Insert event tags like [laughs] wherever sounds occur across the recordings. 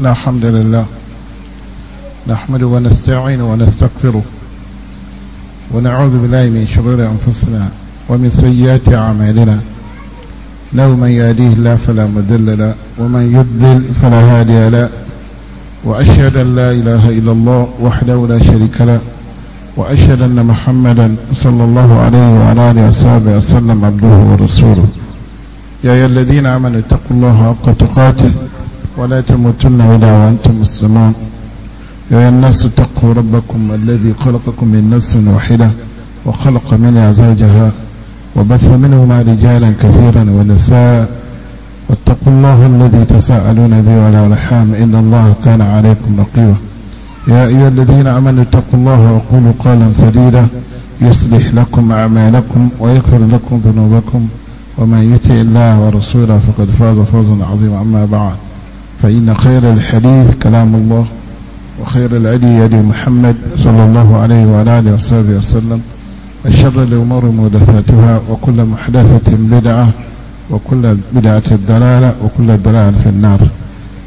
إن الحمد لله نحمد ونستعين ونستغفره ونعوذ بالله من شرور أنفسنا ومن سيئات أعمالنا له من يهديه الله فلا مضل له ومن يضلل فلا هادي له وأشهد أن لا إله إلا الله وحده لا شريك له وأشهد أن محمدا صلى الله عليه وعلى آله وصحبه وسلم عبده ورسوله يا أيها الذين آمنوا اتقوا الله حق تقاته ولا تموتن إلا وأنتم مسلمون يا الناس اتقوا ربكم الذي خلقكم من نفس واحدة وخلق منها زوجها وبث منهما رجالا كثيرا ونساء واتقوا الله الذي تساءلون به ولا رحام إن الله كان عليكم رقيبا يا أيها الذين آمنوا اتقوا الله وقولوا قولا سديدا يصلح لكم أعمالكم ويغفر لكم ذنوبكم ومن يطع الله ورسوله فقد فاز فوزا عظيما أما بعد فإن خير الحديث كلام الله وخير العدي يد محمد صلى الله عليه وعلى آله وصحبه وسلم الشر الأمور مودثاتها وكل محدثة بدعة وكل بدعة الدلالة وكل الدلالة في النار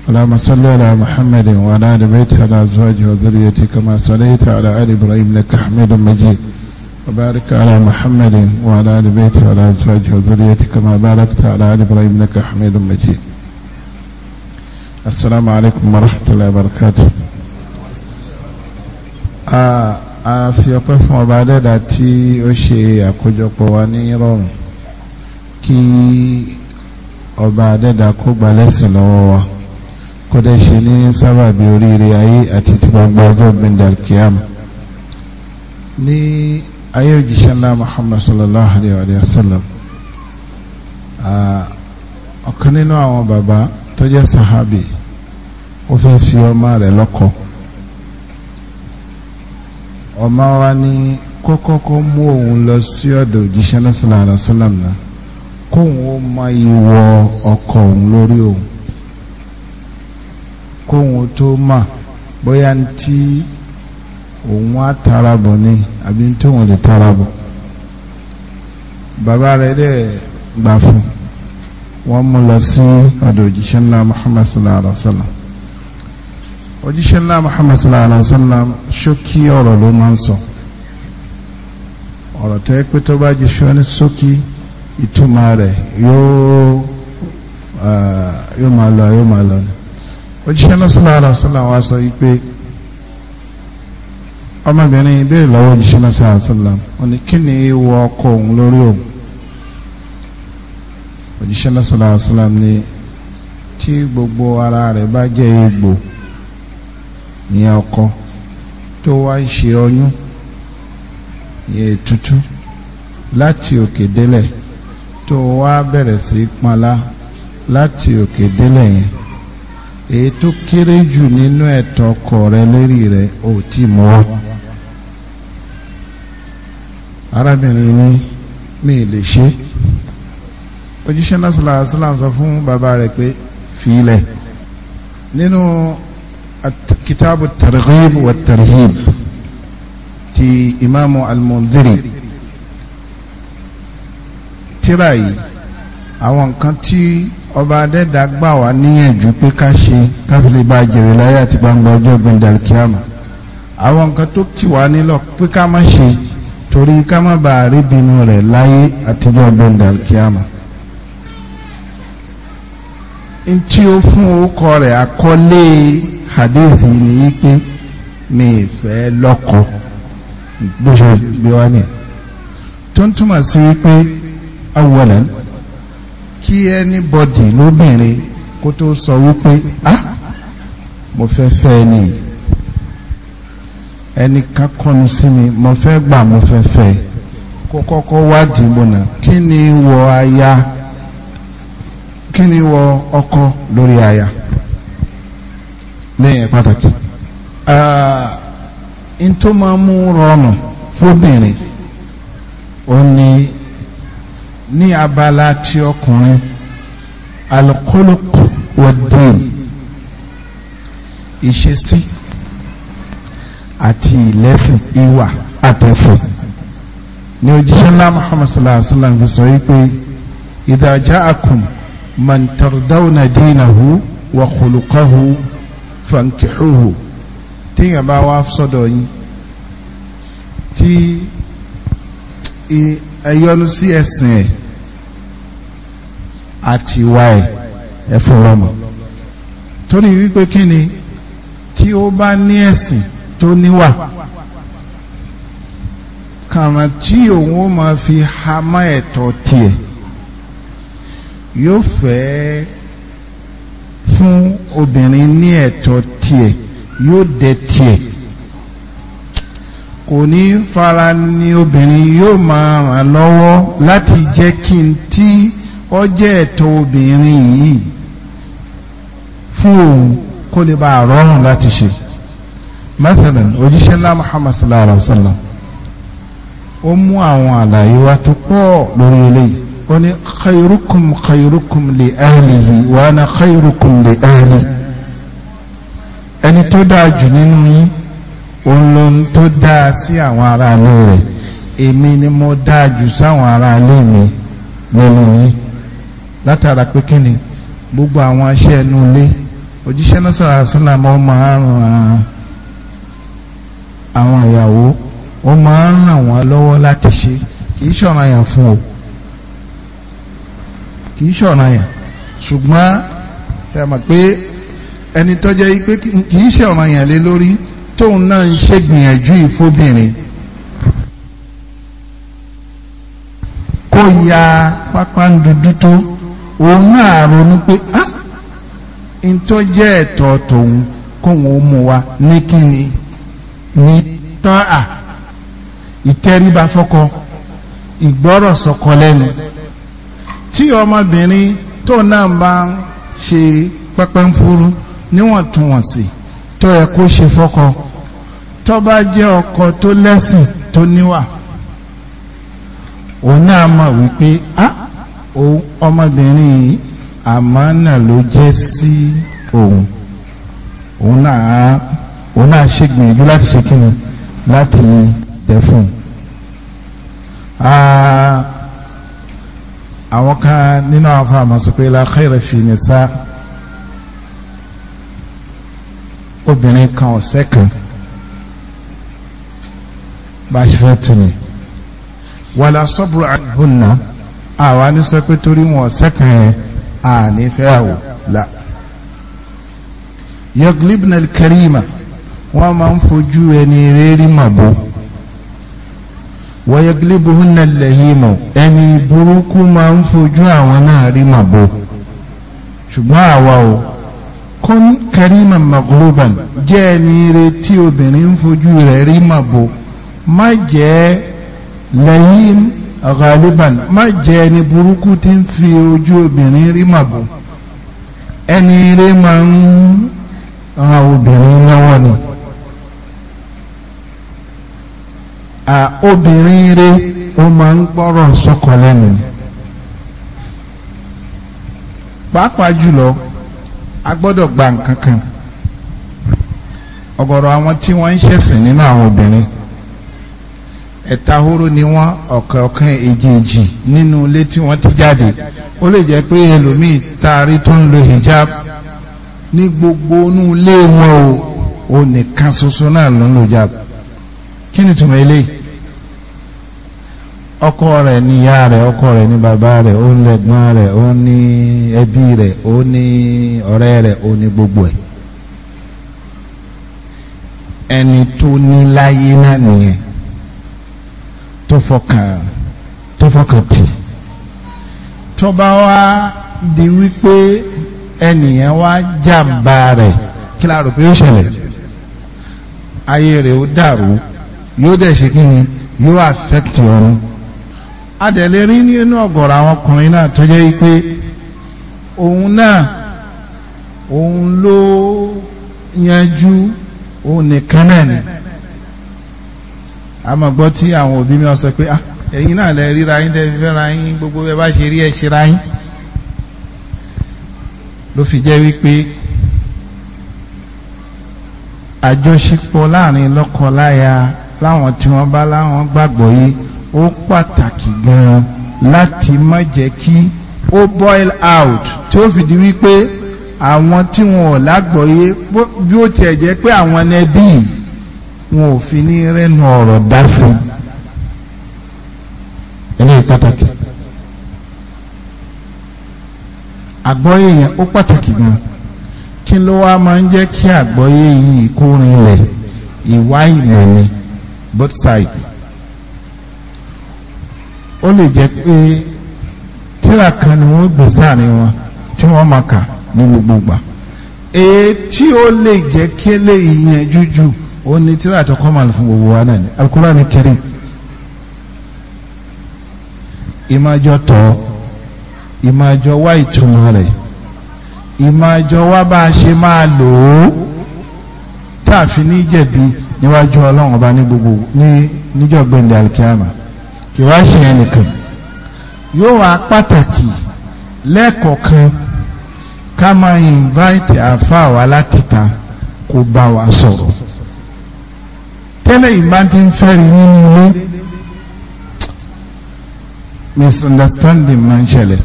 اللهم صل على محمد وعلى آل بيته على أزواجه وذريته كما صليت على آل إبراهيم لك حميد مجيد وبارك على محمد وعلى آل بيته وعلى أزواجه وذريته كما باركت على آل إبراهيم لك حميد مجيد asalaamu alaykum wa rahmatulahi wa barakatu. a fi ọpẹ́ fún ọba adẹ́dà tí ó ṣe àkójọpọ̀ wa ní ìrọ̀rùn kí ọba adẹ́dà kó gba lẹ́sìn lọ́wọ́ wa kó dẹ́ ṣe ní sábàbí oríire ayé àti ti gbangba ọjọ́ bindal kiyam ní ayé òjíṣẹ́ ńlá muhammad sallallahu alayhi wa sallam ọ̀kan nínú àwọn bàbá tó jẹ́ sahabi ó fẹ́ fi ọmọ rẹ̀ lọ́kọ ọmọ wa ní kọ́kọ́ kó mú òun lọ sí ọ̀dọ̀ òjíṣẹ́ lọ́sọ̀lá àlọ́sọ́làm náà kóun ó mọ ìwọ ọkọ òun lórí òun kóun ó tó mọ̀ bóyá ní tí òun á tara ni àbí tí òun lè tara bàbá rẹ̀ dẹ̀ gbà fún un wọ́n mú lọ sí ọ̀dọ̀ òjíṣẹ́ ńlá muhammad sallallahu alaihi wa sallam òjíṣẹ́ ńlá muhammad sallallahu alaihi wa sallam ṣókí ọ̀rọ̀ ló máa ń sọ ọ̀rọ̀ tẹ́ pé tó bá jẹ́ ṣọ́ni ṣókí ìtumọ̀ rẹ̀ yóò máa lọ yóò máa lọ ni òjíṣẹ́ ńlá sallallahu alaihi wa sallam wá sọ yìí pé ọmọbìnrin ìbéèrè lọ́wọ́ òjíṣẹ́ ńlá sallallahu alaihi wa sallam ó ní kí ni ìwọ ọkọ òun lórí òun òjíṣẹ́ lọ́sọ̀lá ọ̀sọ́làm ni tí gbogbo ara rẹ̀ bá jẹ́ egbò ní ọkọ tó wá ń ṣe ọyún yẹ tútú láti òkè délẹ̀ tó wá bẹ̀rẹ̀ sí panlá láti òkè délẹ̀ yẹn èyí tó kéré jù nínú ẹ̀tọ́ ọkọ rẹ lérí rẹ ò tí mọ́ ọ. arábìnrin ni mi lè ṣe é òjíṣẹ́ náà sọ̀rọ̀ àṣìláàmù sọ fún bàbá rẹ̀ pé fìlẹ̀ nínú kitabu targhib wa tarhib ti imaamu al-Mundhiri tírà yìí àwọn nǹkan tí ọba adẹ́dà gbà wá níyànjú pé ká ṣe káfílẹ̀ bá jèrè láyé àti gbangba ọjọ́ gbẹ̀ndẹ̀ kíámà àwọn nǹkan tó kì wá nílọ pé ká má ṣe torí ká má bàa rí bínú rẹ̀ láyé àtijọ́ gbẹ̀ndẹ̀ kíámà. ntí ó fún orúkọ rẹ̀ àkọlé hadith ni mi ìfẹ́ lọ́kọ bó ṣe gbé wá ní tó ń túmọ̀ sí wípé kí anybody lóbìnrin kó tó sọ wípé ah, kí ni wọ ọkọ lórí aya lẹ́yìn pàtàkì n tó máa mú rọrùn fóbìnrin ó ní ní abala tí ọkùnrin alukólókò wọ́dún ìṣesí àti ìlẹ́sìn ìwà àtẹ̀sìn ni òjíṣẹ́ ńlá Muhammad sallallahu alaihi wa sallam sọ yìí pé ìdájá àkùnrin man tardawna dinahu wa khuluquhu fankihuhu téèyàn bá wá sọ́dọ̀ yín tí ẹ yọ́nú sí ẹ̀sìn ẹ̀ àti ìwà ẹ̀ ẹ fún lọ́mọ tó ní wípé kí ni tí ó bá ní ẹ̀sìn tó níwà kàràn tí òun ó máa fi hamá ẹ̀tọ́ tiẹ̀. E yóò fẹ́ fún obìnrin ní ẹ̀tọ́ tiẹ̀ yóò dẹ tiẹ̀ kò ní fara ni obìnrin yóò máa ràn lọ́wọ́ láti jẹ́ kí n tí ó jẹ́ ẹ̀tọ́ obìnrin yìí fún òun kó lè bá a rọrùn láti ṣe masalan òjíṣẹ́ ńlá muhammad sallallahu alaihi wa sallam ó mú àwọn àlàyé wa tó pọ̀ lórí eléyìí ó ní khairukum khairukum li ahlihi wa ana khairukum li ahli ẹni tó dáa jù nínú yín òun ló tó dáa sí àwọn ará ilé rẹ̀ èmi ni mo dáa jù sáwọn ará ilé mi nínú yín látara pé kí gbogbo àwọn aṣẹ́ ẹnu ilé òjíṣẹ́ náà sọ̀rọ̀ àṣìlá mọ́ máa ń ran àwọn ìyàwó ó máa ń ràn wọ́n lọ́wọ́ láti ṣe kì í ṣọ̀ràn yàn fún o kì í ṣọ̀ràn yẹn ṣùgbọ́n ẹ mọ̀ pé ẹni tó jẹ́ pé kì í yẹn lé lórí tóun náà ń ṣègbìyànjú ìfóbìnrin kó ya pápá ń dúdú tó òun náà ronú pé ah ntọ́ jẹ́ ẹ̀tọ́ tòun kóun ó mú wa ní kíni ní tán à ìtẹríba fọ́kọ ìgbọ́rọ̀ sọ́kọ lẹ́nu tí ọmọbìnrin tó náà bá ń ṣe pẹ́pẹ́ǹfúrú níwọ̀ntúnwọ̀nsì tó yẹ kó ṣe fọ́kọ tó bá jẹ́ ọkọ tó lẹ́sìn tó níwà òun náà mọ̀ wípé á ọmọbìnrin yìí àmánà ló jẹ́ sí òun òun náà òun náà ṣègbìyànjú láti ṣe kíni láti tẹ̀ fún un àwọn kan nínú àwọn afáàmọ́ sọ pé la khayra fi nisa obìnrin kan ọ̀sẹ́ kan bá ṣe fẹ́ tuni wàlá sabru anhunna àwa ní sọ pé torí wọn ọ̀sẹ́ kan yẹn fẹ́ àwò la yaglibna al-karima wọ́n máa ń fojú ẹni rẹ́rí màbó wọ́yẹ́gílébùhúnà lẹ́yìnmọ̀ ẹni burúkú máa ń fojú àwọn náà rí màbo ṣùgbọ́n àwa o kún karima magloban jẹ́ ẹni retí obìnrin ń fojú rẹ̀ rí màbo má jẹ́ lẹ́yìn ghaliban má jẹ́ ẹni burúkú tí ń fi ojú obìnrin rí màbo ẹni rẹ̀ máa ń ran obìnrin lọ́wọ́ ni. obìnrin rẹ̀ ó máa ń gbọ́rọ̀ sọ́kọ lẹ́nu pàápàá jùlọ a gbọ́dọ̀ gba nǹkan kan ọ̀gọ̀rọ̀ àwọn tí wọ́n ń ṣẹ̀sìn nínú àwọn obìnrin ẹ̀ta horo ni wọ́n ọ̀kọ̀ọ̀kan èjèèjì nínú ilé tí wọ́n ti jáde ó lè jẹ́ pé ẹlòmíì taari tó ń lo hijab ní gbogbo inú ilé wọn o ò nìkan ṣoṣo náà ọkọ rẹ ni ìyá rẹ ọkọ rẹ ni bàbá rẹ̀ ó ní ẹ̀gbọ́n rẹ ó ní ẹbí rẹ ó ní ọ̀rẹ́ rẹ ó ní gbogbo ẹ ẹni tó ní láyé náà nìyẹn tó fọkàn tó bá di wípé ẹnìyẹn wá jàǹbá rẹ kí la rò pé ó ṣẹlẹ̀ ayé ó dàrú adẹ̀lẹ̀ rí nínú ọ̀gọ̀rọ̀ àwọn ọkùnrin náà tó jẹ́ pé òun náà òun ló yanjú òun nìkan náà ni a máa gbọ́ tí àwọn òbí mi sọ pé ah ẹ̀yin náà lẹ ríra yín tẹ́ fẹ́ra yín gbogbo ẹ bá ṣe rí ẹ ṣe ra yín ló fi jẹ́ wípé àjọṣepọ̀ láàrin lọ́kọ láwọn tí wọ́n bá láwọn gbàgbọ́ yìí ó pàtàkì gan láti má jẹ́ kí ó boil out tí ó fìdí wípé àwọn tí wọn ò lágbọ̀ọ́yé bí ó tiẹ̀ jẹ́ pé àwọn ẹbí wọn ò fi ní rẹ́nu ọ̀rọ̀ dá sí pàtàkì yẹn ó pàtàkì gan kí ló wá máa ń jẹ́ kí yìí kó rinlẹ̀ ìmọ̀ both sides. ó lè jẹ́ pé tíra kan ni wọ́n gbé sáàrin wọn tí wọ́n máa kà ní gbogbo gbà èyí tí ó lè jẹ́ kélé ìyẹn jújù ó ní tíra àtọkọ́ máa lò fún gbogbo wa náà ni Al-Qur'ani Karim ìmájọ tọ́ ìmájọ wá ìtumọ̀ rẹ̀ ìmájọ wá bá a ṣe máa lò ó tá a fi ní jẹ̀bi níwájú ọlọ́run ọba ní gbogbo ní níjọ́ alikiyama kì wá ṣe ẹnìkan yóò wá pàtàkì lẹ́ẹ̀kọ̀ọ̀kan ká máa invite àáfàá wa láti ta kó bá wa sọ̀rọ̀ tẹ́lẹ̀ ìbá ti ń fẹ́rí nínú ilé misunderstanding máa ń ṣẹlẹ̀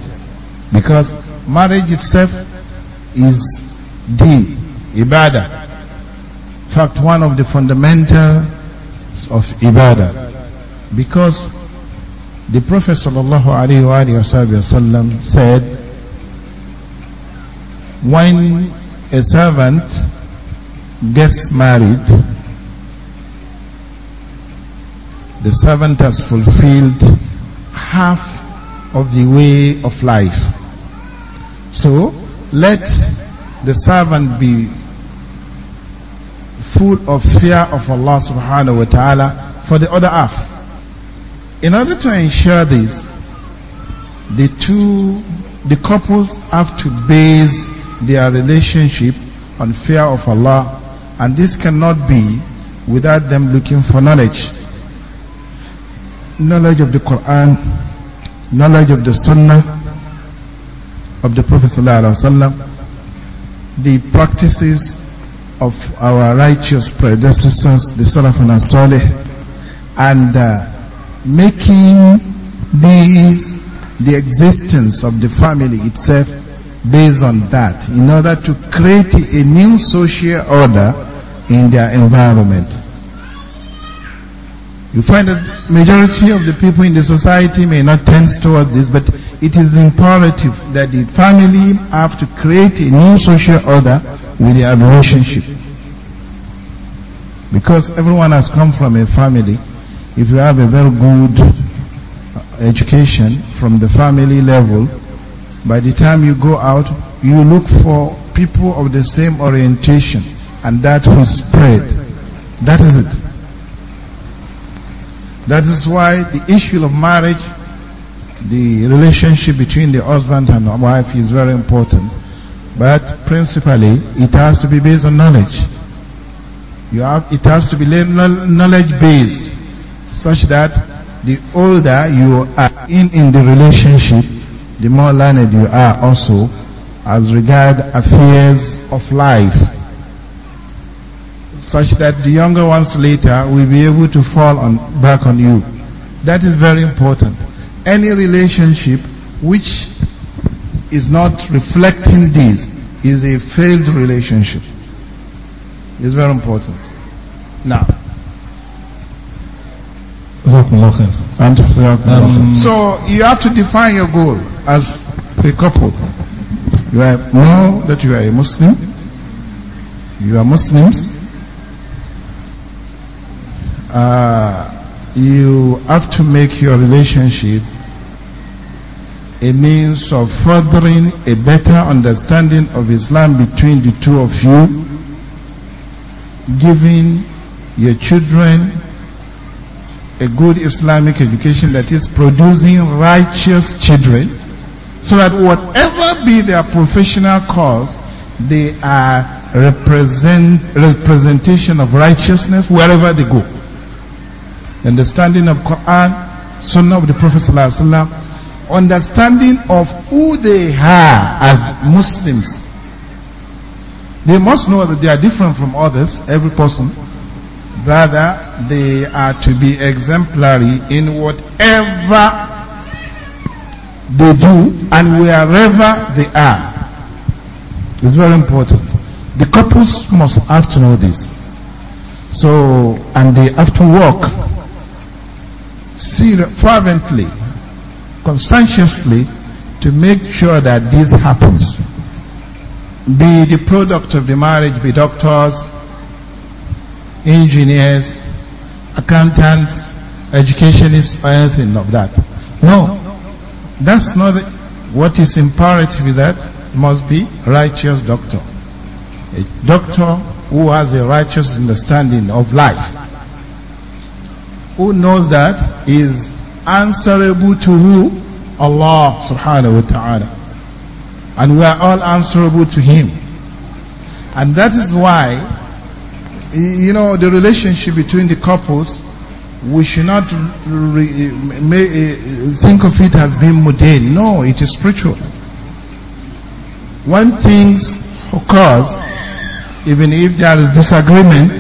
because marriage itself is the ibada in fact one of the fundamentals of ibada because The Prophet sallallahu said, when a servant gets married, the servant has fulfilled half of the way of life. So let the servant be full of fear of Allah subhanahu wa ta'ala for the other half. In order to ensure this, the two, the couples have to base their relationship on fear of Allah, and this cannot be without them looking for knowledge. Knowledge of the Quran, knowledge of the Sunnah of the Prophet ﷺ, the practices of our righteous predecessors, the Salaf and Salih, and uh, making these the existence of the family itself based on that in order to create a new social order in their environment. You find that majority of the people in the society may not tend towards this, but it is imperative that the family have to create a new social order with their relationship. Because everyone has come from a family if you have a very good education from the family level, by the time you go out, you look for people of the same orientation, and that will spread. That is it. That is why the issue of marriage, the relationship between the husband and wife is very important. But principally, it has to be based on knowledge. You have, it has to be knowledge based such that the older you are in, in the relationship, the more learned you are also as regard affairs of life, such that the younger ones later will be able to fall on, back on you. That is very important. Any relationship which is not reflecting this is a failed relationship. It's very important. Now, and um, so you have to define your goal as a couple. You are now that you are a Muslim, you are Muslims. Uh, you have to make your relationship a means of furthering a better understanding of Islam between the two of you, giving your children a good Islamic education that is producing righteous children so that whatever be their professional cause, they are represent, representation of righteousness wherever they go. Understanding of Quran, Sunnah of the Prophet Sallallahu understanding of who they are as Muslims. They must know that they are different from others, every person. Rather, they are to be exemplary in whatever they do and wherever they are. It's very important. The couples must have to know this. So, and they have to work fervently, conscientiously, to make sure that this happens. Be the product of the marriage, be doctors, engineers, accountants, educationists, or anything of that. No, that's not what is imperative with that must be righteous doctor. A doctor who has a righteous understanding of life, who knows that is answerable to who? Allah subhanahu wa ta'ala. And we are all answerable to Him. And that is why you know, the relationship between the couples, we should not eh, think of it as being mundane. No, it is spiritual. When things occurs, even if there is disagreement,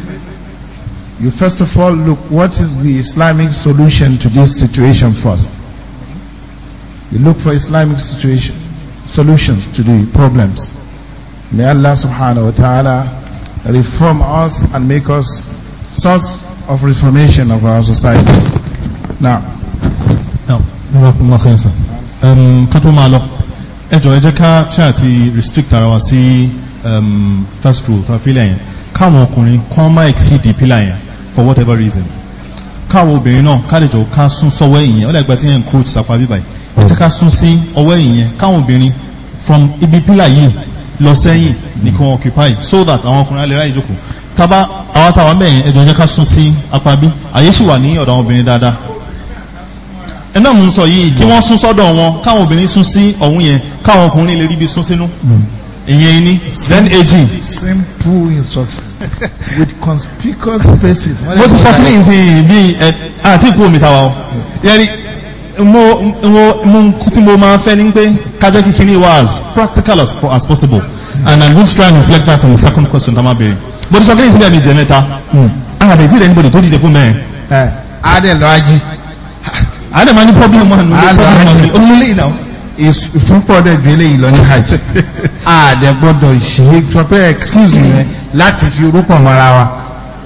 you first of all look what is the Islamic solution to this situation first. You look for Islamic situation solutions to the problems. May Allah subhanahu wa ta'ala reform us and make us source of reformation of our society. Now. Um, ká tó máa lọ, ẹ jọ̀ọ́ ẹ jẹ́ ká ṣáà ti restrict ara wa sí um, first rule tàbí pílà yẹn. Káwọn ọkùnrin kan máa exceed pílà yẹn for whatever reason. Káwọn obìnrin náà ká lè jọ ká sún sọ́wọ́ ẹ̀yìn yẹn, ó lẹ́gbẹ̀ẹ́ tí yẹn ń coach sàpá bíbáyìí. Ẹ jẹ́ ká sún sí ọwọ́ ẹ̀yìn yẹn. Káwọn obìnrin from ibi pílà yìí lọ sẹ́yìn nìkan occupy so that àwọn ọkùnrin alẹ́ ráyè jókòó tábà àwọn táwọn mẹ́yìn ẹjọ́ jẹ́ ká sún sí apá bí àyè sì wà ní ọ̀dọ̀ àwọn obìnrin dáadáa ẹ̀nà mú sọ yìí kí wọ́n sún sọ́dọ̀ wọn káwọn obìnrin sún sí ọ̀hún yẹn káwọn ọkùnrin lè rí ibi sún sínú ìyẹn ní then aging. simple instruction [laughs] with conspicuous faces mo ti sọ pé ní ìsìn bí àti ìkú omi tàwa o yẹn tí mo máa fẹ́ ní pé kájọ́ kíkiri wà as practical as, as possible and I'm going to try and reflect that on the second question tá a máa béèrè bó ti sọ kílẹ̀ ìsìlẹ̀ mi jẹ mẹ́ta àdè ìsìlẹ̀ níbo tó dìde fún mẹ́rin. àdè lọ ají. àdè máa ní problem one ní problem one ní omílẹ̀ ìlà. ìfúnpọ̀ dẹ̀ ju eléyìí lọ ní hajj àdè gbọ́dọ̀ ṣe é sọ excuse me eh? láti fi orúkọ mọ́ra wa.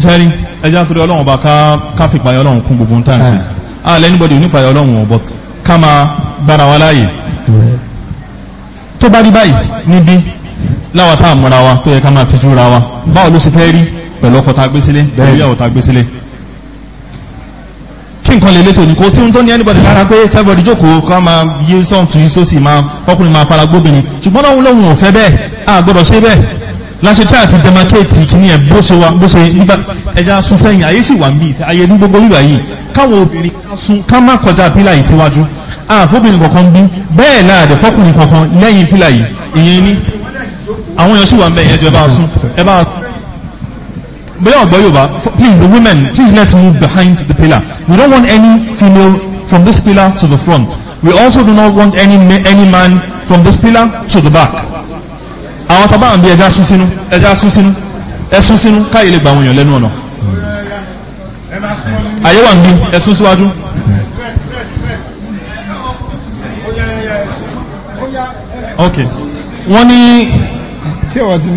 sẹ́ni ẹja torí ọlọ́run ọba ká fìpayọ́ ọlọ́run kún gbogbo ń tàn sí i àlẹ́ ah, anybody nípa ìyá ọlọ́run but ká máa bára wa láàyè tó bá rí báyìí níbí láwa tá a múra wa tó yẹ ká máa tijú ra wa báwo ló ṣe fẹ́ rí pẹ̀lú ọkọ tá a gbé sílé pẹ̀lú ìyàwó tá a gbé sílé kí nǹkan lè létò ní kò sí ohun tó ní anybody lára pé everybody jókòó kọ́ máa yí sọ́ọ̀tún yí sósì máa ọkùnrin máa fara gbóbìnrin ṣùgbọ́n lọ́hùn lọ́hùn ò fẹ́ bẹ́ẹ̀ a gbọ́dọ̀ ṣe bẹ́ẹ̀ láṣetí àti demarcate kini ẹ̀ bó ṣe wà bó ṣe nígbà ẹja sún sẹ́yìn ayé sì wà ń bí ìṣe ayé ní gbogbo wíwà yìí káwọn obìnrin sún ká má kọjá pílà yìí síwájú àfóbìnrin kankan bí bẹ́ẹ̀ láàdẹ̀ fọ́kùnrin kankan lẹ́yìn pílà yìí ìyẹn ní àwọn èèyàn sì wà ń bẹ̀ yẹn jọ ẹ bá sún ẹ bá bóyá ọ̀gbọ́ yorùbá please the women please let's move behind the pillar we don't want any female from this pillar to the front we also do not want any any man from this pillar to the back àwọn tó bá ń bí ẹja sún sínú ẹja sún sínú ẹsún sínú káyè lè gbà wọn yàn lẹ́nu ọ̀nà àyè wà ń bí ẹsún síwájú. ok wọ́n ní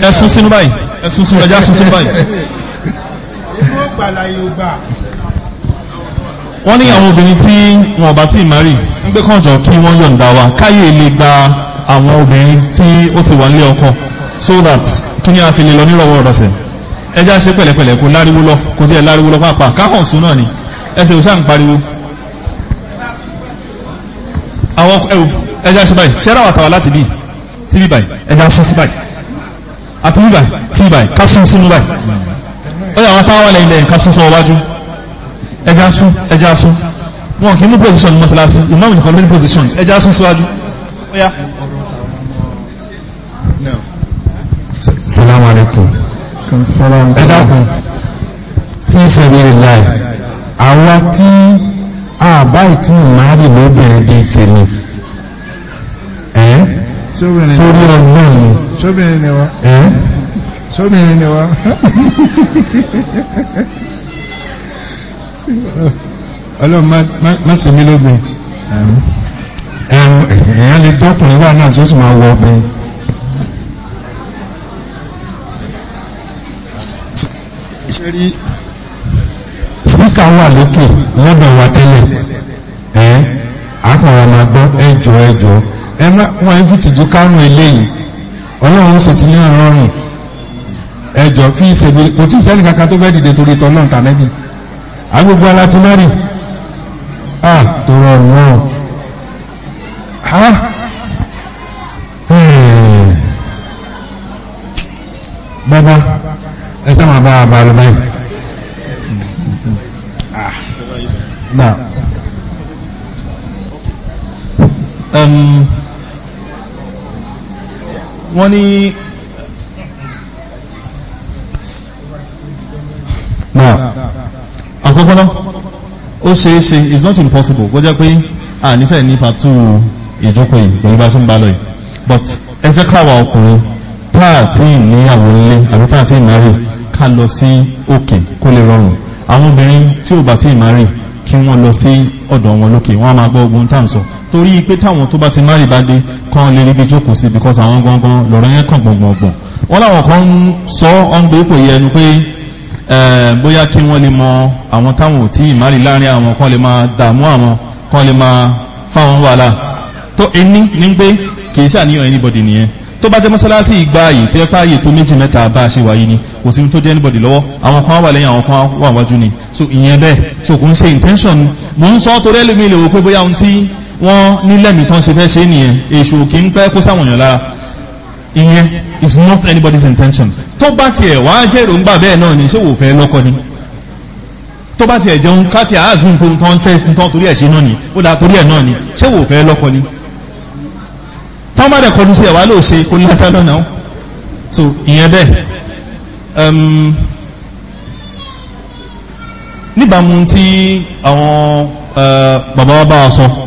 ẹsún sínú báyìí ẹsún sínú ẹja sún sínú báyìí. wọ́n ní àwọn obìnrin tí wọn ò bá tí ì márì ń gbé kànjọ kí wọ́n yọ̀ǹda wa káyè lè gba àwọn obìnrin tí ó ti wà nílé ọkọ so that kí ni a fi lè lọ nírọ̀wọ́ rọ̀sẹ̀ ẹjá ṣe pẹ̀lẹ́pẹ̀lẹ́ kó láriwo lọ kó tiẹ̀ láriwo lọ pàápàá káhàn sùn náà ni ẹsẹ̀ òṣà ń pariwo àwọn ẹwù ẹjá ṣe báyìí ṣẹ́ra wàtàwà láti bí sí bí báyìí ẹjá sún sí báyìí àti bí báyìí sí báyìí ká sún sínú báyìí ó yà wọn táwọn lẹ́yìn lẹ́yìn ká sún sọ wájú ẹjá sún ẹjá sún wọn kì í mú position mọ́sálásí ìmọ̀ mi ní position ẹjá sún síwájú ó yà. salamu alaykum. ẹ dákun fi sabilillah àwa tí àbá ìtì màárì lóbìnrin bíi tèmi torí ọgbọ́n mi. sóbìnrin ni wa. sóbìnrin ni wa. ọlọ́run má sèmi lóbìn. ẹ̀yàn lè tọkùnrin wà náà tó sì máa wọ ọbẹ̀ yìí. sika nwa spika wà lókè lọ́dọ̀ wa tẹ́lẹ̀ ẹ̀ àkàrà máa gbọ́ ẹjọ́ ẹjọ́ ẹ má wọn fi kò tí sẹ́ni kankan tó fẹ́ dìde torí tọ́ ah, náà agbègbè ah! wọ́n ní náà àkọ́kọ́ náà ó ṣe é ṣe it's not impossible kó jẹ́ pé a nífẹ̀ẹ́ ní pàtó ìjókòó yìí bá ṣe bá lọ yìí but ẹ jẹ́ káwa ọkùnrin táàtì níyàwó ilé àbí táàtì ìmárì ká lọ sí òkè kó lè rọrùn àwọn obìnrin tí ò bá ti ìmárì kí wọ́n lọ sí ọ̀dọ̀ wọn lókè wọ́n á máa gbọ́ ogun tá ń sọ torí pé táwọn tó bá ti márì bá dé kán lè ríbi jókòó sí because àwọn gbọ́ngbọ́n lọ́rọ̀ yẹn kàn gbọ̀ngbọ̀ngbọ̀n wọ́n láwọn kan ń sọ ọ́n gbé ipò yẹnu pé eh, bóyá kí wọ́n lè mọ àwọn táwọn ò tí ìmárì láàrin àwọn kan lè máa dààmú àwọn kan lè máa fáwọn wàhálà tó ẹni ní gbé kì í ṣàníyàn anybody nìyẹn tó bá jẹ́ mọ́sálásí ìgbà ààyè tó yẹ pé ààyè tó méjì mẹ́ta bá a ṣe wáyé ni kò sí tó jẹ́ anybody lọ́wọ́ àwọn kan wà lẹ́yìn àwọn kan wà wájú ni so ìyẹn bẹ́ẹ̀ so kò ń ṣe intention mo ń sọ torí ẹlòmíì lè wò pé bóyá ohun tí wọ́n nílẹ̀mí tán ṣe fẹ́ ṣe nìyẹn èṣù kì í pẹ́ kó sáwọn èèyàn lára ìyẹn is not anybody's intention tó bá tiẹ̀ wá jẹ́ èròǹgbà bẹ́ẹ̀ náà ni ṣé wò fẹ́ lọ́kọ ni tó bá tiẹ̀ jẹun káti àásùn fún tán fẹ́ tán torí ẹ̀ ṣe náà ni ó dáa torí ẹ̀ náà ni ṣé wò fẹ́ lọ́kọ ni tán bá dẹ̀ kọlu sí ẹ̀wá ló ṣe kó ní lọ́tà lọ́nà so ìyẹn bẹ́ẹ̀ um, níbàámu tí àwọn uh, bàbá wa bá wa sọ. So,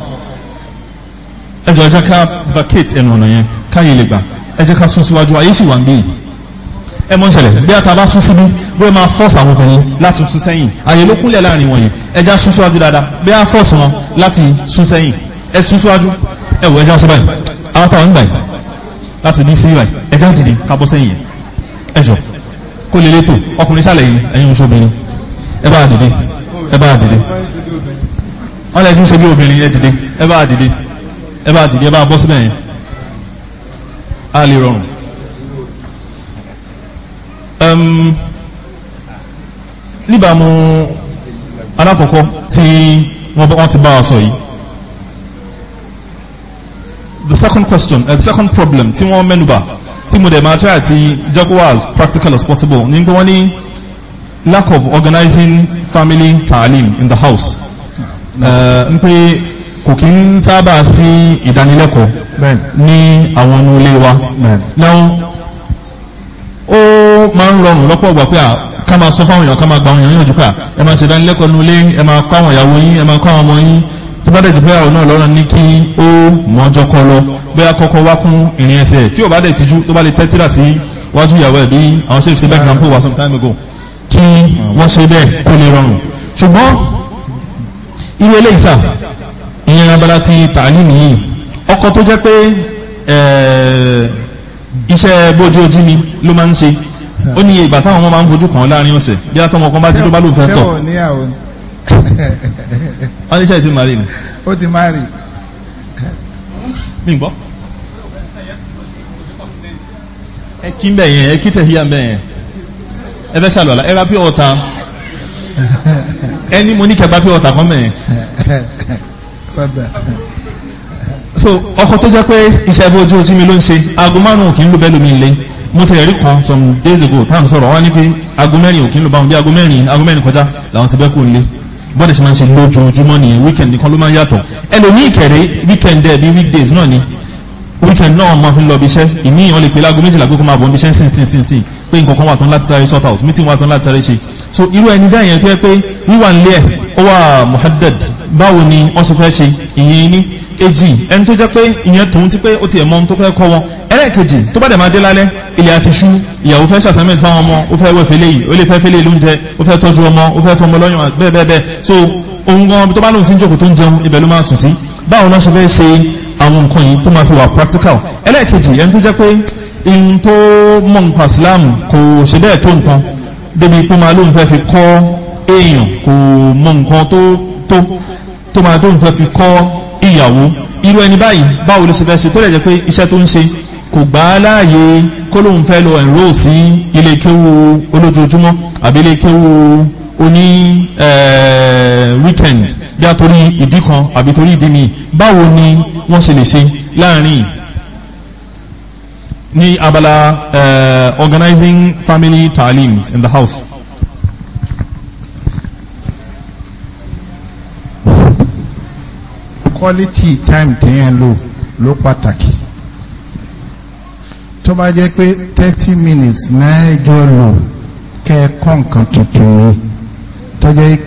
ẹjọ́ ẹjẹ́ ká vacate ẹnu ọ̀nà yẹn káyé lè gbà ẹjẹ́ ká sún síwájú ayé sì wà ń gbé yìí ẹ mọ́ ìṣẹ̀lẹ̀ bí a ta bá sún síbí bóyá máa fọ́ọ̀sì àwọn ọkùnrin láti sún sẹ́yìn àyè ló kúnlẹ̀ láàrin wọ̀nyẹn ẹjẹ́ sún síwájú dáadáa bí a fọ́ọ̀sì wọn láti sún sẹ́yìn ẹ sún síwájú ẹ wọ ẹjẹ́ sọ báyìí àwọn táwọn ń gbà yìí láti bí sí báyìí ẹjẹ́ dìde ká bọ́ sẹ́yìn ẹjọ kó lè létò ọkùnrin sálẹ̀ yìí ẹ̀yin oṣù obìnrin ẹ bá dìde ẹ bá dìde wọn lè ṣe bí obìnrin yẹn dìde ẹ bá dìde ẹ bá dìde ẹ bá bọ́ sílẹ̀ yẹn a lè rọrùn. níbàámu alákọ̀ọ́kọ́ tí wọ́n ti bá wa sọ yìí the second question uh, the second problem tí wọ́n mẹ́nubà tí mo dẹ̀ máa try àti jẹ́ as practical as possible ní pé wọ́n ní lack of organizing family talim in the house eh, n pé kò kí ń sábà sí ìdánilẹ́kọ̀ọ́ ní àwọn ọmọ ilé wa lẹ́wọ́n ó máa ń rọrùn lọ́pọ̀ ọgbà pé ká máa sọ fáwọn èèyàn ká máa gba àwọn èèyàn yànjú pé ẹ máa ṣe ìdánilẹ́kọ̀ọ́ nínú ilé ẹ máa kọ́ àwọn ìyàwó yín ẹ máa kọ́ àwọn ọmọ yín tó bá dẹ̀ jù pé àwọn náà lọ́rọ̀ ní kí ó mọ́jọ́ kọ́ lọ bóyá kọ́kọ́ wá kún ìrìn ẹsẹ̀ tí ò bá dẹ̀ tijú tó bá lè tẹ́tírà sí wájú ìyàwó ẹ̀bí àwọn ṣe ìṣẹ́ bẹ́ẹ̀ example wa some time ago kí wọ́n ṣe bẹ́ẹ̀ kó lè rọrùn ṣùgbọ́n irú eléyìí sáà ní abala ti tààlìmì yìí ọkọ̀ tó jẹ́ pé eh, iṣẹ́ bójú ojú mi ló máa ń ṣe ó ní ìgbà táwọn ọmọ máa ń fojú kàn láàrin ọ̀sẹ̀ bí atọ́mọ kan bá jí ló bá lóun fẹ́ tọ̀ [laughs] wọ́n ní iṣẹ́ ti mari ni. ó ti mari. mi gbọ́. ẹ kí mbẹ yẹn ẹ kí tẹ̀híyà mbẹ yẹn ẹ fẹ́ ṣàlùwàlà ẹ bá pí ọ̀tá ẹni mo ní kẹ́ bá pí ọ̀tá kan mbẹ yẹn. [laughs] [laughs] so ọkọ tó jẹ́ pé iṣẹ́ ẹbí ojú ojú mi ló ń ṣe aago márùn-ún kì í ló bẹ́ẹ̀ lómi ilé mo ti rí kan some days ago tá à ń sọ̀rọ̀ wá ní pé aago mẹ́rin ò kí ń lọ báwọn bí aago mẹ́rin aago mẹ́rin kọjá làwọn ti bẹ́ kó lé bọ́dẹ̀ ṣe máa ń ṣe lójoojúmọ́ nìyẹn weekend nìkan ló máa ń yàtọ̀ ẹlòmíì kẹ̀rẹ́ weekend ẹ̀ bí weekdays náà ni weekend náà máa fi lọ bí iṣẹ́ ìmí ìyàn lè pe láago méjìlá pé kó máa bọ̀ bí iṣẹ́ sìn sìn sìn sìn pé nǹkan kan wà tán láti sáré sort out meeting wà tán láti sáré ṣe so irú ẹni dá èèyàn tó yẹ pé wíwà ń lé ẹ̀ ó wà muhaddad báwo ni wọ́n ṣe fẹ́ ṣe ìyẹn ní èjì ẹni tó jẹ́ pé ìyẹn tòun ti pé ó ti ẹ̀ mọ́ ohun tó fẹ́ kọ́ wọn ẹlẹ́ẹ̀kejì tó bá dẹ̀ máa dé lálẹ́ ilẹ̀ àti ṣú ìyàwó fẹ́ ṣàṣàmẹ́ntì fáwọn ọmọ ó fẹ́ wẹ̀fẹ́ léyìí ó lè fẹ́ fẹ́ lé lóúnjẹ ó fẹ́ tọ́jú ọmọ ó fẹ́ fọmọ lọ́yàn bẹ́ẹ̀ so ohun gan tó bá lóun ti ń jókòó tó ń jẹun ibẹ̀ ló máa sùn sí báwo náà ṣe fẹ́ ṣe àwọn nǹkan yìí tó máa fi wà practical ẹlẹ́ẹ̀kejì ẹni tó jẹ́ pé in tó mọ̀ nǹkan islam kò ṣe bẹ́ẹ̀ tó nǹkan débi pé máa lóun fẹ́ fi kọ́ èèyàn kò mọ nǹkan tó tó tó máa tóun fẹ́ fi kọ́ ìyàwó irú ẹni báyìí báwo ló ṣe fẹ́ ṣe tó lè jẹ́ pé iṣẹ́ tó ń ṣe kò gbà láàyè kó lóun fẹ́ lọ ẹ̀rọ sí ilé kéwu olójoojúmọ́ àbí ilé kéwu oní weekend bí a torí ìdí kan àbí torí ìdí mi báwo ni wọ́n ṣe lè ṣe láàrin ní abala uh, organizing family talims in the house. quality time téèyàn lò ló pàtàkì tó bá jẹ́ pé thirty minutes náà jọ lò kẹ́ẹ̀kọ́ nǹkan tuntun ni tó jẹ́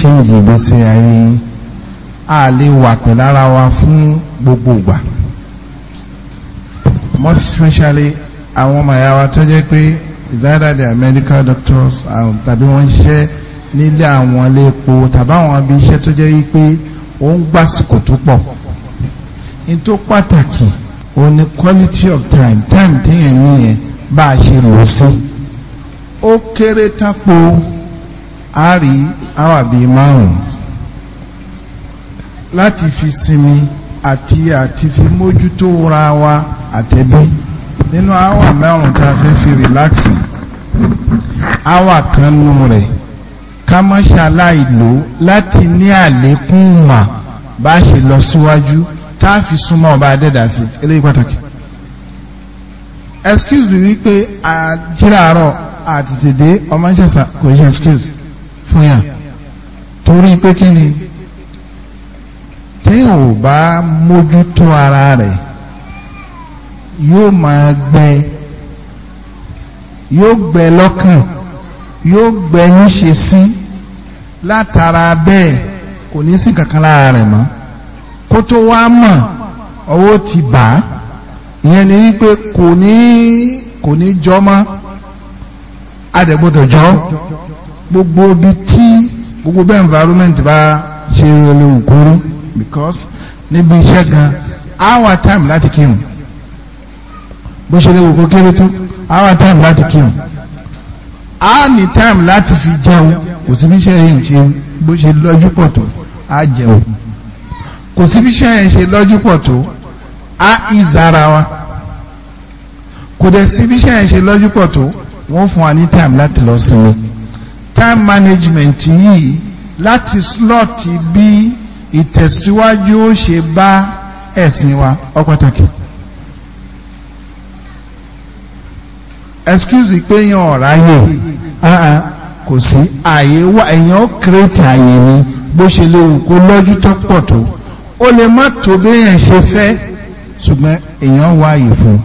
change ìgbésí ayé yín a lè wà pẹ̀lára wa fún gbogbo ìgbà most especially àwọn ọmọ ìyá wa tó jẹ́ pé ìdáradà the medical doctors tàbí wọ́n ń ṣiṣẹ́ nílé àwọn ilé epo tàbí àwọn ibi iṣẹ́ tó jẹ́ wípé ó ń gbàsìkò tó pọ̀ ní tó pàtàkì ó ní quality of time time téèyàn nìyẹn bá a ṣe lò sí ó kéré tápò a rí àwà bíi márùn-ún láti fi sinmi àti àti fi mójútó ra wa àtẹ̀bí nínú àwà mẹ́rùn tá a fẹ́ fi rìláàksì àwà kan nù rẹ̀ ká má ṣaláì lò láti ní àlékún mà bá ṣe lọ síwájú tá a fi súnmọ́ ọba adẹ́dà sí eléyìí pàtàkì excuse mi wípé àjíràárọ̀ àtètèdé ọmọ ìṣẹ̀ṣà kò ṣe excuse fún yà torí pé kí ni téèyàn ò bá mójútó ara rẹ̀ yóò máa gbẹ yóò gbẹ lọ́kàn yóò gbẹ níṣe sí látara bẹ́ẹ̀ kò ní sí kankan lára rẹ̀ mọ́ kó tó wá mọ̀ ọwọ́ ti bà á ìyẹn ni wípé kò ní kò ní jọ mọ́ adẹ̀gbọ́dọ̀ jọ gbogbo ibi tí gbogbo bẹ́ẹ̀ environment bá ṣe rẹ̀ lè wù because níbi iṣẹ́ gan hour time láti kírun bó ṣe lè wò kó kéré tó àwa time láti kírun a ní time láti fi jẹun kò síbi iṣẹ́ yìí ṣe bó ṣe lọ́jú pọ̀ tó a jẹun kò síbi iṣẹ́ yìí ṣe lọ́jú pọ̀ tó a ìzara wa kò dẹ̀ síbi iṣẹ́ yìí ṣe lọ́jú pọ̀ tó wọ́n fún wa ní time láti lọ sinmi time management yìí láti slot bí ìtẹ̀síwájú ó ṣe bá ẹ̀sìn wa ó pàtàkì. excuse me pé yan ọ̀rá yẹ kò sí àyè wá èèyàn kírètì àyè ni bó ṣe léwu kó lọ́jú tó pọ̀ tó ó lè má tó béèyàn ṣe fẹ́ ṣùgbọ́n èèyàn wá àyè fún un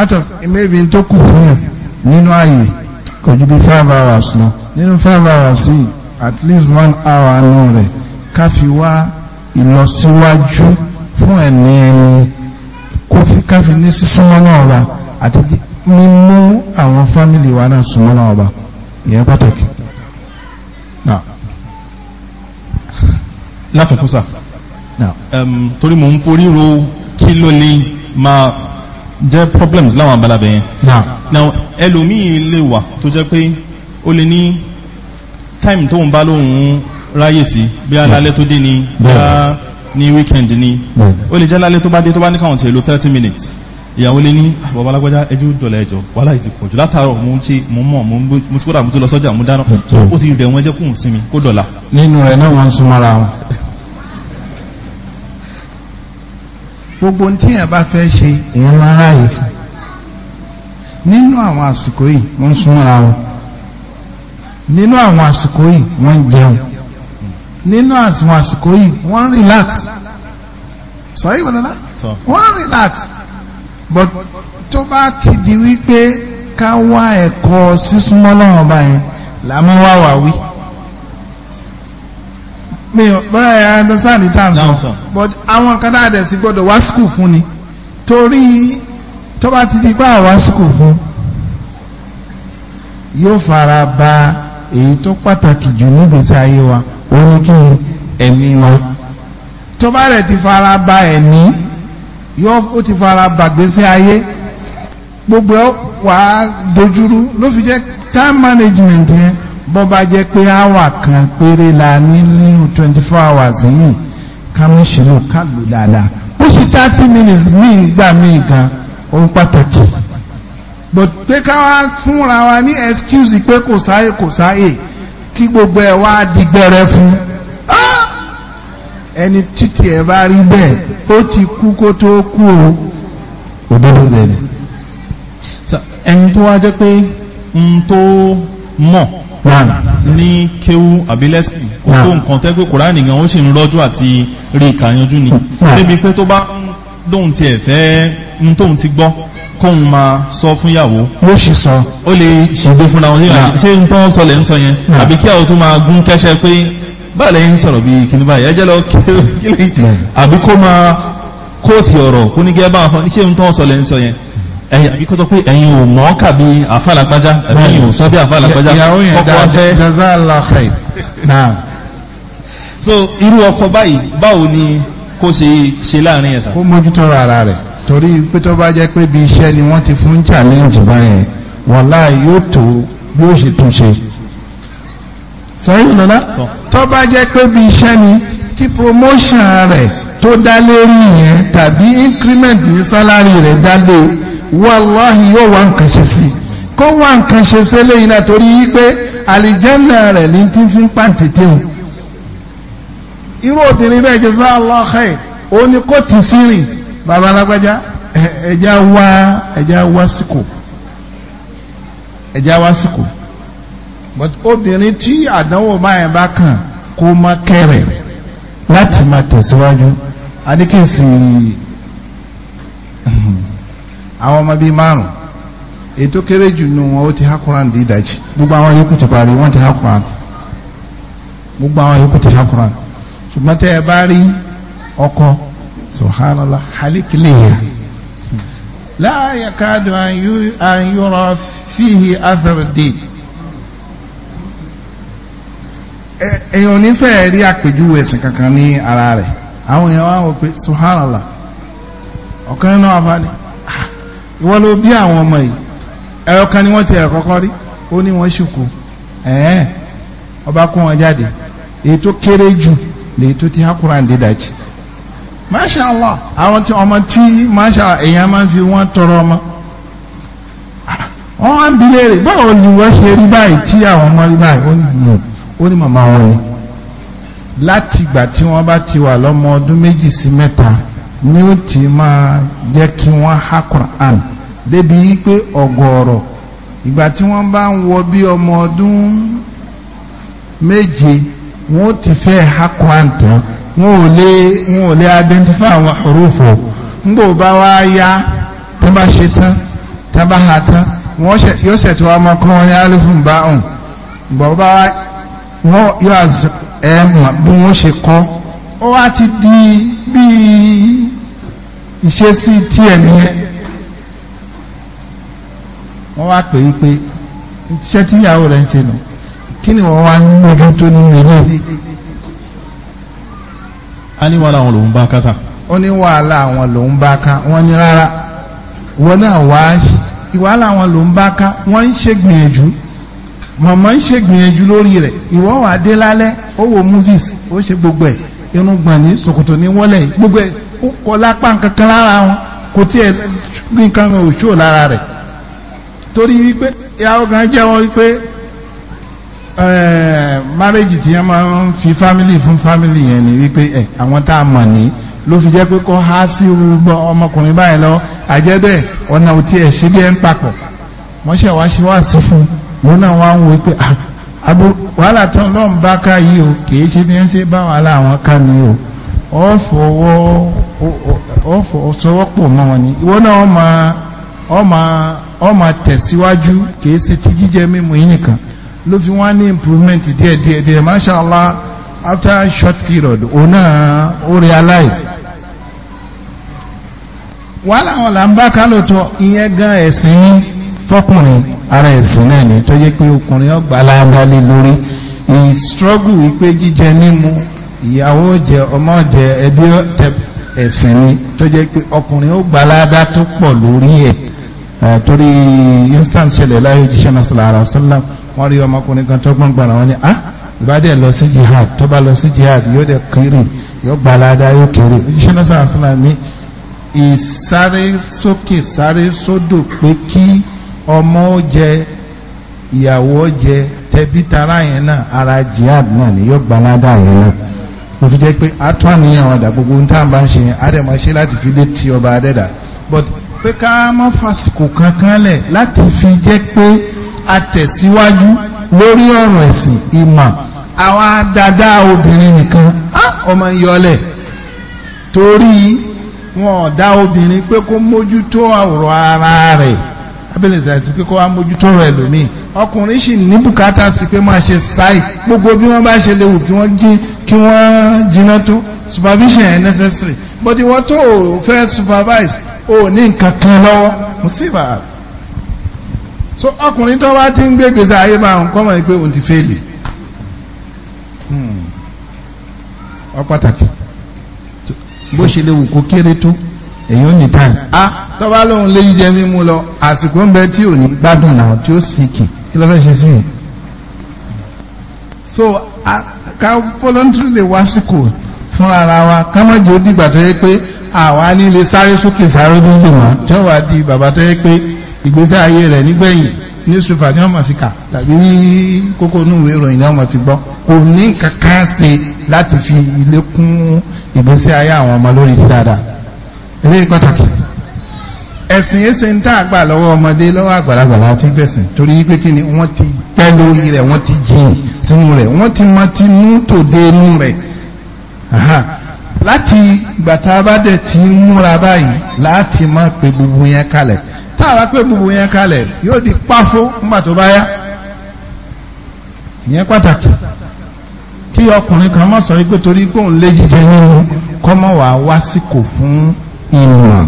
out of maybe tó kù fún yàn nínú àyè kò ju bí five hours lọ nínú five hours yìí at least one hour nù rẹ̀ ká fi wá ìlọsíwájú fún ẹ̀mí ẹni kó fi ká fi ní sísúnmọ́ náà wá àti mímú àwọn fámìlì wa náà súnmọ́ náà ọba ìyẹn pàtàkì láfikún sá torí mò ń forí ro kí ló lè máa jẹ́ problems láwọn abalabẹ̀ yẹn now ẹlòmíì lè wà tó jẹ́ pé ó lè ní time tó ń bá lóhun ráyè sí bí alálẹ́ tó dé ni bí ní weekend ni ó lè jẹ́ lálẹ́ tó bá dé tó bá ní káwọn tí èlò 30 minutes ìyàwó lé ní ah, àbọ̀bálágbájá ẹjú jọlẹ̀ ẹjọ́ wàhálà ìtì pọ̀jù látàárọ̀ mo ń ṣe mo mọ̀ mo ti kódà mo ti lọ sọ́jà mo dáná so ó ti rẹ̀ wọ́n ẹjẹ́ kùn sí mi kó dọ̀la. nínú rẹ̀ náà wọ́n ń súnmọ́ra wọn. gbogbo ohun tí èèyàn bá fẹ́ ṣe èèyàn máa ráàyè fún nínú àwọn àsìkò yìí wọ́n ń súnmọ́ra wọn nínú àwọn àsìkò yìí wọ́n ń jẹun nínú àwọn àsìkò yìí wọ́n ń relax sọ yìí wọ́n ń relax but tó bá ti di wípé ká wá ẹ̀kọ́ sísúnmọ́ lọ́wọ́ báyìí làmú wá wà wí. mi ò báyà i understand the term sọ but àwọn kan dáadẹ̀ sí gbọ́dọ̀ wá school fún ni torí tó bá ti di pé àwa school fún yóò fara ba èyí tó pàtàkì jù nígbèsí ayé wa ó ní kí ni ẹ̀mí wa tó bá rẹ̀ ti fara ba ẹ̀mí. E yóò ó ti fara bàgbésí ayé gbogbo ẹ wà á dojúrú ló fi jẹ́ time management yẹn bó bá jẹ́ pé hour kan péré la ní nínú twenty four hours yìí ká mú ṣìlò ká lò dáadáa ó ṣe thirty minutes míì gbà míì gan ó pàtàkì but pé ká wá fúnra wa ní excuse pé kò sáyè kò sáyè kí gbogbo ẹ wá digbẹrẹ fún un ẹni títí ẹ̀ bá rí bẹ́ẹ̀ ó ti kú kó tó kú o òdodo lẹ́nu ẹni tó wá jẹ́ pé n tó mọ̀ ní kéwú àbílẹ́sìn kò tó nǹkan tẹ́gbẹ́ kùránì gan ó sì ń rọ́jú àti rí ìkàyànjú ni débi pé tó bá dóhun ti ẹ̀fẹ́ ń tóhun ti gbọ́ kóhun máa sọ fún ìyàwó ó sì sọ ó lè ṣègbè fúnra wọn ṣé ń tán sọlẹ̀ ń sọ yẹn àbí kí àwọn tó máa gún kẹ́sẹ́ pé báyìí lẹ́yìn sọ̀rọ̀ bí kí ní báyìí ẹjẹ́ lọ kí lè àbí kó máa kóòtì ọ̀rọ̀ kó ní gẹ́gẹ́ bá wọn fọ ní ṣé ń tọ́ sọ lẹ́yìn sọ yẹn ẹ̀yìn àbí kó sọ pé ẹ̀yin ò mọ̀ kàbí àfàlàgbájá ẹ̀yin ò sọ bí àfàlàgbájá ọkọ̀ afẹ́. so irú ọkọ báyìí báwo ni kó ṣe ṣe láàrin ẹ̀sà. kó mójútó ara rẹ̀ torí pé tó bá jẹ́ pé bí iṣẹ́ ni wọ́n ti fún challenge báyẹn wàláì yóò tó bí ṣe túnṣe sọyìn lọ́la tó bá jẹ́ pé bí iṣẹ́ ni tí promotion rẹ̀ tó dá lérí yẹn tàbí increment ní sálárì rẹ̀ dá lé wàláhì yóò wá nǹkan ṣe sí kó wá nǹkan ṣe sí eléyìí náà torí wípé àlìjẹ́nà rẹ̀ ní tí fi ń pàǹtẹ̀tẹ̀ o irú obìnrin bẹ́ẹ̀ jẹ́ sáà lọ́ọ̀kẹ́ ó ní kó ti sírìn babalágbájá ẹ̀já wá ẹ̀já wá síkò ẹ̀já wá síkò but obìnrin tí àdánwò báyẹn bá kàn kó má kẹrẹ láti má tẹ̀síwájú adékèsì hmm, àwọn ọmọ bíi márùn ètò kéré jù nù wọn ó ti hakuran di ìdajì gbogbo àwọn yòókù ti parí wọn ti hakuran gbogbo àwọn yòókù ti hakuran ṣùgbọ́n tẹ́ ẹ bá rí ọkọ subhanallah halikiliya la yakadu an yura fihi athar din. Eh, èèyàn ò ní fẹ́ rí ẹ̀sìn kankan ní ara rẹ̀ àwọn èèyàn wá wọ pé subhanallah ọ̀kan nínú àfáàní ah, ìwọ ló bí ọmọ yìí ẹ̀rọ kan ni wọ́n ti ẹ̀ kọ́kọ́ rí ó ní wọ́n ṣùkú ọba kó wọn jáde èyí tó kéré jù lèyí ti ọmọ tí masha èèyàn máa fi wọn tọrọ ọmọ ah, wá ń bi léèrè báwo ni ṣe rí báyìí tí àwọn ọmọ rí ó ní màmá wọn ni láti ìgbà tí wọ́n bá ti wà lọ́mọ ọdún méjì sí mẹ́ta ni ó ti máa jẹ́ kí wọ́n há Quran débi wípé ọ̀gọ̀ọ̀rọ̀ ìgbà tí wọ́n bá ń wọ bí ọmọ ọdún méje wọ́n ó ti fẹ́ há Quran tán wọ́n ò lè wọ́n ò lè identify àwọn hurufu ńgbò bá wá yá tó bá ṣe tán tó bá há tán wọ́n yóò ṣètò ọmọ kan wọn ní alifun bá hàn gbọ́ bá wá wọ́n yóò ẹ mọ̀ bí wọ́n ṣe kọ́ ó wá ti di bíi ìṣesí tiẹ̀ nìyẹn wọ́n wá pè é pé iṣẹ́ tíyàwó rẹ̀ ń ṣe nù kí ni wọ́n wá ń mójú tó nínú ilé. a ní wàhálà àwọn lòun bá ká sà. ó ní wàhálà àwọn lòun bá ká wọ́n ní rárá wọ́n náà wá wàhálà àwọn lòun bá ká wọ́n ń ṣègbìyànjú mọ̀mọ́ ń ṣègbìyànjú lórí rẹ̀ ìwọ wà dé lálẹ́ ó wo movies ó ṣe gbogbo ẹ̀ irun gbọ̀n ní ṣòkòtò ní wọ́lẹ̀ gbogbo ẹ̀ ó kọ́ lápá kankan lára wọn kò tí ẹ̀ nǹkan ò ṣó lára rẹ̀ torí wípé ìyàwó kan jẹ́ wọn wípé márẹ́jì tí wọ́n máa ń fi family fún family yẹn ni wípé ẹ̀ àwọn tá a mọ̀ ní ló fi jẹ́ pé kọ́ há sí ọmọkùnrin báyìí lọ àjẹ́ bẹ́ẹ̀ ọ̀nà òtí ẹ̀ ṣe bí ẹ̀ ń papọ̀ wọ́n ṣẹ̀ ṣe wá sí fún un òun náà wá ń wo pé ah, abu wàhálà tó lọ́n bá o kì í ṣe bí ṣe bá wàhálà àwọn ká ni o ọ fọwọ́ ọ sọwọ́ pọ̀ mọ́ wọn ni ìwọ náà ọmọ ọmọ ọmọ tẹ̀síwájú kì í ṣe ti jíjẹ mímu yín nìkan ló fi wá ní improvement masha allah after a short period náà realize wàhálà wọn là ń bá ká lóòótọ́ ìyẹn fọkùnrin ara ẹ̀sìn náà ni tó yẹ pé ọkùnrin ọgbà aláàbálẹ̀ lórí ìstrọ́gù wípé jíjẹ mímu ìyàwó jẹ ọmọ jẹ ẹbí ẹ̀sìn ni tó jẹ́ pé ọkùnrin ó gbà ládá tó pọ̀ lórí ẹ̀ torí instant ṣẹlẹ̀ láyé òjíṣẹ́ náà sọ̀rọ̀ àrà sọ́lá wọ́n rí ọmọkùnrin kan tó gbọ́n gbàrà wọn ni ah ìbádẹ́ lọ sí jihad tó bá lọ sí jihad yóò dẹ̀ kéré yóò gbà ládá yóò kéré òjíṣẹ́ náà sọ̀rọ̀ àrà sọ́lá mi ìsáré sókè sáré sódò pé kí ọmọ ó jẹ ìyàwó ó jẹ tẹbí tara yẹn náà ara jihad náà ni yóò gbalada yẹn náà mo fi jẹ́ pé atún àníyàn àwọn àdá gbogbo níta bá ń ṣe yẹn àdèmọ̀ṣe láti fi lé ti ọba adẹ́dà but pé ká má fàsìkò kankan lẹ̀ láti fi jẹ́ pé a tẹ̀síwájú lórí ọ̀rọ̀ ẹ̀sìn ìmọ̀ àwọn dáadáa obìnrin nìkan ọmọ ń yọlẹ̀ torí wọn ò obìnrin pé kó mójútó ọ̀rọ̀ ara rẹ̀ abẹ́lẹ̀ ìsàlẹ̀ sí pé kó wá mójútó rẹ̀ lómi ọkùnrin sì ní bùkátà sí pé máa ṣe sáì gbogbo bí wọ́n bá ṣe léwu kí wọ́n jiná tó supervision is necessary but ìwọ́n tó o fẹ́ supervise o ní nǹkan kan lọ́wọ́ mo sì bá a. so ọkùnrin tó bá ti ń gbé gbèsè ayé máa ń kọ́ mọ̀ pé òun ti fẹ́ẹ̀lì ọ hmm. pàtàkì bó ṣe léwu kó kéré tó èyí ò ní time. Ah tọ́ba lòun lè jẹ mímú lọ àsìkò ń bẹ tí ò ní gbádùn náà tí ó sì kì kí ló fẹ́ ṣe sí yẹn. so ká voluntary lè wá síkò fún ara wa ká má jẹ́ ó dìgbà tó yẹ pé àwa nílé sáré sókè sáré dúdú mọ́ tí wọ́n wá di bàbá tó yẹ pé ìgbésẹ̀ ayé rẹ̀ nígbẹ̀yìn ní sùpà ní ọmọ fi kà tàbí kókó inú ìwé ìròyìn ní ọmọ fi gbọ́ kò ní kankan ṣe láti fi ilé kún ìgbésẹ̀ ayé àwọn ọmọ lórí ti dáadáa eléyìí pàtàkì ẹ̀sìn ẹ̀sìn ń tà àgbà lọ́wọ́ ọmọdé lọ́wọ́ àgbàlagbà láti gbẹ̀sìn torí pé kí ni wọ́n ti pẹ́ lórí rẹ̀ wọ́n ti jìn sínú rẹ̀ wọ́n ti mọ ti mú tòde inú rẹ̀ láti gbàtà bá ti múra báyìí láti má pe gbogbo yẹn kalẹ̀ tá a bá pe gbogbo yẹn kalẹ̀ yóò di páfó nígbà tó bá yá ìyẹn pàtàkì kí ọkùnrin kan má sọ wípé torí pé òun lé jíjẹ nínú kọ́mọ̀ wá wásìkò fún ìmọ̀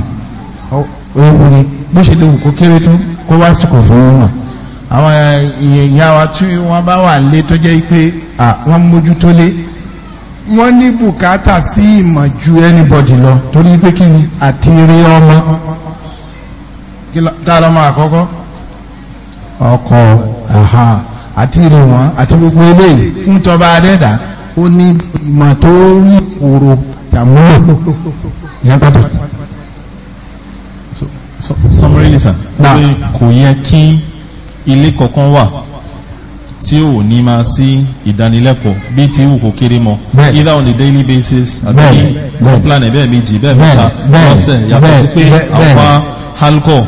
oògùn ni bó ṣe lè wù kó kéré tó kó wá sí kò fún wọn àwọn ìyá wa tí wọ́n bá wà lé tó jẹ́ pé wọ́n mójútó lé wọ́n ní bùkátà sí ìmọ̀ ju anybody lọ torí pé kí ni àti rí ọmọ tá lọ́mọ àkọ́kọ́ ọkọ àti rí wọn àti gbogbo eléyìí fún tọba adẹ́dà ó ní ìmọ̀ tó rí kòrò tàmúlò ìyẹn pàtàkì sọmọrìlì sà pé kò yẹ kí ilé kọ̀ọ̀kan wà tí ò ní máa sí ìdánilẹ́kọ̀ọ́ bí ti wù kó kéré mọ́ either on a daily basis àti plan ẹ̀bẹ́ẹ̀ méjì bẹ́ẹ̀ mẹ́ta lọ́sẹ̀ yàtọ̀ sí pé àwọn halkọ̀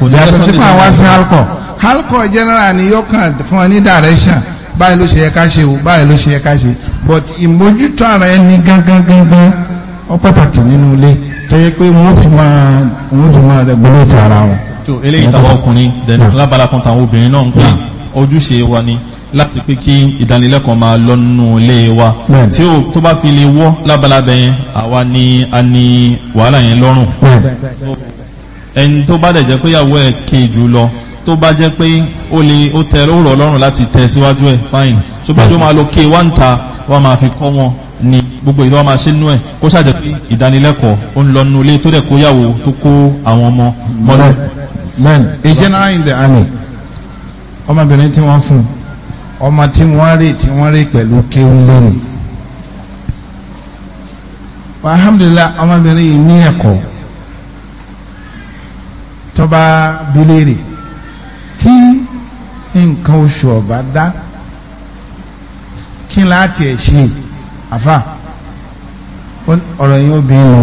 kò ní lẹ́sọ̀ ní sọ̀rọ̀ halkọ̀ general ni yóò kàn fún ọ ní direction báyìí ló ṣe yẹ ká ṣe o báyìí ló ṣe yẹ ká ṣe but ìmójútó ara ẹni gangan gangan ó pàtàkì nínú ilé tó yẹ pé wọ́n fi máa wọ́n fi máa regulate ara wọn. tó eléyìí táwọn ọkùnrin dẹni lábala kan táwọn obìnrin náà ń gbà ojúṣe wa ni láti pé kí ìdánilẹ́kọ̀ọ́ máa lọ nínú ilé wa tí ó tó bá fi lè wọ́ lábalábẹ́ yẹn àwa ni a ní wàhálà yẹn lọ́rùn ẹni tó bá dẹ̀ jẹ́ pé ìyàwó ẹ̀ kejì lọ tó bá jẹ́ pé ó lè ó tẹ ó rọ̀ lọ́rùn láti tẹ̀ síwájú ẹ̀ fáìn tó bá jọ máa lọ ké wá ń ta wá máa fi kọ́ wọn ní gbogbo ìlú ọmọ sínú ẹ̀ kó ṣàjẹ́ pé ìdánilẹ́kọ̀ọ́ ó ń lọ nínú ilé tó dẹ̀ kó yàwó tó kó àwọn ọmọ mọ́lẹ̀. men a general in the army ọmọbìnrin tí wọ́n fún ọmọ tí wọ́n rí tí wọ́n rí pẹ̀lú kéwú lónìí alhamdulilah ọmọbìnrin yìí ní ẹ̀kọ́ tọ́ba bilérì tí nǹkan oṣù ọ̀bá dá kí n láti ẹ̀ ṣe àfáà ọ̀rọ̀ yín ó bí inú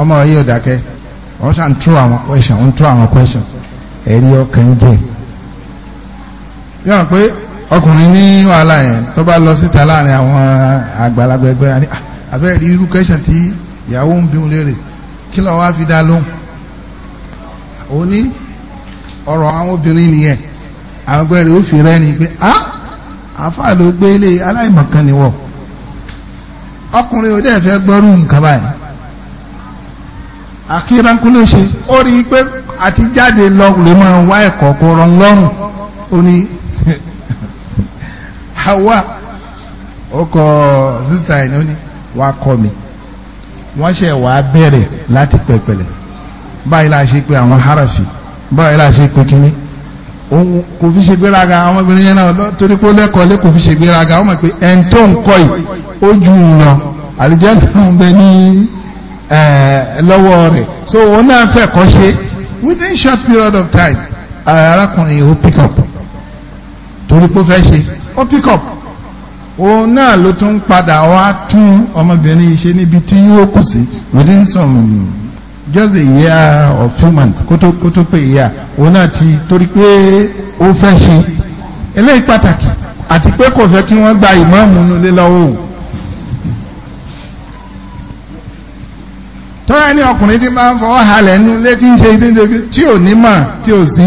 ọmọ yìí ò dákẹ́ wọ́n ṣàn tú àwọn question ń tú àwọn question ẹ̀rí ọkàn ń jẹ́ yóò pé ọkùnrin ní wàhálà yẹn tó bá lọ síta láàrin àwọn àgbàlagbà ẹgbẹ́ rẹ̀ àbẹ́rẹ́ ah, irú question tí ìyàwó ń bí wọn léèrè kí lọ́wọ́ á fi dá lóhùn òní ọ̀rọ̀ àwọn obìnrin nìyẹn àwọn ẹgbẹ́ rẹ̀ ó fi rẹ́ ni pé ah àáfàá ló gbé ilé aláìmọ̀kan ni wọ̀ ọkùnrin ò dẹ́ fẹ́ gbọ́rú nǹkan báyìí àkíránkú ló ṣe ó rí i pé àti jáde lọ lè máa wá ẹ̀kọ́ kó rọrùn lọ́rùn ó ní Hawa [laughs] ó kọ sísítà ẹ̀ ní ó ní wá kọ́ mi wọ́n ṣe wàá bẹ̀rẹ̀ láti pẹ̀pẹ̀lẹ̀ báyìí la ṣe pé àwọn harafi báyìí la ṣe pé kínní òun kò fi ṣe gbéraga àwọn obìnrin yẹn náà torí pé lẹ́kọ̀ọ́ lé kò fi ṣe gbéraga ó mọ̀ pé ẹni tó ń kọ́ yìí ó ju òun lọ àlùjẹ́ náà ń bẹ ní lọ́wọ́ rẹ̀ so òun náà fẹ́ kọ́ ṣe within short period of time arákùnrin yìí ó pick up torí pé fẹ́ ṣe ó pick up òun náà ló tún padà wá tún ọmọbìnrin yìí ṣe níbi tí yóò kù sí within some just a year or few months kó tó kó tó pé year òun náà ti torí pé ó fẹ́ ṣe eléyìí pàtàkì àti pé kò fẹ́ kí wọ́n gba ìmọ̀ọ́mù nulẹ̀ lọ́wọ́ òun. tọ́lá ní ọkùnrin tí máa ń fọwọ́ halẹ̀ nínú ilé tí ń ṣe tí tí ò ní mà tí ò sí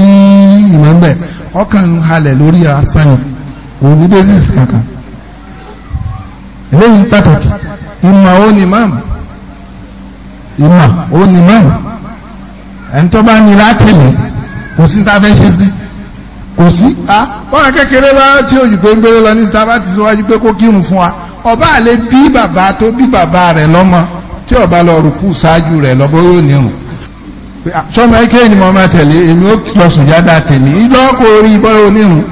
ìmọ̀ ń bẹ̀ ọkàn halẹ̀ lórí asán òun ní kankan eléyìí pàtàkì ìmọ̀ òun ni máàmù ìmọ̀ ó ní mọ́ ẹni tó bá ní látẹ̀lẹ̀ kò sí ta fẹ́ ṣe sí kò sí. bọ́lá kékeré bá tí òjì pé ń gbélé lọ ní sábà ti síwájú pé kó kírun fún wa ọba àlè bí bàbá tó bí bàbá rẹ̀ lọ́mọ tí ọba lọ rùkú ṣáájú rẹ̀ lọ́bọ̀ yóò nírun. sọmọ ike ni mo máa tẹ̀lé èmi ó lọ sùn jáda tèmi ìlọ́kọ̀ orí bọ́lá onírun.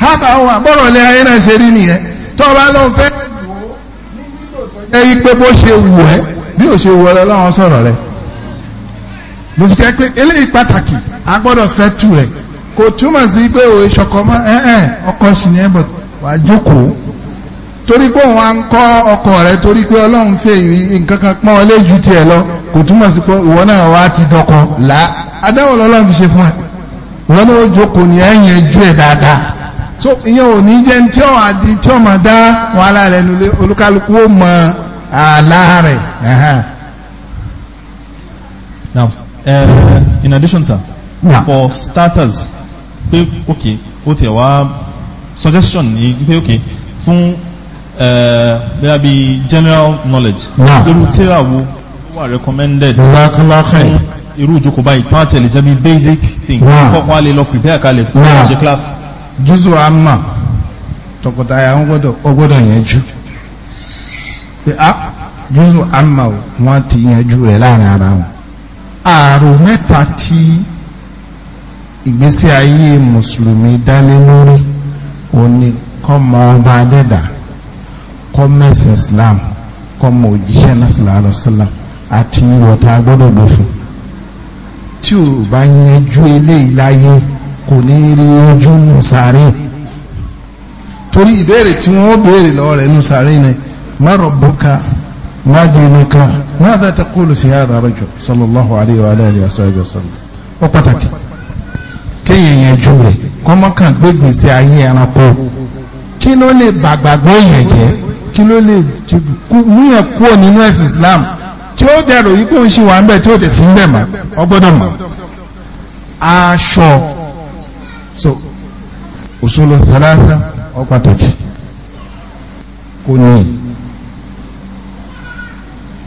hábà wà bọ́rọ̀ lé ayé náà ṣe rí nìyẹn tọ́ba lọ fẹ́ lò ó ní nílò sọ bí o ṣe wọlé láwọn sọ̀rọ̀ rẹ mo fi kẹ́ pé eléyìí pàtàkì a gbọ́dọ̀ sẹ́tù rẹ kò túmọ̀ sí pé o ṣọkọ mọ́ ẹ ẹ ọkọ sì ni ẹ wá jókòó torí pé òun á ń kọ́ ọkọ torí pé ọlọ́run nǹkan kan pọ́n ọlé ju tiẹ̀ lọ kò túmọ̀ sí pé ìwọ náà wá ti dọkọ là adáwọ̀ lọ́lọ́run fi ṣe fún so ìyẹn ò ní jẹ́ tí ọ̀ tí ọ̀ máa dá wàhálà rẹ̀ àlàárẹ̀. now uh, in addition sir yeah. for starters pé ok ó tiẹ̀ wá suggestion ni pé ok fún eh, bẹ́ẹ̀ bí general knowledge irú tíra wo wà recommended fún irú ìjókòó báyìí tó àti ẹ̀lẹ́jẹ́ basic thing kọ́kọ́ wá lè lọ prepare kalẹ̀ fún ṣe class. jùzọ àmà tọkọtaya ó gbọ́dọ̀ yẹn jù pé a ah, jùzù àmà wọn ti yanjú rẹ̀ láàrin ara wọn ààrùn mẹ́ta tí ìgbésí ayé mùsùlùmí dálé lórí òní kọ́mọ ọba adẹ́dà kọ́mẹ́sì islam kọ́mọ òjíṣẹ́ sallallahu alaihi wasallam àti ìwọ̀ta gbọ́dọ̀ lọ fún tí ò bá yanjú eléyìí láyé kò ní rí ojú nù sáré torí ìbéèrè tí wọ́n béèrè lọ́wọ́ rẹ̀ nù sáré náà ما ربك ما دينك ماذا تقول في هذا الرجل صلى الله عليه وعلى اله وصحبه وسلم ó pàtàkì kéèyàn yanjú rẹ̀ kó má kàn gbégbé sí ayé ẹranko kí ló lè bàgbàgbọ́ èèyàn jẹ́ kí ló lè mú yẹn kúrò nínú ẹ̀sìn Islam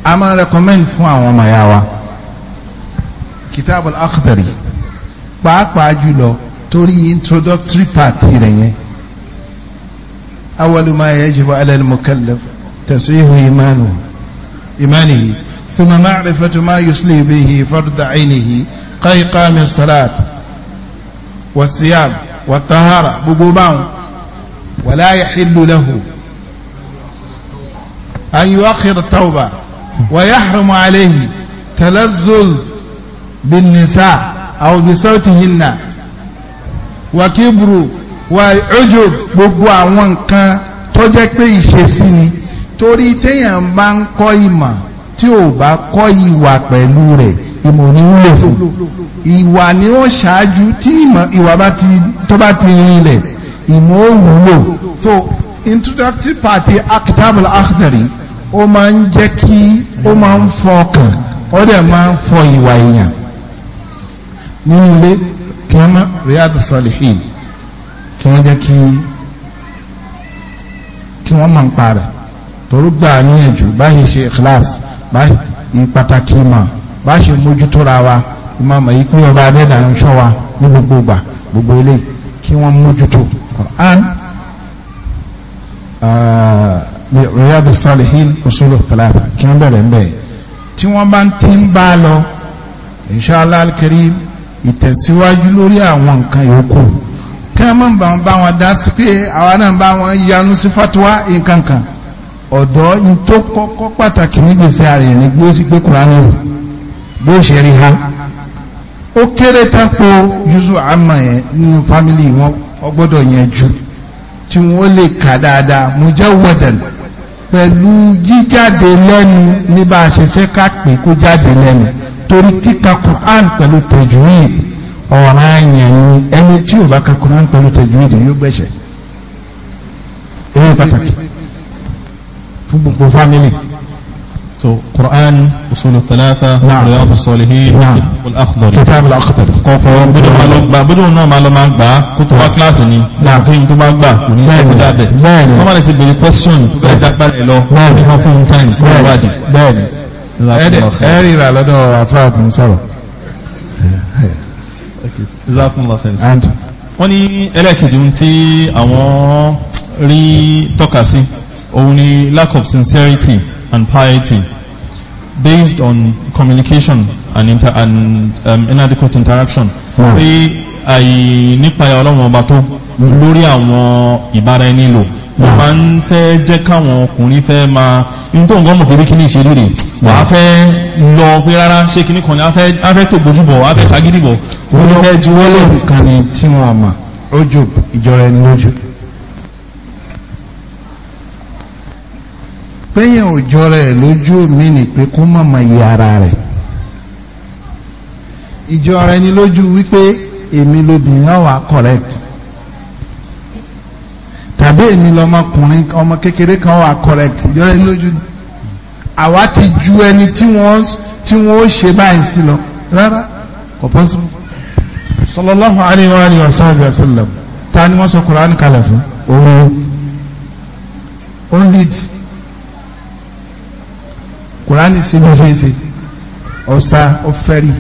a máa recommend fún àwọn ọmọ ya wa kitab al-Akhdari pàápàá jùlọ torí introductory part rẹ̀ yẹn awwalu ma yajibu ala al-mukallaf tasihu imanu imanihi thumma ma'rifatu ma yusli bihi farda ainihi qayqami salat wa siyam wa tahara gbogbo báwọn wala yahillu lahu an yuakhir tawba. ويحرم عليه تلذذ بالنساء أو بصوتهن وكبر وعجب gbogbo àwọn nǹkan tó jẹ́ pé ìṣesí ni torí téèyàn bá ń kọ́ ìmọ̀ tí ò bá kọ́ ìwà pẹ̀lú rẹ̀ ìmọ̀ ní wúlò fún ìwà ni ó ṣáájú tí ìwà tó bá ti rinlẹ̀ ìmọ̀ ó wúlò so introductory party akitabul akhdari ó máa ń jẹ́ kí ó máa ń fọ ọkàn ó dẹ̀ máa ń fọ ìwà èèyàn nínú ilé kí wọ́n má Riyadu Salihin kí wọ́n jẹ́ kí kí wọ́n máa ń parẹ́ torí gbà níyànjú báyìí ṣe ikhlas báyìí pàtàkì mà bá ṣe mójútóra wa ìmọ̀ àmọ̀ yìí pé ọba adẹ́dà ń ṣọ́ wa ní gbogbo ìgbà gbogbo eléyìí kí wọ́n mójútó Riyadu Salihin usulu thalatha kí wọ́n bẹ̀rẹ̀ bẹ́ẹ̀ tí wọ́n bá ń tí ń bá lọ inshallah ìtẹ̀síwájú lórí àwọn nǹkan yòókù kí bá wọn bá wọn dá sí pé àwa náà bá wọn yanu sí fatuwa ọ̀dọ́ kọ́kọ́ pàtàkì gbé ha ó kéré yẹn nínú wọn yẹn pẹ̀lú jíjáde lẹ́nu ní bá a ṣe fẹ́ ká pè kó jáde lẹ́nu torí kíka Quran pẹ̀lú tajwid ọ̀ràn àyàn ni ẹni tí ò bá ka Quran pẹ̀lú tajwid yóò gbẹ̀ṣẹ̀ eré pàtàkì fún gbogbo fámìlì so Quran usulu thalatha riyadu salihin al akhdari kitab al akhdari kọ́kọ́ bídùn máa lọ gbà bídùn náà máa lọ máa gbà kó tó wá kíláàsì ni làákùn tó bá gbà kò ní sọ kọjá bẹ bẹ́ẹ̀ni wọn bá lè ti béèrè question tó bá jápa rẹ lọ bẹ́ẹ̀ni wọn fún time bẹ́ẹ̀ni bẹ́ẹ̀ni ẹ rí ra lọ́dọ̀ àfáà tó ń sọ̀rọ̀. wọ́n ní ẹlẹ́ẹ̀kejì ohun tí àwọn rí tọ́ka sí òun ni lack of sincerity and piety based on communication and, inter and um, inadequate interaction hmm. pé àìnípa ọlọ́run ọba tó lórí àwọn ìbára ẹni lò mo hmm. máa ń fẹ́ jẹ́ káwọn ọkùnrin fẹ́ máa ní tó nǹkan mọ̀ pé kí ní ìṣèlú rè wà á fẹ́ lọ pé rárá ṣé kíní kan ni á fẹ́ tó gbójúbọ̀ á fẹ́ tagídìbọ̀ ó fẹ́ juwọ́lẹ̀ nǹkan ni tí wọ́n àmà ó jò ìjọra ẹni lójú péyàn òjọ rẹ̀ lójú mi ni pé kó má ma yí ara rẹ̀ ìjọ rẹ̀ ni lójú wípé èmi lobìnrin ọ̀wà correct tàbí èmi lọmọkùnrin ọmọ kékeré kan wà correct ìjọ rẹ̀ ni lójú àwa ti ju ẹni tí wọ́n tí wọ́n ó ṣe báyìí sí lọ rárá kò possible. sallallahu alayhi wa alihi wa sallam ta ni wọ́n sọ kuraani kalẹ̀ fún. òun ó lead kùránì sí ló ṣe é ṣe ọ̀sà ọ̀fẹ́rì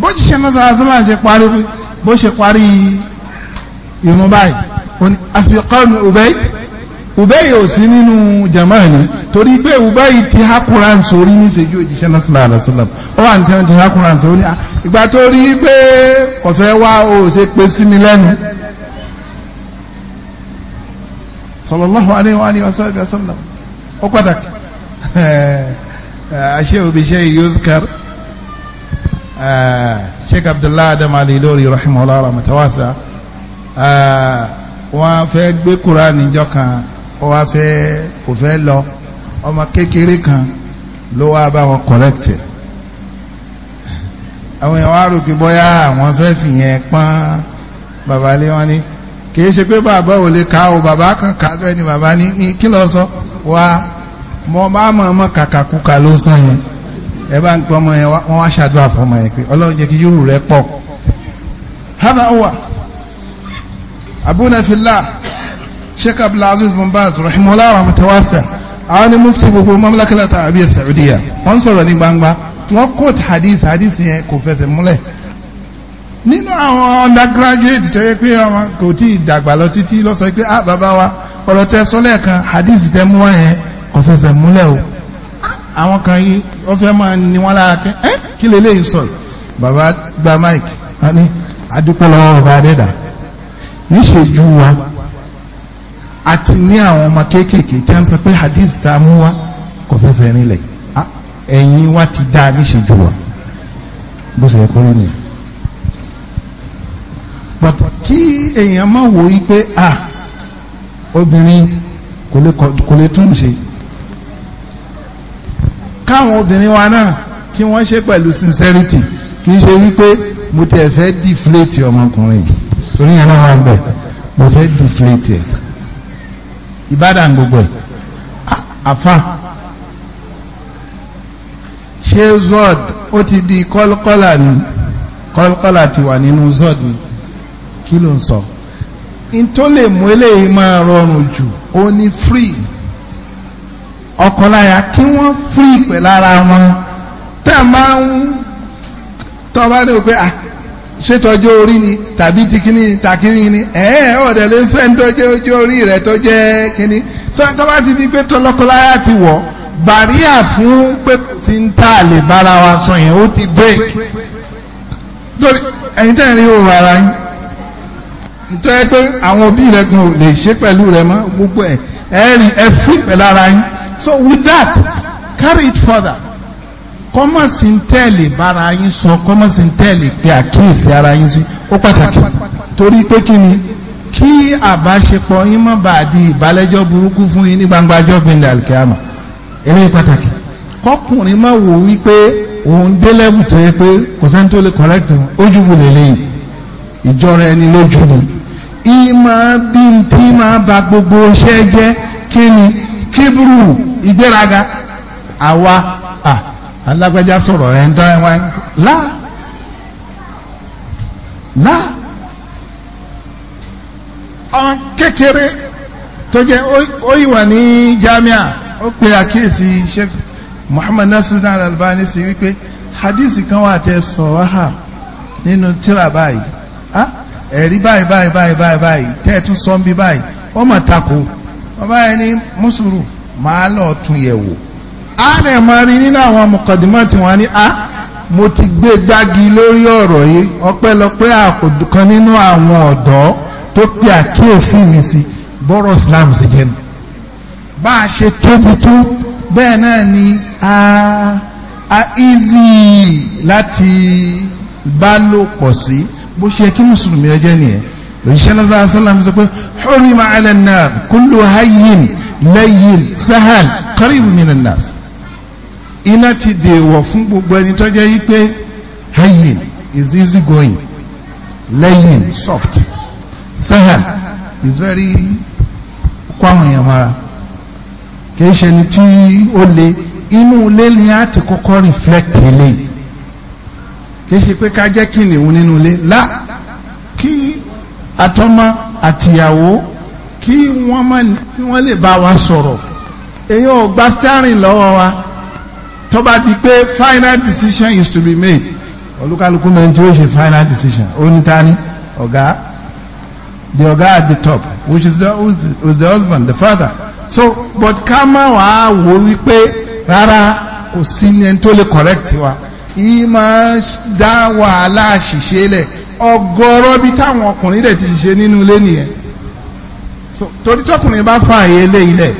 bó ti ṣe náà sọ́ra sọ́ra ṣe parí bó ṣe parí irun báyìí ó ní àfikún Ubay Ubay ò sí nínú jama ni torí pé Ubay ti ha Quran sórí ní ìṣẹ́jú òjíṣẹ́ náà sọ́ra àlọ́sọ́lá ó wà ní tí wọ́n ti ha Quran sórí ah, ìgbà tó rí pé ọ̀fẹ́ wa ò ṣe pé sí mi lẹ́nu sallallahu alaihi wa alihi wa sallam ó pàtàkì aṣẹ́wò bí ṣe yudhkar sheikh abdullahi adam ali lórí rahimahullah rahmatawasa wọ́n fẹ́ gbé kura níjọ́ kan wọ́n fẹ́ kò fẹ́ lọ ọmọ kékeré kan ló wá bá wọn corrected àwọn èèyàn wá rò pé bóyá àwọn fẹ́ fìyẹn pọ́n bàbá lé wọn ní kì í ṣe pé bàbá ò lè ka o bàbá kan kà bẹ́ẹ̀ ni bàbá ní kí lọ sọ wá. So, mo bá mọ̀ ọmọ kàkàkùkà ló sàn yẹn ẹ bá ń pẹ́ ọmọ yẹn wọ́n wá ṣàdúrà fún ọmọ yẹn pé ọlọ́run jẹ́ kí yúrù rẹ pọ̀ hada uwa, abuna fillah sheikh abdulaziz bin baz rahimahullah rahmatawasa àwọn ni mufti gbogbo mamlakilata abiy saudiya wọ́n sọ̀rọ̀ ní gbangba wọ́n quote hadith hadith yẹn kò fẹsẹ̀ múlẹ̀ nínú àwọn undergraduate tó yẹ pé ọmọ kò tí ì dàgbà lọ títí lọ sọ pé ah bàbá wa ọ̀rọ̀ tẹ sọ lẹ́ẹ̀kan hadith tẹ mú wá yẹn kò fẹsẹ̀ múlẹ̀ o àwọn kan yìí wọ́n fẹ́ máa ní wọ́n lára pé ẹ́ kí lélẹ́yìn sọ yìí bàbá gba mike wọ́n ní adúpẹ́ lọ́wọ́ ọba adẹ́dà níṣẹ́jú wa àti ní àwọn ọmọ kéékèèké tí wọ́n sọ pé hadith tá a mú wa kò fẹsẹ̀ nílẹ̀ ẹ̀yin wa ti dá níṣẹ́jú wa bó ṣe kọ́ lẹ́nu yìí kí èèyàn máa wò yí pé ah obìnrin kò lè tún ṣe káwọn obìnrin wa náà kí wọ́n ṣe pẹ̀lú sincerity kì í ṣe wípé mo tẹ̀ fẹ́ deflate ọmọkùnrin yìí torí yẹn náà wà ń bẹ̀ mo fẹ́ deflate ẹ̀ ìbádàn gbogbo ẹ̀ àfa ṣé zod ó ti di kọ́lọ́kọ́là ni kọ́lọ́kọ́là ti wà nínú zod ni kí ló ń sọ n tó lè mú eléyìí máa rọrùn jù ó ní free ọkọláya kí wọ́n fún ìpè lára wọn tá a máa ń tọ́ bá dé pé ṣètọ́jú orí ni tàbí ti kíní ta kíní ni ẹ̀ẹ́ ọ̀dẹ̀ lè fẹ́ ń tọ́jú ojú orí rẹ̀ tó jẹ́ kíní sọ tó bá ti di pé tọlọkọláya ti wọ̀ bàríà fún pé sí ń tà lè bára wa sọ yẹn ó ti break lórí ẹ̀yin tẹ́ ń rí òwò ara yín nítorí pé àwọn òbí rẹ̀ gan ò lè ṣe pẹ̀lú rẹ̀ mọ́ gbogbo ẹ̀ ẹ̀ẹ́rì ẹ̀ fún ìpè lára yín so with that carry it further kọ́mọ̀sì ń tẹ̀lé bára yín sọ kọ́mọ̀sì ń tẹ̀lé pé àkíyèsí ara yín sí ó pàtàkì torí pé kí ni kí àbáṣepọ̀ yín má bàa di ìbálẹ́jọ́ burúkú fún yín ní gbangbajọ́ gbẹ̀ndẹ̀ àlùkìyàmà eré pàtàkì kọkùnrin má wò wípé òun dé lẹ́bù tó yẹ pé kò sẹ́ni tó lè correct ojú bu lélẹ́yìn ìjọra ẹni lójú ni ìmọ̀ bí n tí máa ba gbogbo iṣẹ́ jẹ́ kí ni kíbrù ìgbéraga àwa alágbájá sọ̀rọ̀ ẹ̀ ń dán ẹ̀ wá lá lá ọmọ kékeré tó jẹ́ ó ìwà ní jamia ó pe àkíyèsí sheikh muhammad nasir al-albani sí wípé hadisi kan wà tẹ sọ wáhà nínú tíra báyìí ẹ̀rí báyìí báyìí báyìí báyìí tẹ́ẹ̀tún sọ́ńbí báyìí ó mà takò ọba ẹni mùsùlùmí màá lọ tún yẹ̀ wò á rẹ̀ máa rí nínú àwọn mọ̀kàndínmọ́ tí wọ́n á ní á mo ti gbé gbági lórí ọ̀rọ̀ yìí ọpẹ́lọpẹ́ àkọ́dùkan nínú àwọn ọ̀dọ́ tó pe àkíyèsí mi sí bọ́rọ̀ Islam ṣe jẹ́ nù bá a ṣe tóbi tó bẹ́ẹ̀ náà ni a a easy láti bá lò pọ̀ sí bó ṣe kí mùsùlùmí ọjẹ́ nìyẹn lòṣìṣẹ́ lọ́sàá sọ́lá mi sọ pé hurima ala an-nar kullu lẹ́yìn sahel karibu minan iná ti dèèwọ̀ fún gbogbo ẹni tó jẹ́ wípé hayin is easy going lẹ́yìn soft sahel is very kó àwọn èèyàn mara kìí ṣe ni tí ó le inú ilé ni a ti kọ́kọ́ reflect eléyìí kìí ṣe pé ká jẹ́ kí nìhun nínú ilé lá kí àtọmọ àtìyàwó kí wọ́n má kí wọ́n lè bá wa sọ̀rọ̀ èyí ò gba starin lọ́wọ́ wa tó bá di pé final decision is to be made olúkálukú mẹ́rin tí ó ṣe final decision ó ní tani ọ̀gá the ọ̀gá at the top which is the, who's the husband the father so but ká má wàá wò wípé rárá kò sí ní ẹni tó lè correct wa yìí máa dá wàhálà ṣìṣe lẹ̀ ọgọ́rọ́ bí táwọn ọkùnrin dẹ̀ ti ṣiṣẹ́ nínú ilé nìyẹn torí tọkùnrin bá fa àyè eléyìí lẹ̀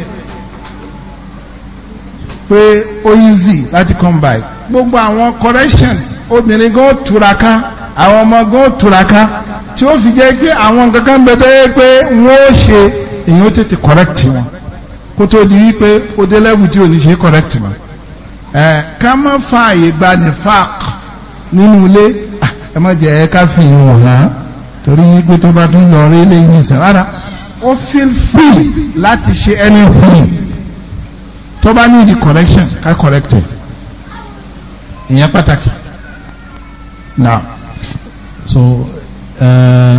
pé ó easy láti come by gbogbo àwọn corrections obìnrin gan túraká àwọn ọmọ gan túraká tí ó fi jẹ́ pé àwọn kankan bẹ́tẹ́ pé wọ́n ó ṣe èyí ó tètè correct wọn kó tó di wípé ó dé level tí ò ní ṣe correct wọn ẹ ká má fa àyè gba ní faq nínú ilé ah, ẹ má jẹ́ ká fi ìwọ̀n hàn torí wípé tó bá tún lọ rí lẹ́yìn ìsẹ̀ rárá ó feel free láti ṣe anything tó bá need correction ká correct it ìyẹn pàtàkì now so uh,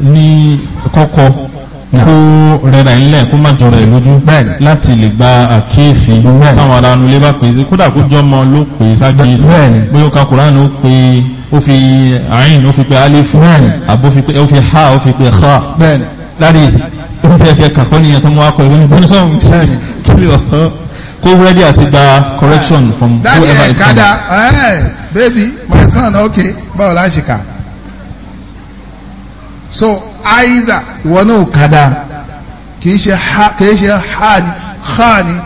ní kọ́kọ́ kó rẹ̀rẹ̀ ńlẹ̀ kó má jọra ẹ̀ lójú láti lè gba àkíyèsí táwọn ará nulẹ̀ bá pèsè kódà kó jọmọ ló pè sákíyèsí bí ó ka Kùránì ó pè ó fi àyìn ó fi pé alifu àbó ó fi ha ó fi pé ha lárí ready àti gba correction from whoever it comes. dadi ẹ̀ẹ́dà baby my son okay báwo la ṣe kà so either ìwọ náà kàdá kì í ṣe ha kì í ṣe ha ni ha ni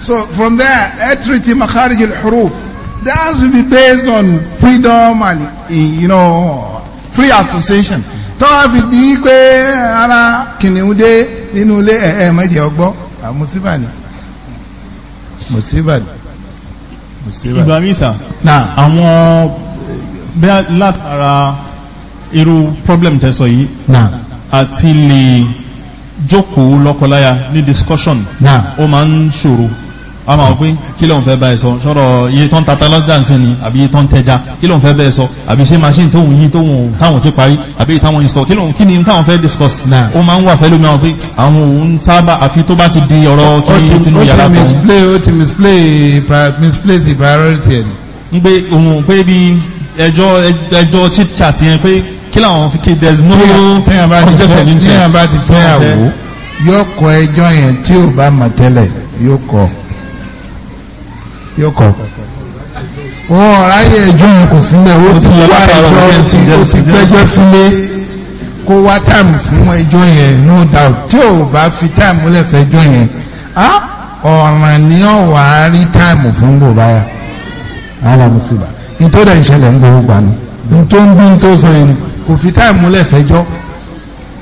so from there etriti makharij al-huruf that has to be based on freedom and you know free association tọ́wá fi di pé ara kìnìún dé nínú ilé ẹ̀ẹ́ mẹ́jẹ ọgbọ́ àmúsíbà ni mùsíbà ni mùsíbà. ìgbà mísà àwọn bẹ́ẹ̀ látara irú problem tẹ́sọ yìí àti lè jókòó lọ́kọláya ní discussion ó máa ń ṣòro a máa pé kí ló ń fẹ́ báyìí sọ sọ̀rọ̀ iye tó ń tata lọ́dà ń sìn ni àbí iye tó ń tẹja kí ló ń fẹ́ bẹ́ẹ̀ sọ àbí ṣé machine tóun yí tóun táwọn ti parí àbí ìtàwọn install kí lóun kí ni táwọn fẹ́ discuss ó máa ń wà fẹ́lú mìíràn pé àwọn òun sábà àfi tó bá ti di ọ̀rọ̀ kí tinú yàrá kan. ó ti misplay the priority ẹ̀ ni. pé òun pé bí ẹjọ́ ẹjọ́ chit chat yẹn pé kí làwọn fi kí there's no object of interest. téèyàn bá ti fẹ́ àwò yóò kọ ẹjọ́ yẹn tí ò bá mọ̀ tẹ́lẹ̀ yóò kọ yóò kọ wọn ọ̀ráyè ẹjọ́ yìí kò sí mẹ́wọ́ tí wá ẹjọ́ sí kó gbẹ́jọ́ sílé kó wá táàmù fún ẹjọ́ yẹn no doubt tí ò bá fi táàmù lẹ́fẹ̀ẹ́ ẹjọ́ yẹn ọ̀ràn ni ọ̀ wá rí táàmù fún bò báyà Musiba. nítorí ìṣẹ̀lẹ̀ ń gbogbo gbani nítorí ń bí nítorí sọ yẹn kò fi táàmù lẹ́fẹ̀ẹ́jọ́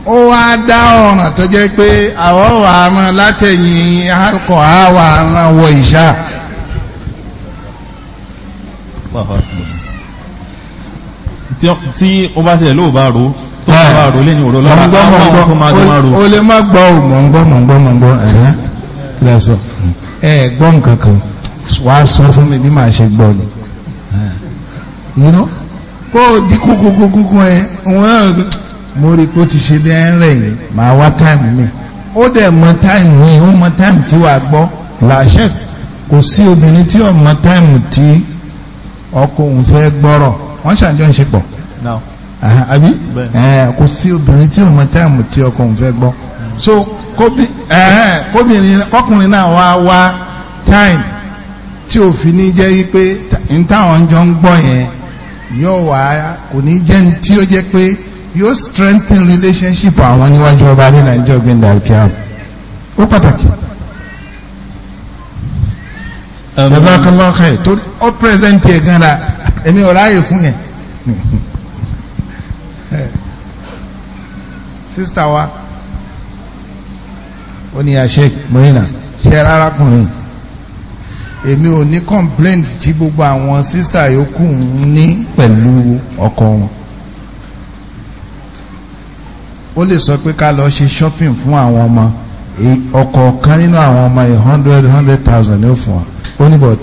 ó wá dá ọ̀ràn tó jẹ́ pé àwọn wàá rán látẹ̀yìn alcohol àwọn àràn wọ ìṣá tí ó bá ṣẹlẹ̀ lóò bá ro tó bá ro lé ní òró lọ́wọ́ àwọn tó máa tó máa ro. o lè má gbọ́ ò mọ̀ ń gbọ́ mọ̀ ń gbọ́ mọ̀ ń gbọ́ ẹ̀hẹ́ lẹ́sọ̀ ẹ̀ gbọ́ nǹkan kan wà á sọ fún mi bí màá ṣe gbọ́ ni. kó o di kúkúkúkú ẹ wọn náà mo rí i pé ó ti ṣe bí ẹ ń rẹ̀ yìí màá wá táìmù mi ó dẹ̀ mọ táìmù mi ó mọ táìmù tí wàá gbọ́ làṣẹ kò sí obìnrin tí ò mọ táìmù tí ọkọ òun fẹ́ gbọ́rọ̀ wọ́n ṣàjọ ń ṣe pọ̀ àbí kò sí obìnrin tí òun táìmù tí ọkọ òun fẹ́ gbọ́ so kọkùnrin náà wá wá táìmù tí òfin ní jẹ́ wípé n táwọn jọ ń gbọ́ yẹn yóò wá kò ní jẹ́ ní tí ó jẹ́ pé yóò strengthen relationship àwọn níwájú ọba ní nàìjíríà gbẹ̀ndà kíá ó pàtàkì. Um, jazakallah khair torí ọ present yẹ gan la èmi ò ráàyè fún yẹn sista wa ó ní àṣẹ mọ́yìnà ṣe rárá kùnrin èmi ò ní complaint tí gbogbo àwọn sista yòókù ní pẹ̀lú ọkọ wọn ó lè sọ pé ká lọ ṣe shopping fún àwọn ọmọ ọkọ̀ kan nínú àwọn ọmọ yìí hundred hundred thousand ní ó fún wa ó ní bọ̀t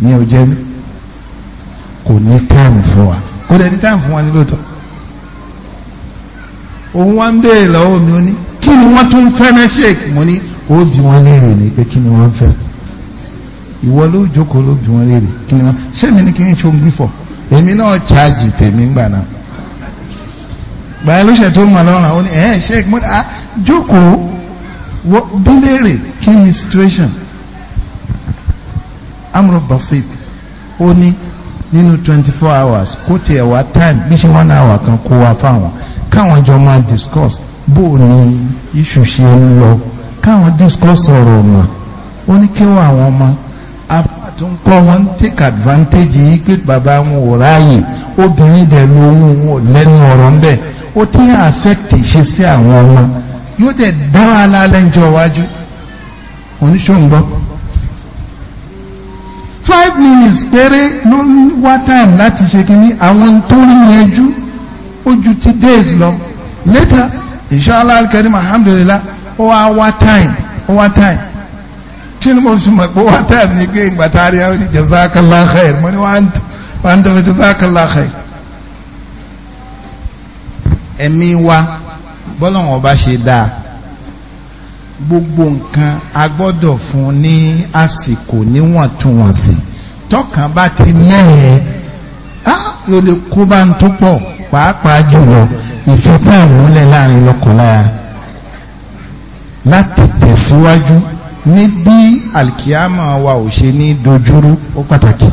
ní o jẹ́ mi kò ní táìmù fún wa kò dẹ̀ ní táìmù fún wa ní lóòótọ́ òun wá ń béèrè lọ́wọ́ mi ó ní kí ni wọ́n tún fẹ́ náà ṣèkì mo ní ó bí wọ́n léèrè ni pé kí ni wọ́n fẹ́ ìwọ ló jókòó ló bí wọ́n léèrè kí ni wọ́n ṣé mi ní kí n ṣe omi fọ̀ èmi náà ṣáàjì tèmi gbà náà gbàyà ló ṣe tó mọ̀ lọ́rùn àwọn ẹ̀ ṣèkì mo ní à jókòó bí léèrè kí ni situation amro basit ó ní nínú twenty four hours kó tiẹ̀ wá time bí ṣe one hour kan kó wá fáwọn káwọn jọ máa discuss bó o ní iṣu ṣe ń lọ káwọn discuss ọ̀rọ̀ wọn ó ní kí wọ́n àwọn ọmọ àbá tó ń kọ́ wọn take advantage yìí pé bàbá wọn ò ráàyè obìnrin dẹ̀ lóhùn wọn lẹ́nu ọ̀rọ̀ ń bẹ̀ ó ti ń affect ṣe sí àwọn ọmọ yóò dẹ̀ dá wàhálà lẹ́njọ́ wájú oníṣòǹgbọ́n five minutes péré ló ń wá time láti ṣe kínní àwọn tó rí yanjú ó ju ti days lọ later inshallah alkarim alhamdulilah ó wá wá time ó wá time kí ni mo fi mọ̀ pé wá time ní pé ìgbà tá a rí àwọn jazakallah khair mo ní wà á ń tẹ̀wé jazakallah khair. ẹ̀mí wa bọ́lọ̀ wọn bá ṣe dáa gbogbo nǹkan a gbọ́dọ̀ fún ní àsìkò níwọ̀ntúnwọ̀nsì tọkàn bá ti mẹ́rin á yóò lè kó bá ń tó pọ̀ pàápàá jùlọ ìfipá ìmúlẹ̀ láàrin lọ́kọ̀láya láti tẹ̀síwájú ní bí alkiyama wa ò ṣe ní dojúrú ó pàtàkì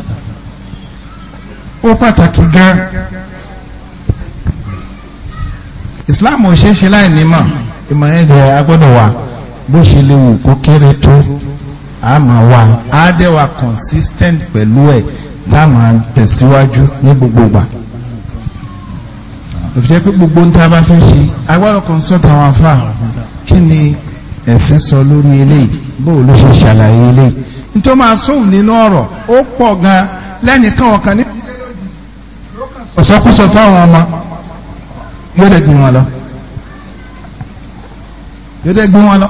ó pàtàkì gan islam ò ṣeé ṣe láì nímọ̀ ìmọ̀ yẹn jẹ́ agbọ́dọ̀ wa bó ṣe lè wù kó kéré tó a máa wà á dẹ̀ wà consistent pẹ̀lú ẹ̀ tá a máa tẹ̀síwájú ní gbogbo gbà òfìjẹ́ pé gbogbo ń tá a bá fẹ́ ṣe agbọ́dọ̀ consult àwọn afa kí ni ẹ̀sìn sọ lórí eléyìí bó ló ṣe ṣàlàyé eléyìí nítorí máa sóhùn nínú ọ̀rọ̀ ó pọ̀ gan lẹ́nìkan ọ̀kan ní ọ̀sọ́kúsọ fáwọn ọmọ yóò dẹ̀ gbé wọn lọ yóò dẹ̀ gbé wọn lọ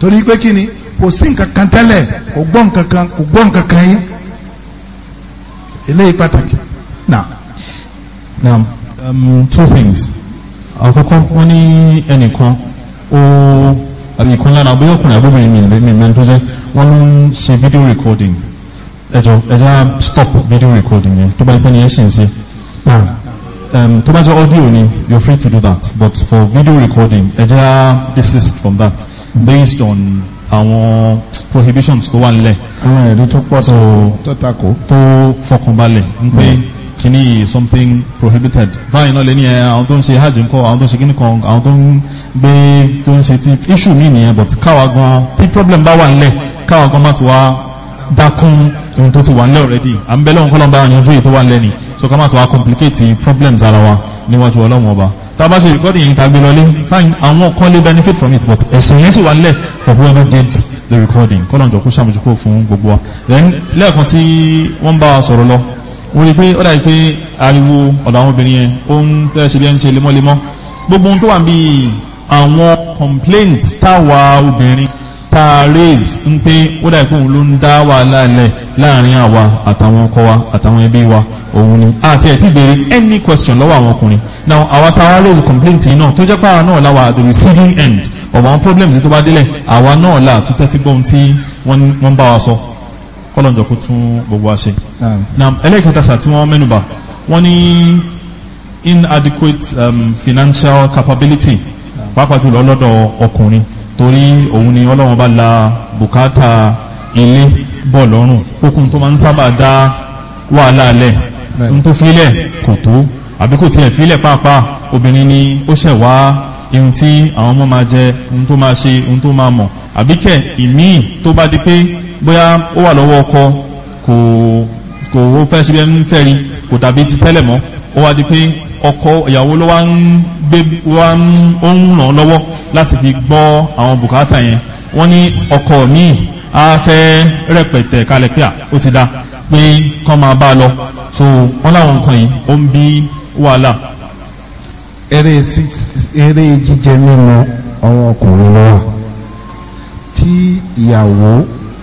torí pé kí ni kò sí nǹkan kan tẹ́lẹ̀ kò gbọ́ nǹkan kan kò gbọ́ nǹkan kan yé eléyìí pàtàkì náà. now um, two things àkọ́kọ́ wọ́n ní ẹnìkan ó àbí ìkan lára bóyá ọkùnrin àbúrò mi mi mi tó jẹ́ wọ́n ló ń ṣe video recording ẹjọ ẹjọ stop video recording yẹn tó bá pẹ́ ni ẹ ṣì ń ṣe um, tó bá jẹ́ audio ni you're free to do that but for video recording ẹjọ desist from that based on àwọn prohibitions tó wà nílẹ̀. àwọn ẹ̀rí tó pọ̀ tó tako. tó fọkànbalẹ̀ ń pé kìíní something prohibited báyìí náà lè ní ẹ àwọn tó ń ṣe hajj ńkọ́ àwọn tó ń ṣe kíní kan àwọn tó ń gbé tó ń ṣe ti issue mi nìyẹn but káwa gan tí problem bá wà nílẹ̀ káwa gan má ti wá dákún ohun tó ti wà nílẹ̀ already à ń bẹ lọ́wọ́n kọ́lọ́mbà yanjú èyí tó wà nílẹ̀ ni so ká má ti wá complicate problems ara wa níwájú ọlọ́run ọba tàbá ṣe recording yìí tàgbé lọlé fine àwọn kan lè benefit from it but ẹ̀sìn yẹn sì wà nílẹ̀ for whoever did the recording kọ́lọ̀njọ́ kó ṣàmójúkó fún gbogbo wa then lẹ́ẹ̀kan tí wọ́n bá wa sọ̀rọ̀ lọ wọ́n rí pé ó dàbí pé ariwo ọ̀dọ̀ àwọn obìnrin yẹn ó ń tẹ́ ṣe bí ẹ ń ṣe lemọ́lemọ́ gbogbo ohun tó wà bí àwọn complaint táwa obìnrin tá a raise ń pé ó dà pé òun ló ń dá wàhálà lẹ̀ láàrin àwa àtàwọn ọkọ wa àtàwọn ẹbí wa òun ni àti ẹ̀ tí béèrè any question lọ́wọ́ àwọn ọkùnrin now our tá complaint yìí náà tó jẹ́ pàrọ̀ náà láwa the receiving end of our problems tó bá délẹ̀ àwa náà là tó tẹ́tí gbọ́n tí wọ́n bá wa sọ kọ́lọ̀njọ́ kó tún gbogbo wa ṣe. now ẹlẹ́kẹ̀kẹ́sà tí wọ́n mẹ́nubà wọ́n ní inadequate um, financial capability pàápàá jùlọ lọ́dọ̀ ọkùnrin torí òun ni ọlọ́run bá la Bukata ilé bọ̀ lọ́rùn okùn tó máa ń sábà dá wàhálà alẹ́ n tó fílẹ̀ kò tó àbí kò tiẹ̀ fílẹ̀ pàápàá obìnrin ni ó ṣẹ̀ wá ihun tí àwọn ọmọ máa jẹ ohun tó máa ṣe ohun tó máa mọ̀ àbí kẹ̀ ìmíì tó bá di pé bóyá ó wà lọ́wọ́ ọkọ kò kò fẹ́ ṣe bẹ́ẹ̀ ń fẹ́ rí kò dàbí ti tẹ́lẹ̀ mọ́ ó wá di pé ọkọ ìyàwó ló wá ń gbé wá ń ràn lọ́wọ́ láti fi gbọ́ àwọn bùkátà yẹn wọ́n ní ọkọ míì a fẹ́ rẹpẹtẹ kalẹ̀ pé à ó ti da pé kán máa bá a lọ so wọ́n láwọn nǹkan yìí ó ń bí wàhálà. eré eré jíjẹ mímu ọwọ́ ọkùnrin ló wà tí ìyàwó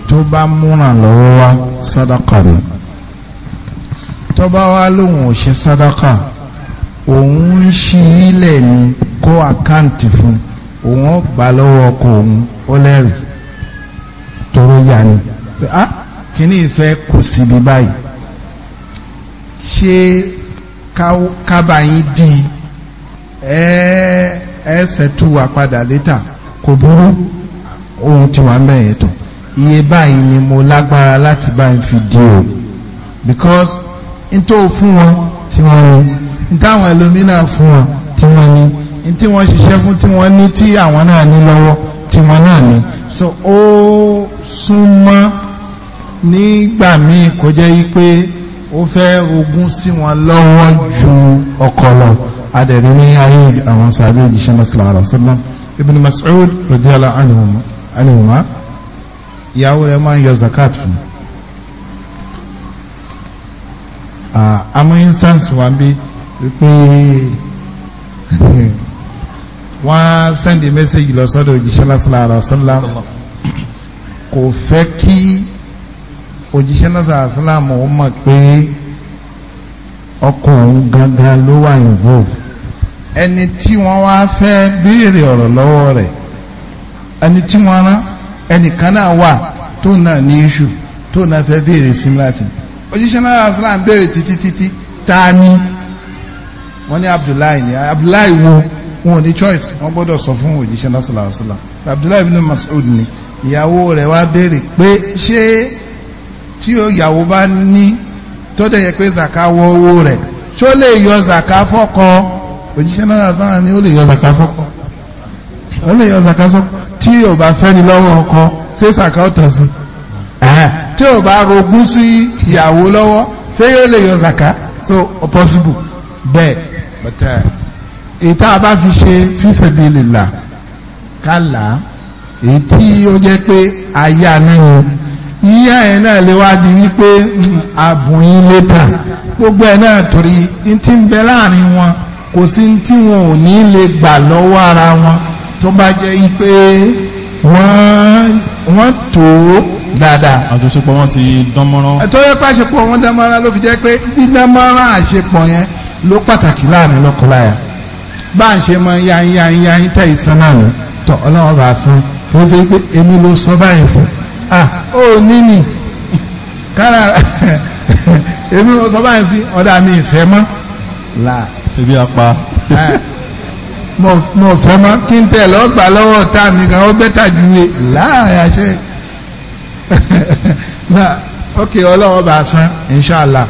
tó bá múràn lọ́wọ́ wá sádàkà rẹ̀ tó bá lóhùn ò sádàkà òun ń ṣí ilẹ̀ ni kó àkáǹtì fún òun ó gbà lọ́wọ́ ọkọ òun ó lẹ́rìí tóró yá ni a kíní ìfẹ́ kò síbi báyìí ṣé kábàáyín di ẹ ẹ ṣètú wa padà létà kò burú ohun tí wàá bẹ̀yẹ̀ tó iye báyìí ni mo lágbára láti báyìí fi di o because n tó fún wọn tí wọ́n ní nítawọn ẹlòmíì náà fún wọn tí wọ́n ní ní tí wọ́n ṣiṣẹ́ fún tí wọ́n ní tí àwọn náà ní lọ́wọ́ tí wọ́n náà ní so ó súnmọ́ nígbà míì kó jẹ́ yí pé ó fẹ́ ogún sí wọn lọ́wọ́ ju ọkọ lọ adẹ̀rí ní ayé àwọn sàbí òjíṣẹ́ náà sallallahu ibn Mas'ud radiyallahu anhu ma ìyàwó rẹ̀ máa ń yọ zakat fún un àmọ́ instance wa bíi wípé [laughs] wọ́n sẹ́ndì mẹ́sẹ̀gì lọ sọ́dọ̀ òjíṣẹ́ lásìlá àrọ̀sọ́lá kò fẹ́ kí òjíṣẹ́ lásìlá àrọ̀sọ́lá mọ̀ ó mọ̀ pé ọkọ òun gangan ló wà involve ẹni tí wọ́n wá fẹ́ béèrè ọ̀rọ̀ lọ́wọ́ rẹ̀ ẹni tí wọ́n rán ẹnìkan náà wà tó náà ní iṣu tó náà fẹ́ béèrè sí láti òjíṣẹ́ lásìlá àrọ̀sọ́lá ń béèrè títí títí ta ni wọ́n ní abdullahi ni abdullahi wo wọn ò ní choice wọ́n gbọ́dọ̀ sọ fún òjíṣẹ́ lásìlá àṣìlá abdullahi bin mas'ud ni ìyàwó rẹ̀ wá béèrè pé ṣé tí ìyàwó bá ní tó dẹ̀ yẹ pé zaka wọ owó rẹ̀ ṣó lè yọ zaka fọ́kọ òjíṣẹ́ lásìlá ni ó lè yọ zaka fọ́kọ ó lè yọ zaka sọ tí ò bá fẹ́ ni lọ́wọ́ ọkọ ṣé zaka ó sí tí ò bá rogún sí ìyàwó lọ́wọ́ ṣé yóò lè yọ zaka so possible bẹ́ẹ̀ bàtà uh, èyí tá a bá fi ṣe fi sabilillah kálá èyí tí ó jẹ́ pé aya náà yíyá ẹ̀ náà lè wá di wípé àbùn mm, yín létà gbogbo ẹ̀ náà torí ti ń bẹ láàrin wọn kò sí tí wọn ò ní lè gbà lọ́wọ́ ara wọn tó bá jẹ́ wípé wọ́n tó dáadáa. àjọṣepọ̀ wọn ti dánmọ́rán. ẹ̀tọ́ yẹ pé àṣepọ̀ wọn dánmọ́rán ló fi jẹ́ pé dídánmọ́rán àṣepọ̀ yẹn ló pàtàkì láàrin lọ́kọláya bá ń ṣe mọ yanyanyanyin tẹ́ ìsan náà ni tọ́ ọlọ́wọ́ bá san kò sí pé èmi ló sọ báyìí sàn à ó níní kára [laughs] èmi ló sọ báyìí sí ọ̀dà mi ìfẹ́ mọ́ là. ebi apá. mo fẹ́ mọ́ kí n tẹ̀ lọ́gbà lọ́wọ́ tá mi gan ó bẹ́tà ju e láàyè àṣẹ ok ọlọ́wọ́ bá san inshàlá.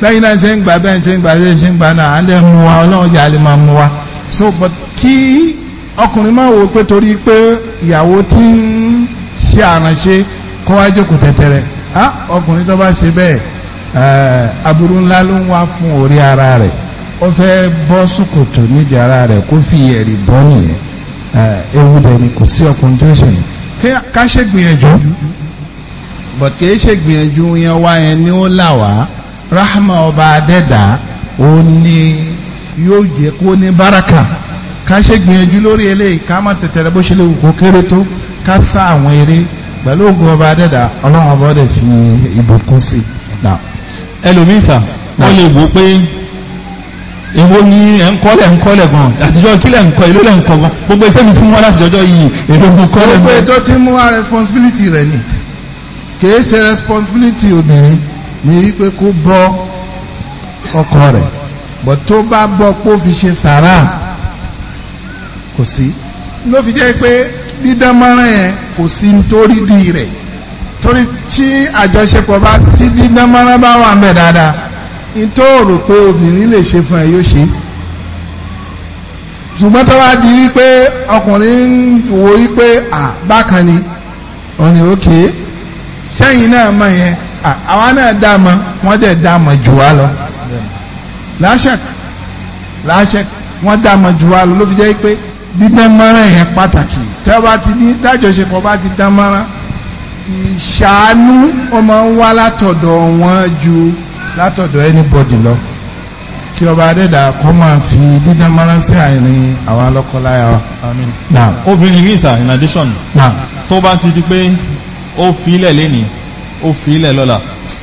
bẹ́yìn náà ṣe ń gbà bẹ́yìn ṣe ń gbà bẹ́yìn ṣe ń gbà náà alẹ́ mú wa ọlọ́run jà lè máa so but kí ọkùnrin máa wò pé torí pé ìyàwó ń ṣe àrànṣe kó wá jókòó tẹ̀tẹ̀rẹ̀ á ọkùnrin tó bá ṣe bẹ́ẹ̀ aburú ńlá ló ń wá fún orí ara rẹ̀ ó fẹ́ bọ́ ara rẹ̀ kó fi ẹ̀rì bọ́ nìyẹn ewu dẹ̀ ni kò sí ọkùnrin tó ṣe ni ó là rahma ọba adẹ́dà ó ní yóò jẹ́ kó ní báraka ká ṣe gbìyànjú lórí eléyìí ká má tẹ̀tẹ̀rẹ̀ bó ṣe lè wù kó kéré tó ká sá àwọn eré pẹ̀lú ògùn ọba adẹ́dà ọlọ́run ọba ọdẹ fi ìbùkún sí i. ẹlòmíín sà wọ́n lè wò pé èwo ni ẹ̀ ń kọ́lẹ̀ ń kọ́lẹ̀ gan àtijọ́ kílẹ̀ ń kọ́ èló lẹ̀ ń kọ́ gan gbogbo ètò mi ti mú wá láti ọjọ́ yìí èló mi kọ́lẹ̀ gan. gbogbo ètò ti mú wá responsibility rẹ̀ ni kì í ṣe responsibility obìnrin Ni wípé kó bọ́ ọkọ rẹ̀ bọ̀ tó bá bọ́ kó fi ṣe sàrà kò sí ló fi jẹ́ pé dídámọ́rán yẹn kò sí nítorí di rẹ̀ torí tí àjọṣepọ̀ bá tí dídámọ́rán bá wà ń bẹ̀ dáadáa nítorí pé obìnrin lè ṣe fún ẹ yóò ṣe ṣùgbọ́n tó bá di wípé ọkùnrin ń wípé à bákan ni ọ̀nì òkè sẹ́yìn náà mọ̀ yẹn àwọn náà dá mọ wọ́n dẹ̀ dá mọ jù wá lọ láṣẹk láṣẹk wọ́n dá mọ jù wá lọ ló fi jẹ́ pé dídán mọ́rán yẹn pàtàkì tí wọ́n bá ti ní dájọṣepọ̀ bá ti dán mọ́rán ìṣàánú ọmọ ń wá látọ̀dọ̀ wọn ju látọ̀dọ̀ anybody lọ kí ọba adẹ́dà kọ́ máa fi dídán mọ́rán sí àìrìn àwọn alọ́kọ́láyà wa. àmín. obìnrin mi sà in addition. tó bá ti di pé ó fi ilẹ̀ lẹ́nìí ó fi ilẹ̀ lọ́la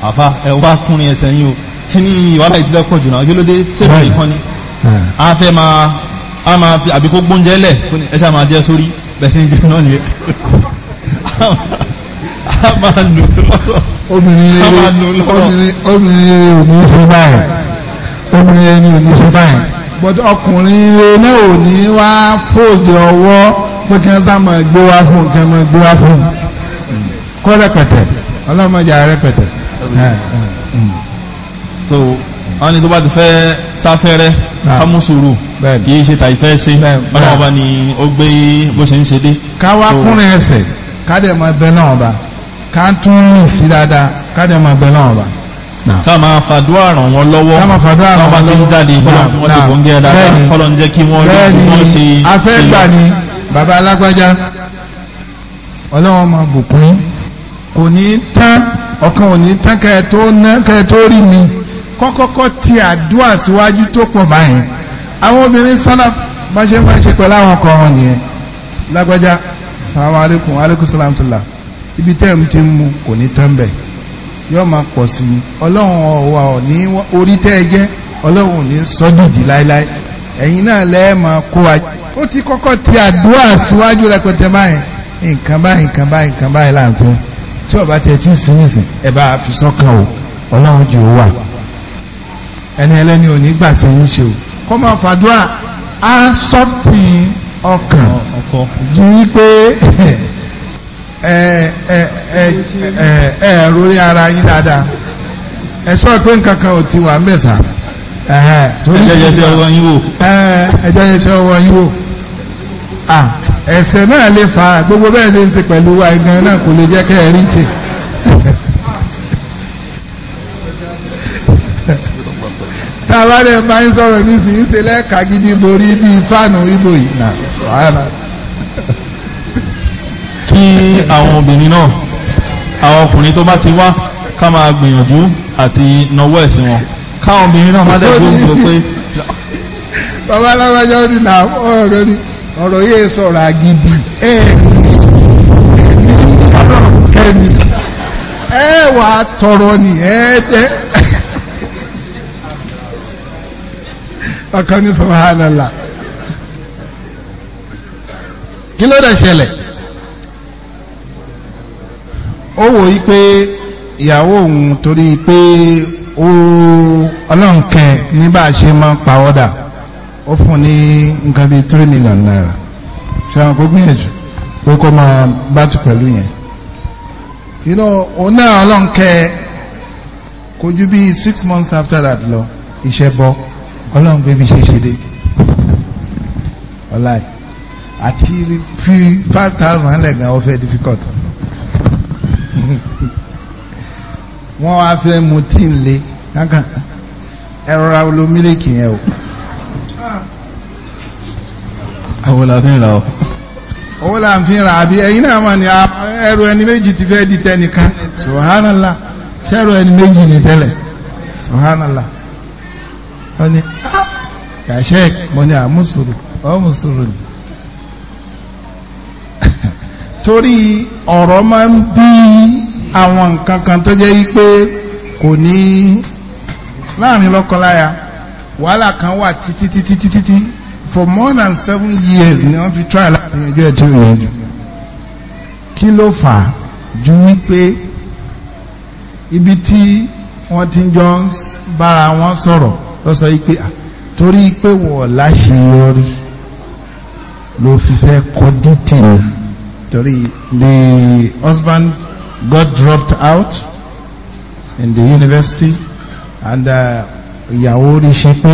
àfa ẹ wá kúnrin ẹsẹ̀ yín o kí ni wàhálà ìtìlẹ̀ pọ̀ jù náà kí ló dé sẹ́yìn nìkan ni a fẹ́ máa a máa fi àbíkó gbóúnjẹ lẹ̀ ẹ ṣáà máa jẹ́ sórí bẹ́ẹ̀ ṣe ń jẹun náà nìyẹn a máa lò lọ́rọ̀ obìnrin yẹn obìnrin yẹn ò ní í ṣe báyìí obìnrin yẹn ò ní í ṣe báyìí but ọkùnrin yẹn náà ò ní wá fòdì ọwọ́ pé kí wọ́n sá máa gbé wá fún kí wọ́n máa gbé wá fún kọ́dà pẹ̀tẹ̀ ọlọ́mọdé arẹ́pẹ̀tẹ̀ so wọ́n ní tó bá ti fẹ́ sáfẹ́rẹ́ kámú sùúrù kì í ṣe tà ìfẹ́ ṣe báwọn bá ní ó gbé bó ṣe ń ṣe dé. ká wá kúnrin ẹsẹ̀ ká dẹ̀ máa bẹ náà bá ká tún rìn sí dáadáa ká dẹ̀ máa bẹ náà bá ká máa fàdúrà ràn wọ́n lọ́wọ́ ká máa fàdúrà ràn wọ́n lọ́wọ́ ká máa ti ń jáde kọ́lọ́ fún wọn ti bòńgẹ́ dáadáa kọ́lọ́ ń jẹ́ kí wọ́n rí kí wọ́n ṣe. afẹ́ gbà ni bàbá alágbájá ọlọ́wọ́n máa bùkún kò ní tán ọ̀kan ò ní tán kẹ́ ẹ tó ná kẹ́ ẹ tó rí mi kọ́kọ́kọ́ ti àdúrà síwájú tó pọ̀ báyìí àwọn obìnrin sálà máṣe máa ṣe pẹ̀lú àwọn ọkọ wọn nìyẹn lágbájá sàlámù aleykum aleykum sàlámù tìlà ibi tẹ́ ẹ̀ ti ń mu kò ní tán bẹ̀ yóò máa pọ̀ sí i ọlọ́run ọ̀wà òní orí tẹ́ ẹ jẹ́ ọlọ́run òní sọ́dìdì láéláé ẹ̀yin náà lẹ́ẹ̀ máa kó wa ó ti kọ́kọ́ ti àdúrà síwájú rẹpẹtẹ báyìí nǹkan báyìí nǹkan báyìí nǹkan báyìí láǹfẹ́ tí ọba tẹ tí ń sin ìsìn ẹ bá fi sọ́kàn o ọlọ́run jù ú wà ẹni ẹlẹ́ni ò ní gbà sí ń ṣe o kọ́ máa fàdúrà á sọ́fìtì ọkàn ju wípé ẹ ẹ ẹ ẹ rórí ara yín dáadáa ẹ sọ pé nǹkan ò ti wà ń bẹ̀ sá ẹjọ́ yẹsẹ̀ ọwọ́ yín wò ẹjọ́ yẹsẹ̀ ọwọ́ yín wò ẹ̀ṣẹ̀ náà lè fa gbogbo bẹ́ẹ̀ ṣe ń ṣe pẹ̀lú wa gan náà kò lè jẹ́ kẹ́ ẹ rí ṣe. tàbá rẹ̀ máa ń sọ̀rọ̀ nísìnyí ṣe lẹ́ka gidi borí bíi fáànù ibo yìí nà sọ̀hánà. kí àwọn obìnrin náà àwọn ọkùnrin tó bá ti wá ká máa gbìyànjú àti nawọ́ ẹ̀sìn wọn káwọn obìnrin náà má dẹ̀ gbóhùn pé. babaláwo ọjọ́ ni nà ọ̀rọ̀ ni ọ̀rọ̀ yìí sọ̀rọ̀ àgìdì ẹ̀ẹ̀mí ẹ̀mí ọlọ́run kẹ́mi ẹ wà tọrọ ni ẹ̀ẹ́dẹ́ ọkàn ní subhanallah kí ló dẹ̀ ṣẹlẹ̀ ó wò yí pé ìyàwó òun torí pé ó ọlọ́run kẹ́ ní bá a ṣe máa ń pa ọ́dà ó fún ní nǹkan bíi three million naira ṣe àwọn kó gbìyànjú pé kó máa bátù pẹ̀lú yẹn you know òun náà ọlọ́nkẹ́ kò ju six months after that lọ iṣẹ́ bọ́ ọlọ́run gbé bí ṣe ṣe dé ọláì àti fi five thousand lẹ́gàn ọ̀fẹ́ difficult [laughs] wọ́n wá fẹ́ mu tí ń le kankan ẹ̀rọ ra olómílẹ̀kì yẹn o àwọn la fi ń ra ọ. owó la fi ń ra àbí ẹ̀yin náà mà ní ah, ẹrù ẹni méjì ti fẹ́ di tẹnìkan subhanallah ṣẹ́rù ẹni méjì ní tẹ́lẹ̀ subhanallah wọ́n ní ah, kàṣẹ́ mo ní àmúṣòro ah, ọmúṣòro ni. [laughs] torí ọ̀rọ̀ máa ń bí àwọn nǹkan kan tó jẹ́ wípé kò ní láàrin lọ́kọláya wàhálà kan wà títí títí títí for more than seven years ni wọ́n fi try láti yanjú ẹ̀ tí ò yanjú kí ló fà á ju wípé ibi tí wọ́n ti jọ ń bára wọn sọ̀rọ̀ lọ́sọ̀ yìí pé torí pé wọ́n láṣeyọrí ló fi fẹ́ kọ́ dítì torí the husband got dropped out in the university and uh, ìyàwó rí ṣe pé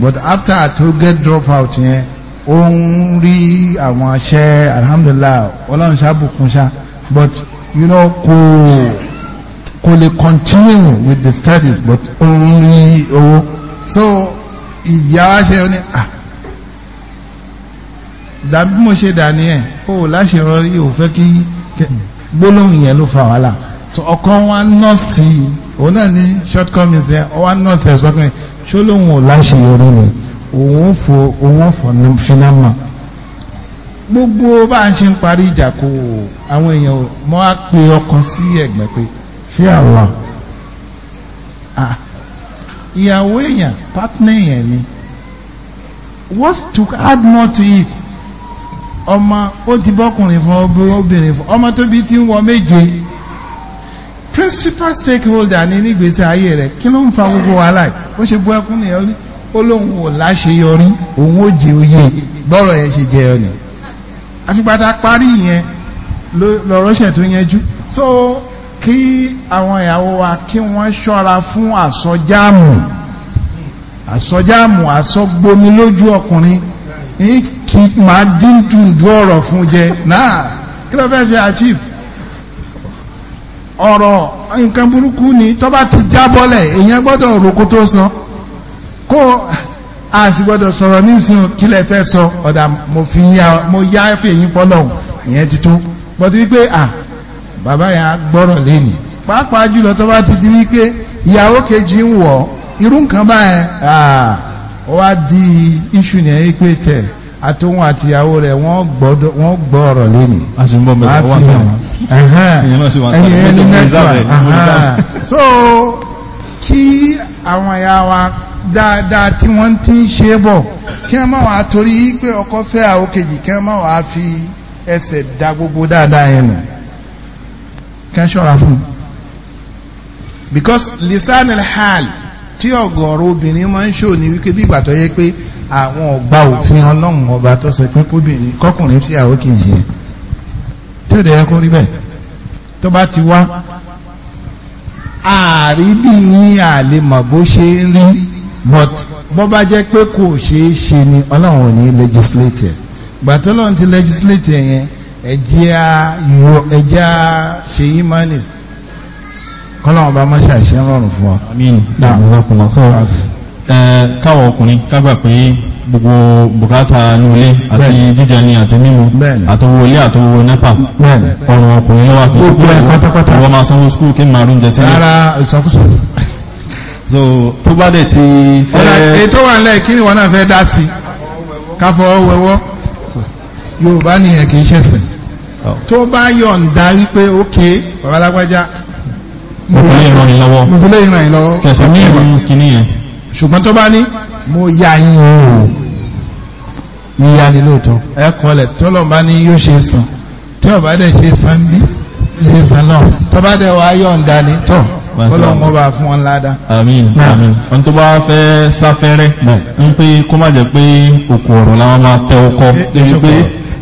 but after to get drop out yẹn ó ń rí àwọn aṣẹ alhamdulilah ọlọ́run ṣàbùkún ṣá but you know kò kò lè continue with the studies but ó ń rí owó so ìyá wa ṣe ní ah dàbí mo ṣe dà ní ẹ o láṣẹ rọrí o fẹ́ kí gbólóhùn yẹn ló fa wàhálà ọkọ wa nọ́ọ̀sì òun náà ní shortcomings yẹn wa nọ́ọ̀sì ẹ̀ sọ́kùnrin ṣólóhùn ò láṣeyọrí ni òun fò òun fò finá mọ̀ gbogbo bá a ṣe ń parí ìjà kó àwọn èèyàn mọ́ á pe ọkàn sí ẹ̀gbẹ́ pé fi àwa ìyàwó èèyàn partner èèyàn ni what to add more to it ọmọ ó ti bọ́kùnrin fún obìnrin fún ọmọ tóbi ti ń wọ méje principal stakeholder ní nígbèsè ayé rẹ̀ kí ló ń fa gbogbo wàhálà yìí ó ṣe bú ẹkún nìyẹn rí ó lóun ò láṣeyọrí òun ó jẹ oyè gbọ́rọ̀ yẹn ṣe jẹyọ ni àfipàdà parí yẹn lọ́rọ̀ ṣẹ̀ tó yẹn so kí àwọn ìyàwó wa kí wọ́n ṣọ́ra fún àsọjáàmù àsọjáàmù àsọgbomi lójú ọkùnrin ní kí máa dín dùn dùn ọ̀rọ̀ fún jẹ náà kí ló fẹ́ fi achieve ọ̀rọ̀ nǹkan burúkú ni tó bá ti jábọ́lẹ̀ èèyàn gbọ́dọ̀ roko tó san kó a sì gbọ́dọ̀ sọ̀rọ̀ nísìnyí kí lẹ fẹ́ sọ ọ̀dà mo fi ya mo yá fèyí fọlọ́hùn ìyẹn ti tó gbọ́dọ̀ wípé à bàbá yà gbọ́rọ̀ lẹ́nìí pàápàá jùlọ tó ti di wípé ìyàwó kejì ń wọ̀ irú nǹkan báyẹn ó wá di iṣu nìyẹn pé tẹ̀ àtòun àtìyàwó rẹ̀ wọ́n gbọ́ ọ̀rọ̀ lẹ́nu. a sì ń bọ́ mẹ́sàn-án wọ́n fẹ́ràn. ẹ̀yin náà sì wọ́n sọ́ọ́ ẹ̀yin so kí àwọn ẹ̀yà wa dáadáa tí wọ́n ti ń ṣe bọ̀ kí wọ́n máa wà torí pé ọkọ fẹ́ àwọn kejì kí wọ́n máa wà fi ẹsẹ̀ da gbogbo dáadáa yẹn nù kí wọ́n ṣọ́ra fún un because lisan al-hal tí ọ̀gọ̀ọ̀rọ̀ obìnrin máa ń ṣò ní wípé bí ìgbà tó yẹ pé àwọn ọgbà òfin ọlọ́run ọba tó sọ pé kóbìnrin kọkùnrin fìyàwó kejì ẹ̀ tí ó dẹ̀ kó rí bẹ́ẹ̀ tó bá ti wá àríbí ní àlè bó ṣe ń rí but bó bá jẹ́ pé kò ṣeé ṣe ni ọlọ́run ò ní legislate ẹ̀ gbàtọ́ lọ́run ti legislate ẹ̀ yẹn ẹ̀jẹ̀ a yọ ẹ̀jẹ̀ a ṣe yí manis kọ́lọ́run bá má ṣàṣẹ́ rọrùn fún wa. àmín. náà ọ̀sán kùnà káwọn ọkùnrin kágbà pé gbogbo bùkátà nílé àti jíjẹ ni àti mímu àtọwọ́ ilé àtọwọ́ nẹ́pà ọ̀rọ̀ ọkùnrin lọ́wọ́ fi sọ pé ọwọ́ máa sanwó skúl kí n máa rúnjẹ sílẹ̀ rárá ìsọkúsọ so tó bá dẹ̀ ti fẹ́ ọ̀nà ètò wà nílẹ̀ kí ni wọn náà fẹ́ dá sí káfọ́ wẹ́wọ́ yorùbá nìyẹn kì í ṣẹ̀sìn oh. tó bá yọ̀ǹda wípé ókè babalágbájá mo fi lè ràn yín lọ́wọ́ kẹfẹ́ mi kìíní yẹn ṣùgbọ́n tó bá ní mo yà yín o yíya ni lóòótọ́ ẹ kọlẹ̀ tọ́lọ̀ bá ní yóò ṣe sàn tí ọba dẹ̀ ṣe sàn bí ṣe sàn náà tọ́ba dẹ̀ wá yọ̀ǹda ni tọ́ ọlọ́mọ bá fún wọn ládàá. àmín àmín ohun tó bá fẹ́ sáfẹ́rẹ́ ń pé kó má jẹ́ pé òkú ọ̀rọ̀ làwọn máa tẹ ọkọ débi pé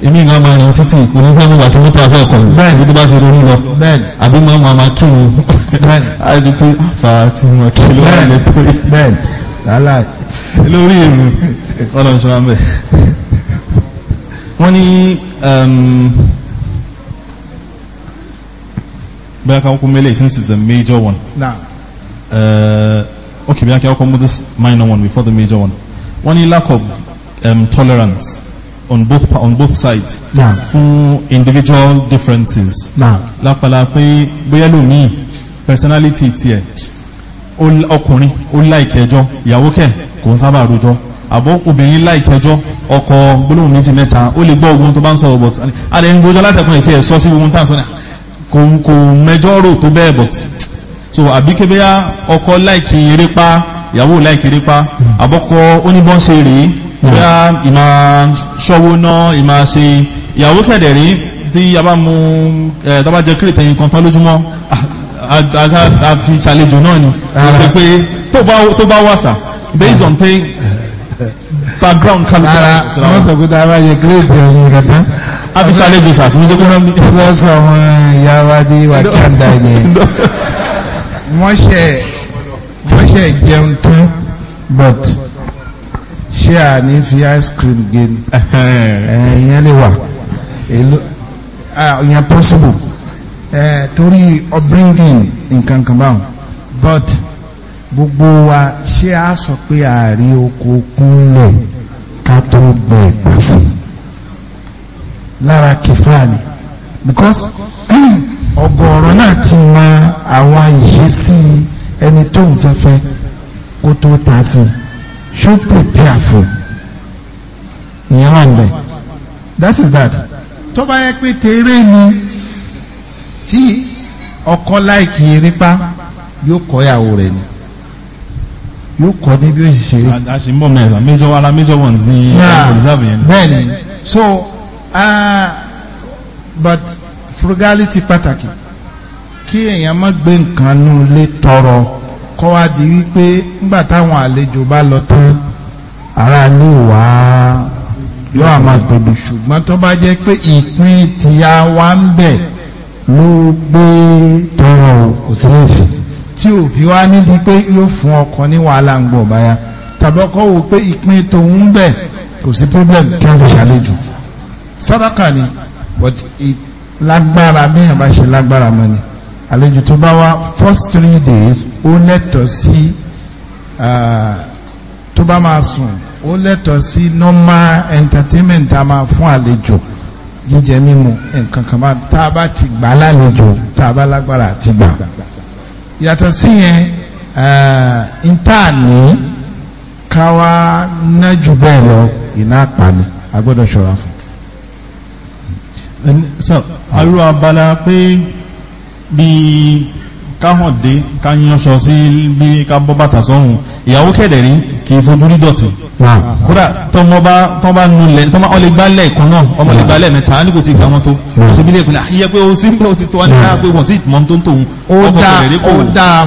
èmi ìgbà máa rìn títì onífẹ́ nígbà tí mọ́tò afẹ́ ọkọ̀ bẹ́ẹ̀ ibi tó bá ti ronú lọ àbí máa máa kí wọn àdúgbò àfàá tí wọn kí ló wà lẹ́tọ́ yìí lálá lórí ìlú ọ̀nà ìṣọ́ra ń bẹ̀ wọ́n ní um, bí a kàwọ́kọ́ mẹ́lẹ̀ since it's a major one nah. uh, okay bí a kàwọ́kọ́ mú this minor one before the major one wọ́n ní lack of um, tolerance on both on both sides nah. fún individual differences lápàlá pé bóyá lómi personality tiẹ̀ ọkùnrin ó láìkẹjọ́ ìyàwó kẹ̀ kò ń sábà rojọ́ àbọ̀ obìnrin láìkẹjọ́ ọkọ gbólóhùn méjì mẹ́ta ó lè gbọ́ ogun tó bá ń sọ̀rọ̀ but a lè ń gbójọ́ látẹ̀kùn ètí ẹ̀ sọ sí ogun tá à ń sọ ní kò mẹjọ́ rò tó bẹ́ẹ̀ but so àbí kébéyà ọkọ láìkì eré pa ìyàwó láìkì eré pa àbọ̀kọ oníbọn ṣe rèé bóyá ìmà ṣọ́wó náà ìmà ṣe ìyàwó kẹ̀dẹ̀ rí tí a bá mú ẹ̀ kan tán lójúmọ́ ah, àfi ṣàlejò náà ni kò ṣe pé tó bá wàṣà based on pé background kálukú. ara wọ́n sọ pé tá a bá yẹ gírèdì ọ̀yìn kàtá. a fi ṣàlejò sàfihàn ṣe kúrò mi. lọ́sọ̀ ọmọ ìyá wa dé wà kíáńdà yẹn. wọ́n ṣe wọ́n ṣe jẹun tán but ṣé à ní fi ice cream gé ni. ẹ̀yìn yẹn lè wà èèyàn possible ẹ̀ eh, torí upbringing nǹkan kan báwọn but gbogbo wa ṣé a sọ pé ààrẹ oko kúnlẹ̀ ká tó gbẹ ẹ̀pà lára kìfà ni because [clears throat] ọ̀gọ̀ọ̀rọ̀ náà ti mọ àwọn ìṣesí ẹni tó ń fẹ́fẹ́ kó tó ta sí ṣó prepare for ìyẹn wà ń bẹ that is that tó bá yẹ pé tèrè ni tí ọkọ láìkì erépa yóò kọ́ ìyàwó rẹ̀ ni yóò kọ́ ní bí ó ṣe ṣeré. àṣì ń bọ̀ mẹ́ta major ara major ones ní uh, reserve yẹn. bẹ́ẹ̀ni so uh, but frugality pàtàkì kí èèyàn má gbé nǹkan nù lé tọrọ kọ́ wá di wípé nígbà táwọn àlejò bá lọ tán ara ní wà á yóò àmà gbèbè ṣùgbọ́n tó bá jẹ́ pé ìpín tìyà wa ń bẹ ló gbé tọrọ kò tí òbí wa níbi pé yóò fún ọkọ ní wàhálà ń gbọ̀ báyà tàbí ọkọ wò pé ìpín tòun bẹ̀ kò sí problem kí wọ́n fi ṣàlejò sàdákà ni but lágbára bí yàrá ṣe lágbára mọ́ ni àlejò tó bá wá first three days ó lẹ́tọ̀ọ́ sí ah, tó bá máa sùn ó lẹ́tọ̀ọ́ sí normal entertainment a máa fún àlejò jíjẹ mímu nǹkan kan bá tá a bá ti gbà lálejò tá a bá lágbára àti gbà yàtọ̀ sí yẹn eh, n tá a ní ká wá ná jù bẹ́ẹ̀ lọ iná àpàní a gbọ́dọ̀ ṣọ́ra fún. sọ àrùn abala pé bíi káhàn dé káyánṣọ sí bí ká bọ́ bàtà sọ́hun ìyàwó kẹ̀dẹ̀ rí kì í fojú rí dọ̀tí kódà tọmọ bá tọ́ bá nulẹ̀ tọ́mọ ọ lè gbálẹ̀ ẹ̀kọ́ náà ọmọ lè gbálẹ̀ mẹ́ta ní kò tí gbà wọn tó ṣe bí lẹ́kùnlẹ̀ àyẹ pé o sí ń bọ̀ ti tọ́ ní ara pé wọ́n tí mọ́ tó ń tòun. ó dáa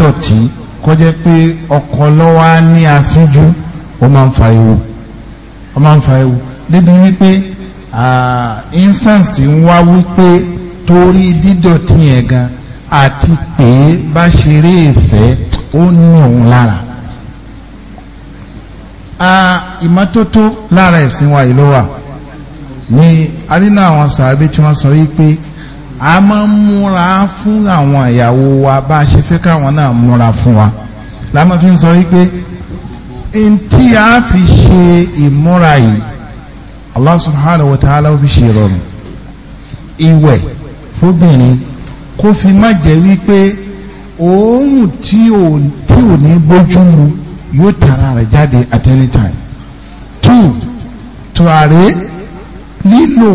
hmm. hmm. jẹ́ pé ọkọ lọ́wọ́ á ní afínjú ó máa ń fa ewu wọ́n máa ń fa ewu débi wípé instance ń wá wípé torí dídọ̀tí yẹn gan àti pé bá ṣeré ìfẹ́ ó ní òun lára ìmọ́tótó lára ẹ̀sìn wa yìí ló wà ní arínà àwọn sàábé tí wọ́n sọ wípé a máa ń múra fún àwọn ìyàwó wa bá a ṣe fẹ́ káwọn náà múra fún wa la máa fi ń sọ wípé ntí a fi ṣe ìmúra yìí Allah subhanahu wa ta'ala fi ṣe rọrùn ìwẹ̀ fóbìnrin kó fi má jẹ́ wípé òórùn tí ò tí ò ní bójú mu yóò tara rẹ̀ jáde at any time two tuare, lílò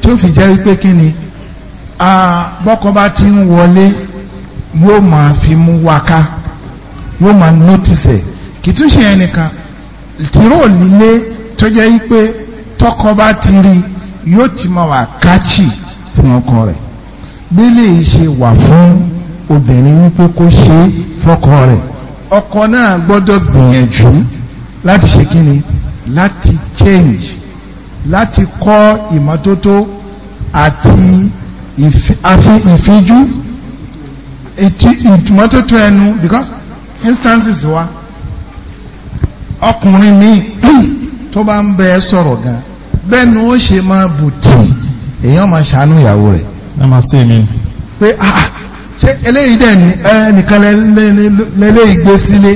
tí ó fi jẹ́ wípé kí ni bọ́kọ bá ti ń wọlé yóò máa fi mú wa ká yóò máa notice ẹ̀ kì í tún ṣe ẹnìkan tìró nílé tó jẹ́ wípé tọkọ bá ti rí yóò ti máa wà káàchì fún ọkọ rẹ̀ bí lè ṣe wà fún obìnrin wípé kó ṣe fọkọ rẹ̀ ọkọ náà gbọ́dọ̀ gbìyànjú láti ṣe kí ni láti change láti kọ́ ìmọ́tótó àti ìfijú ìmọ́tótó ẹnu because instances wa ọkùnrin mi, hmm, tó bá ń bẹ sọ̀rọ̀ gan bẹ́ẹ̀ ni ó ṣe máa bù tì èèyàn máa ṣàánú ìyàwó rẹ̀. ẹ máa ṣe mí. pé ah, ah, ṣé eléyìí dẹ̀ ní ẹnìkan lẹ́lẹ́yìí gbé sílé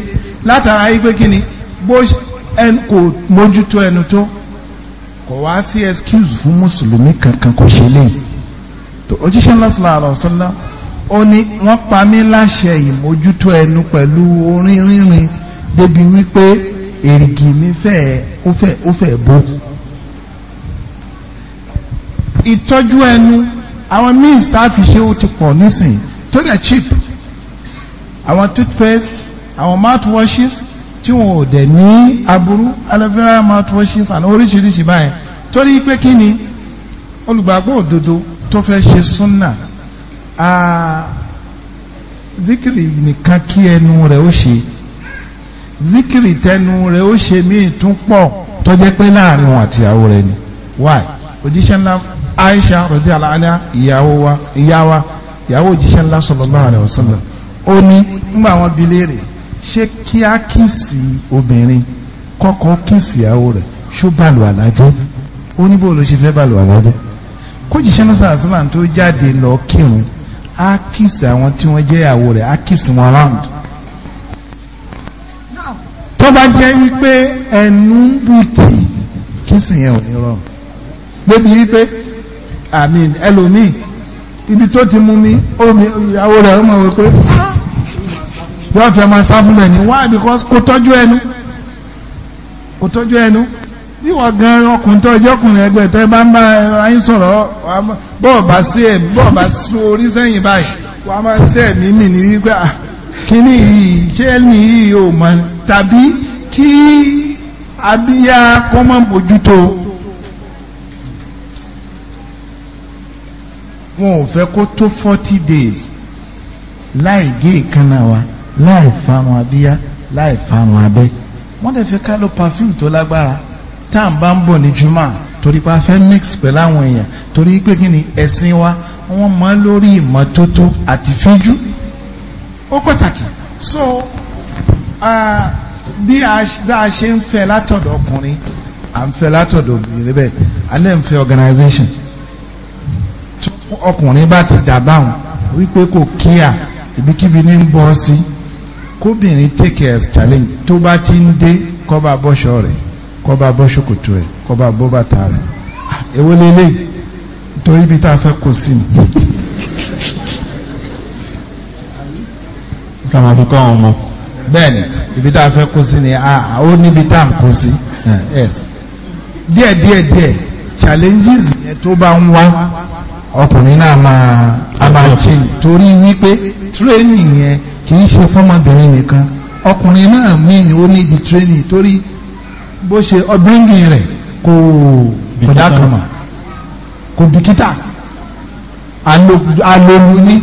látara yìí kí ni bó kò mójútó ẹnu tó kò wá sí excuse fún mùsùlùmí kankan kò ṣe léyìí tó ojúṣe ńlá sọlá àlọ́ sọlá ó ní wọ́n pa mí láṣẹ ìmójútó ẹnu pẹ̀lú orin rínrin débi wípé èrìgì mi fẹ́ ó fẹ́ ó fẹ́ bó ìtọ́jú ẹnu àwọn means tá a fi ṣe ó ti pọ̀ nísìn tó dẹ̀ cheap àwọn toothpaste àwọn mouthwashes tí wọn ò dẹ̀ ní aburú aloe vera mouthwashes àná oríṣiríṣi báyẹn torí pé kí ni olùgbàgbọ́ òdodo tó fẹ́ ṣe súnà zikiri nìkan kí ẹnu rẹ̀ ó ṣe zikiri tẹnu rẹ ó ṣe mí tún pọ̀ tó jẹ́ pé láàrin àtìyàwó rẹ ni why òjíṣẹ́ ńlá Aisha radiyallahu anha ìyàwó wa ìyá wa ìyàwó òjíṣẹ́ ńlá sallallahu alaihi wasallam ó ní nígbà wọn bi léèrè ṣé kí á kíìsì obìnrin kọ́kọ́ kíìsì ìyàwó rẹ̀ ṣó bàlù àlájẹ́ ó ní bó ló ṣe fẹ́ bàlù àlájẹ́ kójíṣẹ́ ńlá sallallahu alaihi wasallam tó jáde lọ kírun á kíìsì àwọn tí wọ́n jẹ́ ìyàwó rẹ̀ á kíìsì wọn round tó bá jẹ́ wípé ẹnu ń bùtì kí sì yẹn ò ní rọrùn débi wípé àmì ẹlòmíì ibi tó ti mú mi omi ìyàwó rẹ̀ ó mọ̀ wípé wọ́n fẹ́ máa sá fún mi ní why because kò tọ́jú ẹnu kò tọ́jú ẹnu bí wọ́n gan ọkùnrin tó ọjọ́ ọkùnrin ẹgbẹ́ tó bá ń bá ayé sọ̀rọ̀ bọ́ọ̀ bá sí ẹ̀mí bọ́ọ̀ bá sí orí sẹ́yìn báyìí wọ́n á máa sí ẹ̀mí mi ní wípé ah, kíní yìí ṣé ẹ̀mí yìí ò mọ̀ ni tàbí kí abíyá kọ́ máa bójútó wọn ò fẹ́ kó tó forty days láì gé ìkànnà wa láì fárun abíyá láì fárun abẹ́ wọ́n dẹ̀ fẹ́ ká lo perfume tó lágbára tá à ń bá ń bọ̀ ní juma torí pa fẹ́ mix pẹ̀lú àwọn èèyàn torí pé kí ni ẹ̀sìn wa wọ́n mọ lórí ìmọ́tótó àti fíjú ó pàtàkì so Ah, bí a ṣe ń fẹ́ látọ̀dọ̀ ọkùnrin à ń fẹ́ látọ̀dọ̀ obìnrin bẹ́ẹ̀ alẹ́ ń fẹ́ organization ọkùnrin bá ti dà báwọn wípé kò kíà ibikíbi ní ń bọ́ sí kóbìnrin take care challenge tó bá ti ń dé kó bá bọ́ṣọ rẹ̀ kó bá bọ́ ṣòkòtò rẹ̀ kó bá bọ́ bàtà rẹ̀ èwo lélẹ̀ torí ibi tá a fẹ́ kó sí ni. kàmáfi kọ́ àwọn ọmọ bẹ́ẹ̀ni ibi tá a fẹ́ kó sí ni ó níbi tá à ń kó sí díẹ̀ díẹ̀ díẹ̀ challenges yẹn tó bá ń wá ọkùnrin náà máa a máa ṣe torí wípé training yẹn kì í ṣe fọmọbìnrin nìkan ọkùnrin náà míì ó ní training torí bó ṣe ọdúnrún rẹ̀ kò kò dákàmà kò bìkítà alolu ní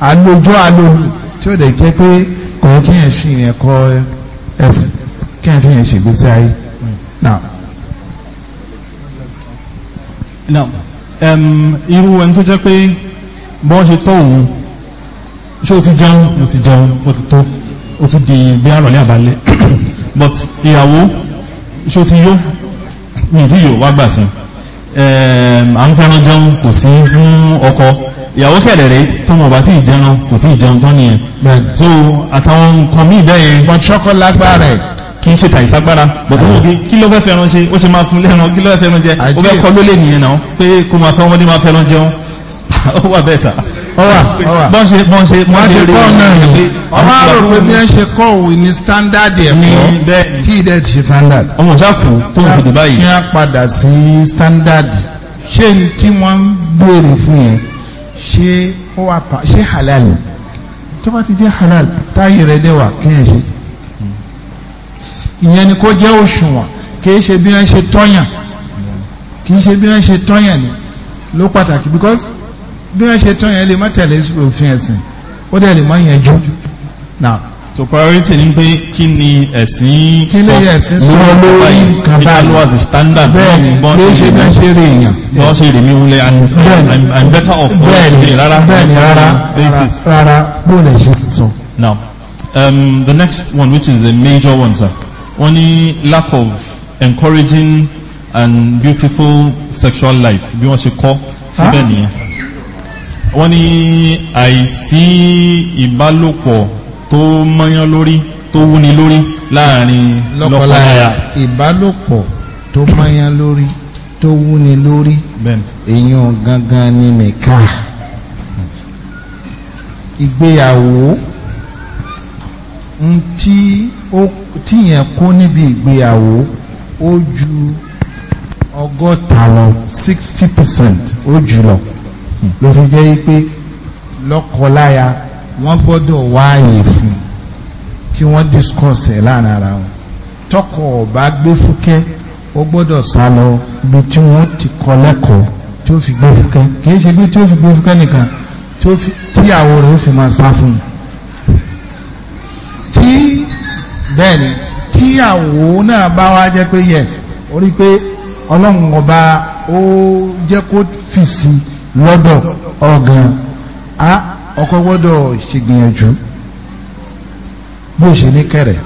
alojó alolu tí ó dẹ̀ jẹ́ pé yẹ kí yẹn ṣì yẹn kọ́ ẹ̀sìn kí yẹn fi yẹn ṣe gbèsè ayé náà. irú ẹni tó jẹ́ pé bọ́n ṣe tọ́ òun ṣé o ti jẹun o ti jẹun o ti tó o tún di bí àròlé àbálẹ̀ [coughs] but ìyàwó ṣé o ti yó mi ti yó wá gbà sí à ń fẹ́ràn jẹun kò sí fún ọkọ ìyàwó kẹ̀lẹ̀rẹ̀ tọmọ bá tí ìjẹun kò tí ìjẹun tán nìyẹn so àtàwọn nǹkan míì bẹ́ẹ̀ yẹn but chocolate lágbára rẹ̀ kì í ṣe tàìságbára but ó wòye kí ló fẹ́ fẹ́ràn ṣe ó ṣe máa fún lẹ́ran kí ló fẹ́ fẹ́ràn jẹ ó fẹ́ kọ́ ló lè nìyẹn náà pé kó máa fẹ́ ọmọdé máa fẹ́ràn jẹun [laughs] ó wà bẹ́ẹ̀ sà ọwà ọwà bọ́n ṣe bọ́n ṣe wọ́n ṣe kọ́ náà yìí ọwọ́ àrò pé bí wọ́n ṣe kọ́ standard ẹ̀kọ́ tí ìdẹ́ ti ṣe standard. ọmọ ìjà standard ṣé tí wọ́n ṣé ó wà pa ṣé halal tó bá ti jẹ́ halal táyì rẹ̀ dẹ̀ wà kí ẹ̀ ṣe ìyẹn ni kó jẹ́ òṣùwọ̀n kì í ṣe bí wọ́n ṣe tọ́yàn kì í ṣe bí wọ́n ṣe tọ́yàn ni ló pàtàkì because bí wọ́n ṣe tọ́yàn lè má tẹ̀lé òfin ẹ̀sìn ó dẹ̀ lè má yẹn jù náà. To priority ni pé kí ni ẹ̀sìn sọ lọ́wọ́ lórí nǹkan báyìí it was a standard bẹ́ẹ̀ni ló ṣe kàn ṣe rí èèyàn lọ́ ṣe rí mi wúlé and I'm, better off bẹ́ẹ̀ni rárá bẹ́ẹ̀ni rárá rárá bó lè ṣe sọ. now um, the next one which is a major one sir wọ́n ní lack of encouraging and beautiful sexual life bí wọ́n ṣe kọ́ síbẹ̀ nìyẹn wọ́n ní àìsí ìbálòpọ̀ tó mọ́yán lórí tó wúni lórí láàrin lọ́kọláya ìbálòpọ̀ tó mọ́yán lórí tó wúni lórí èèyàn gangan ni mẹ́ka ìgbéyàwó ntí tíyẹn kó níbi ìgbéyàwó ó ju ọgọ́ta lọ sixty percent ó jù lọ ló fi jẹ́ pé lọ́kọláya wọ́n gbọ́dọ̀ wáàyè fún kí wọ́n discuss ẹ̀ láàrin ara wọn tọkọ ọba gbé fúkẹ́ ó gbọ́dọ̀ sá lọ bí tí wọ́n ti kọ́ lẹ́kọ̀ọ́ tí ó fi gbé fúkẹ́ kìí ṣe bí tí ó fi gbé fúkẹ́ nìkan tíyàwó rẹ̀ ó fi máa sá fún un tí bẹ́ẹ̀ ni tíyàwó náà bá wá jẹ́ pé yes ó rí pé ọlọ́run ọba ó jẹ́ kó fìsí lọ́dọ̀ ọ̀gàn á ọkọ gbọ́dọ̀ ṣègbìyànjú bó ṣe ní kẹrẹ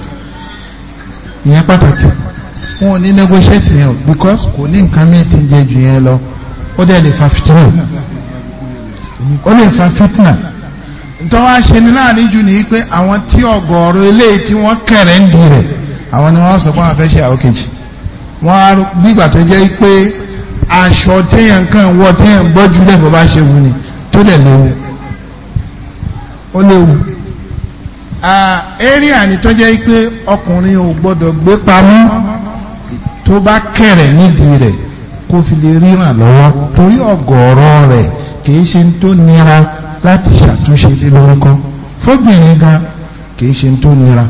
ìyẹn pàtàkì wọn ò ní negotiate yẹn because kò ní nǹkan mi ti jẹ jù yẹn lọ ó dẹ̀ lè fa fitina ó lè fa fitina ntọ́wá ṣe ni láàrin jù ní pé àwọn tí ọ̀gọ̀ọ̀rọ̀ eléyìí tí wọ́n kẹrẹ̀ ń di rẹ̀ àwọn ni wọ́n sọ fún àfẹ́ṣẹ́ àwọn kejì wọ́n á gbígbà tó jẹ́ pé aṣọ téèyàn kan wọ téèyàn gbọ́ jùlẹ̀ bó bá ṣe wù ni tó dẹ̀ léwu ó léwu eré ànitọ́jẹ́ pé ọkùnrin ò gbọ́dọ̀ gbé pamọ́ tó bá kẹ̀rẹ̀ nídìí rẹ̀ kó fi lè ríran lọ́wọ́ torí ọ̀gọ̀ọ̀rọ̀ rẹ̀ kìí ṣe tó nira láti ṣàtúnṣe lé lórúkọ fóbìnrin gan kìí ṣe tó nira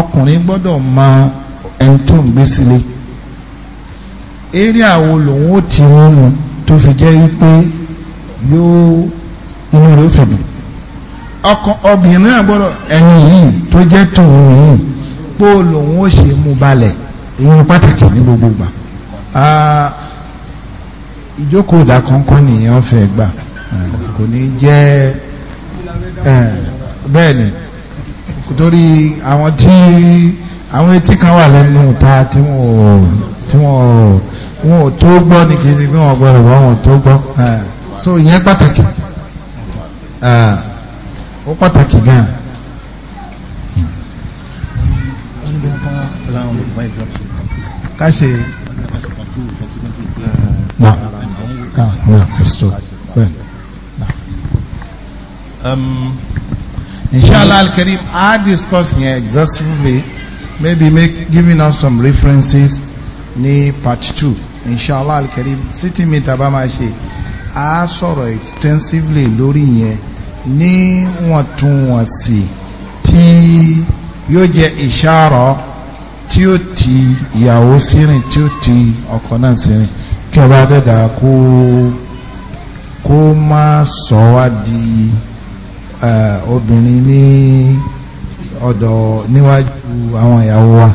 ọkùnrin gbọ́dọ̀ mọ ẹni tó ń gbé sílé eré àwo lòun ó ti rún un tó fi jẹ́ pé yóò inú rẹ̀ ó ọkàn obìnrin náà gbọ́dọ̀ ẹni yìí tó jẹ́ tòun yìí pé lòun ó ṣe mú balẹ̀ ìyẹn pàtàkì ní gbogbo gbà ìjókòó ìdákọ́ńkọ́ nìyẹn fẹ́ gbà kò ní jẹ́ bẹ́ẹ̀ ni torí àwọn tí àwọn etí kan wà lẹ́nu ta tí wọ́n tí wọ́n wọn tó gbọ́ ní kí ni bí wọ́n gbọ́dọ̀ wọ́n ò tó gbọ́ so ìyẹn pàtàkì. Uh, ó pàtàkì gan. ká um, inshallah al-karim i discuss here exhaustively maybe make giving us some references ní part two inshallah al-karim sitting meet abamase a sọ̀rọ̀ extensively lórí yẹn ní wọ̀ntúnwọ̀nsì tí yóò jẹ́ ìṣàrọ̀ tí ó ti ìyàwó sírìn tí ó ti ọkọ náà sírìn kí ọba dẹ́dà kó kó má sọ wá di obìnrin ní ọ̀dọ̀ níwájú àwọn ìyàwó wa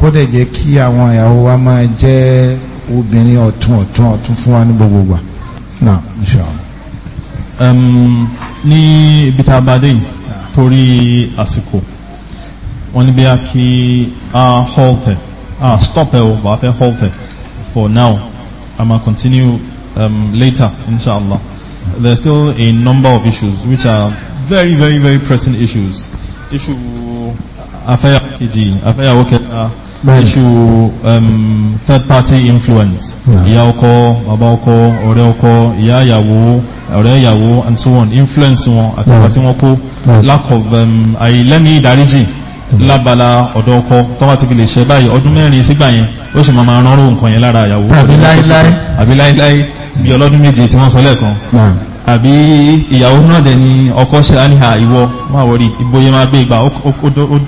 kó dẹ̀ jẹ́ kí àwọn ìyàwó wa máa jẹ́ obìnrin ọ̀tún ọ̀tún ọ̀tún fún wa ní gbogbo gbà náà inshallah. Um, ní ibi tá torí àsìkò wọ́n ní bí a kí a halt a stop ẹ̀ o bá fẹ́ halt for now I'm gonna continue um, later inshallah there's still a number of issues which are very very very pressing issues issue afẹ́yàwó kejì afẹ́yàwó kẹta issue um, third party influence ìyá ọkọ bàbá ọkọ ọ̀rẹ́ ọkọ ìyá ìyàwó ọ̀rẹ́ ìyàwó and so on influence wọn àti ìgbà tí wọ́n kó lack of um, àìlẹ́mí ìdáríjì mm-hmm. lábala ọ̀dọ̀ ọkọ tó bá ti fi lè ṣe báyìí ọdún mẹ́rin sígbà yẹn ó sì máa máa rán ròó nǹkan yẹn lára ìyàwó àbí láíláí bí ọlọ́dún méje tí wọ́n sọ lẹ́ẹ̀kan àbí ìyàwó náà dẹ̀ ni ọkọ ṣe àníhà ìwọ máa wọrí ìgboyè máa gbé ìgbà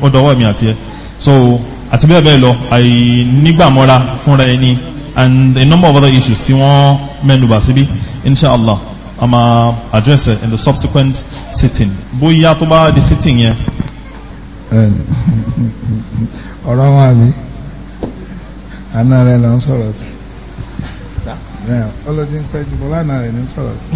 ó dọwọ́ mi àti ẹ so àti bẹ́ẹ̀ bẹ́ẹ̀ lọ àìnígbàmọ́ra fúnra ẹni and a number of other issues tí wọ́n mẹ́nubà síbí inshallah a máa address it in the subsequent sitting bóyá tó bá di sitting yẹn. ọ̀rọ̀ wọn àbí àná rẹ̀ ló ń sọ̀rọ̀ sí ọlọ́jì ń pẹ́ jù bọ́lá àná rẹ̀ ní sọ̀rọ̀ sí.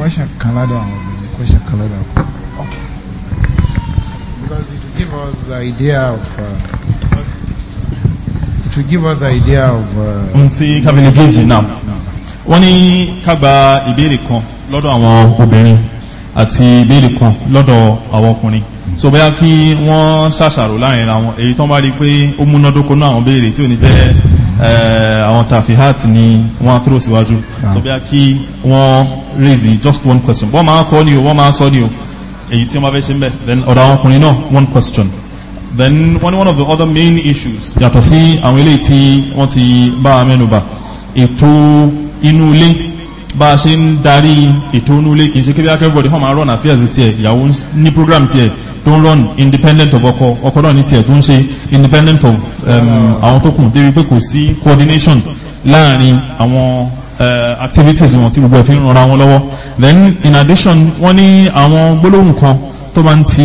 question kan ládọ̀ àwọn obìnrin question kan ládọ̀ àwọn okay because it will give us the idea of uh, it will give us the idea of. Uh, ohun tí kábílì gèjì náà wọ́n ní ká gba ìbéèrè kan lọ́dọ̀ àwọn obìnrin àti ìbéèrè kan lọ́dọ̀ àwọn ọkùnrin so bóyá kí wọ́n ṣàṣàrò láàrin àwọn èyí tán bá rí pé ó múnádókó náà àwọn béèrè tí ò ní jẹ́ eh, àwọn tàfihàt ni wọ́n á tó síwájú so bóyá kí wọ́n raise just one question wọ́n máa kọ́ ni o wọ́n máa sọ ni o èyí tí wọ́n bá fẹ́ ṣe ń bẹ̀ then ọ̀dọ̀ àwọn ọkùnrin náà one question then one one of the other main issues yàtọ̀ sí àwọn ilé tí wọ́n ti bá a mẹ́nu bà ètò inú ilé bá a ṣe ń darí ètò inú ilé kìí ṣe kí bí akẹ́bọ̀dì hàn máa run affairs tiẹ̀ ìyàwó ní program tiẹ̀ tó ń run independent of ọkọ ọkọ náà ní tiẹ̀ tó ń ṣe independent of um, àwọn tó kù débi pé kò sí coordination láàrin àwọn uh, activities wọn tí gbogbo ẹ̀ fi ń ranra wọn lọ́wọ́ then in addition wọ́n ní àwọn gbólóhùn kan tó máa ń ti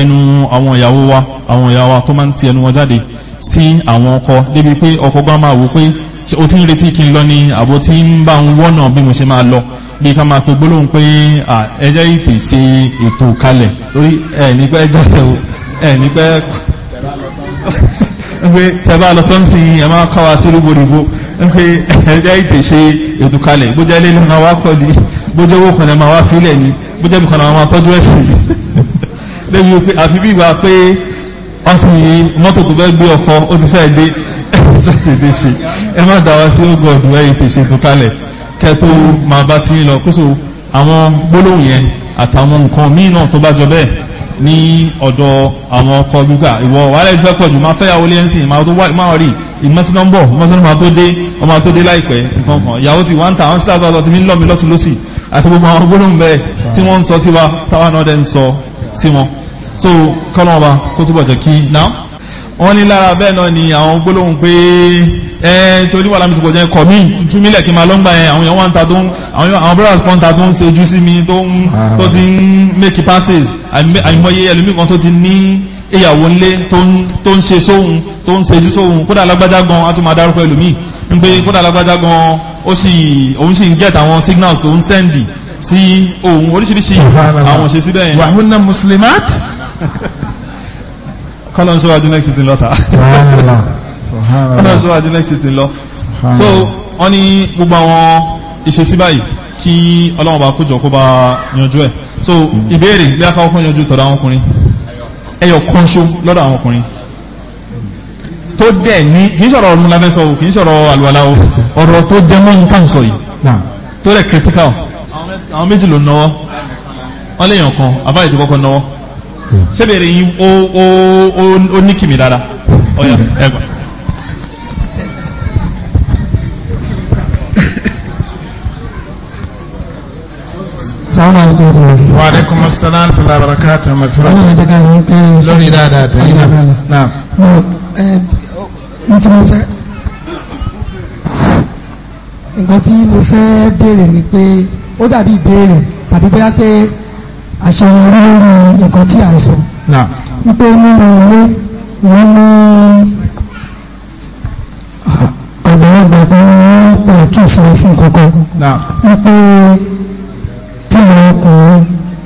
ẹnu àwọn ìyàwó wa àwọn ìyàwó wa tó máa ń ti ẹnu wọn jáde sí àwọn ọkọ débi pé ọkọ gbá máa wò pé o ti ń retí kí n lọ ní àbò tí ń bá ń wọ́nà bí mo ṣe máa lọ bí ká máa pe gbólóhùn pé ẹjẹ́ ìpè ṣe ètò kalẹ̀ lórí ẹ̀ nígbẹ́ jẹ́sẹ̀ o ẹ̀ nígbẹ́ [laughs] pé tẹ́ bá lọ tán sí ẹ máa káwa sí rúgbòrìgbò pé ẹjẹ́ ìpè ṣe ètùkalẹ̀ bójẹ́ ilé náà wá kọ́ ni bójẹ́ owó kan náà máa wá fílẹ̀ ni bójẹ́ mi kan náà máa tọ́jú ẹ̀sìn débi pé àfi bí ìgbà pé ọ̀sìn mọ́tò tó fẹ́ gbé ọkọ ó ti fẹ́ dé ṣàtẹ̀dẹ̀ [laughs] ṣe ẹ má dáwà sí ogun ọ̀dùn ẹ̀ ìpè ṣe ètùkalẹ̀ kẹ́ tó máa bá ti lọ kóso àwọn gbólóhùn yẹn àtàwọn nǹkan míì náà tó bá jọ bẹ́ẹ̀ ní ọ̀dọ̀ àwọn ọkọ gbígbà ìwọ wàhálà ìfẹ́ pọ̀ jù máa fẹ́yàwó lé ẹ̀sìn ìmáà tó wá ìmáà rí ìmọ̀sínọ́mbọ̀ ìmọ̀sínọ́mbà tó dé ọmọ tó dé láìpẹ́ nǹkan kan ìyàwó ti wá ń ta àwọn sílá sọ́dọ̀ tí mi ń lọ́ mi lọ́sùn lọ́sì àti gbogbo àwọn gbólóhùn bẹ́ẹ̀ tí wọ́n ń sọ sí wa táwa náà dẹ́ ń sọ sí wọn so kọ́lọ́mọba kó túbọ̀ jẹ́ kí náà wọ́n ní lára bẹ́ẹ̀ náà ni àwọn gbólóhùn pé ẹ torí wà lámìsìkò jẹ́ kọ̀ mí túmílẹ̀ kí n máa lọ́ngbà yẹn àwọn èèyàn wọ́n ń ta tó ń àwọn brothers kan ta tó ń ṣe jú sí mi tó ti ń make passes àìmọye ẹlòmíì kan tó ti ní ìyàwó ńlé tó ń ṣe sóhun tó ń ṣe jú sóhun kódà alágbájá gan á tún máa dárúkọ ẹlòmíì ń pé kódà alágbájá gan ó sì òun sì ń get àwọn signals tó ń sẹ́ndì sí òun oríṣiríṣi àwọn òṣèṣí bẹ́ẹ̀. wàhùn muslimat [laughs] kọ́lọ́n síwájú next city lọ sá kọ́lọ́n síwájú next city lọ so wọ́n ní gbogbo àwọn ìṣesí báyìí kí ọlọ́wọ́n bá kójọ kó bá yanjú ẹ̀ so ìbéèrè bí akáwọ́ kan yanjú tọ̀dọ̀ àwọn ọkùnrin ẹyọ kọ́ńṣó lọ́dọ̀ àwọn ọkùnrin tó dẹ̀ ní kì í sọ̀rọ̀ ọ̀run lábẹ́ sọ o kì í sọ̀rọ̀ àlùwàlá o ọ̀rọ̀ tó jẹ́ mọ́ nǹkan sọ yìí tó rẹ̀ critical àwọn méjì ló náwó wọ́n léèyàn kan àbáyé ti kọ́kọ́ náwó sẹ́bẹ̀rẹ̀ yìí o o o dára ọ̀yà ẹgbà sáwọn àìkò tó rí ní kọmọ sọ́lán tó lábàrákà tó mọ̀ nǹkan tí mo fẹ́ béèrè ni pé ó dàbí ìbéèrè tàbí bóyá pé àṣeyọrí lórí nǹkan tí à ń sọ. wípé nínú ilé wọ́n ní ọ̀dọ́gbọ̀n kan wọ́n pè kí ìsinmi kankan wípé tí àwọn ọkùnrin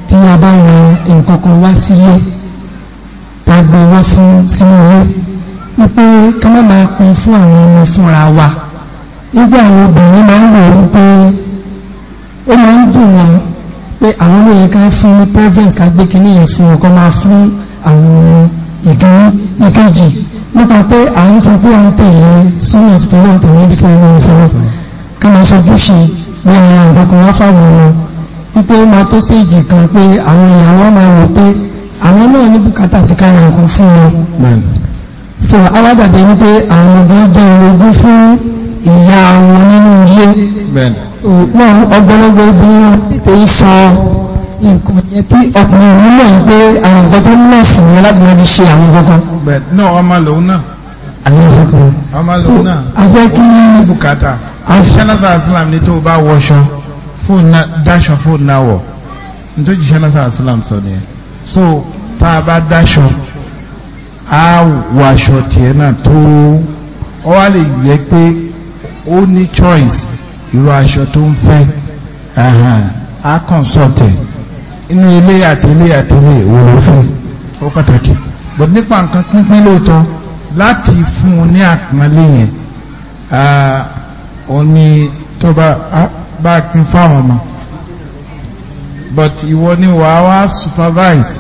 tí a bá ra nǹkan kan wá sílé tá a gbé wá fún sínú ilé wípé ká má máa pin fún àwọn ọmọ fúnra wa nígbà àwọn obìnrin máa ń wò ó pé ó máa ń dùn wọn pé àwọn ló yẹ ká fún ní preference ká gbé kínní yẹn fún ọkọ máa fún àwọn ìkíní ìkejì nípa pé à ń sọ pé à ń tẹ̀lé súnmọ̀ tó wà pẹ̀lú ibi sẹ́yìn ní sẹ́yìn ká máa ṣe búṣe ní ara nǹkan kan wá fáwọn wọn wípé ó máa tó stage kan pé àwọn ìyàwó máa rò pé àwọn náà ní bùkátà sí kára nǹkan fún wọn. so awádàbẹ̀ ni pé àwọn ọmọ gan jẹ́ orogún fún ìyá wọn nínú ilé náà ọgbọ́nọ́gbọ́ obìnrin tó ń sọ nǹkan yẹn tí ọkùnrin òun náà pé àwọn nǹkan tó ń náà sì ní láti máa fi ṣe àwọn kankan. bẹ́ẹ̀ náà ọmọ lòun náà. àlọ́ ọkùnrin. ọmọ lòun náà. afẹ́ kí ní bùkátà. ṣẹlẹsà islam ní tó o bá wọṣọ fóònù náà dáṣọ fóònù náà wọ nítorí ṣẹlẹsà islam sọ nìyẹn so tá a bá dáṣọ á wọ aṣọ tiẹ̀ náà tó ọ wá lè yẹ pé ó ní choice irú aṣọ tó ń fẹ́ á kọ̀ǹsọ̀tẹ̀ inú ilé àtẹlé àtẹlé wo ló fẹ́ ó pàtàkì bọ̀ nípa nǹkan pínpín lóòótọ́ láti fún un ní àpọ́nlé yẹn ó ní tó bá pín fáwọn ọmọ but ìwọ ni wàá wá supervise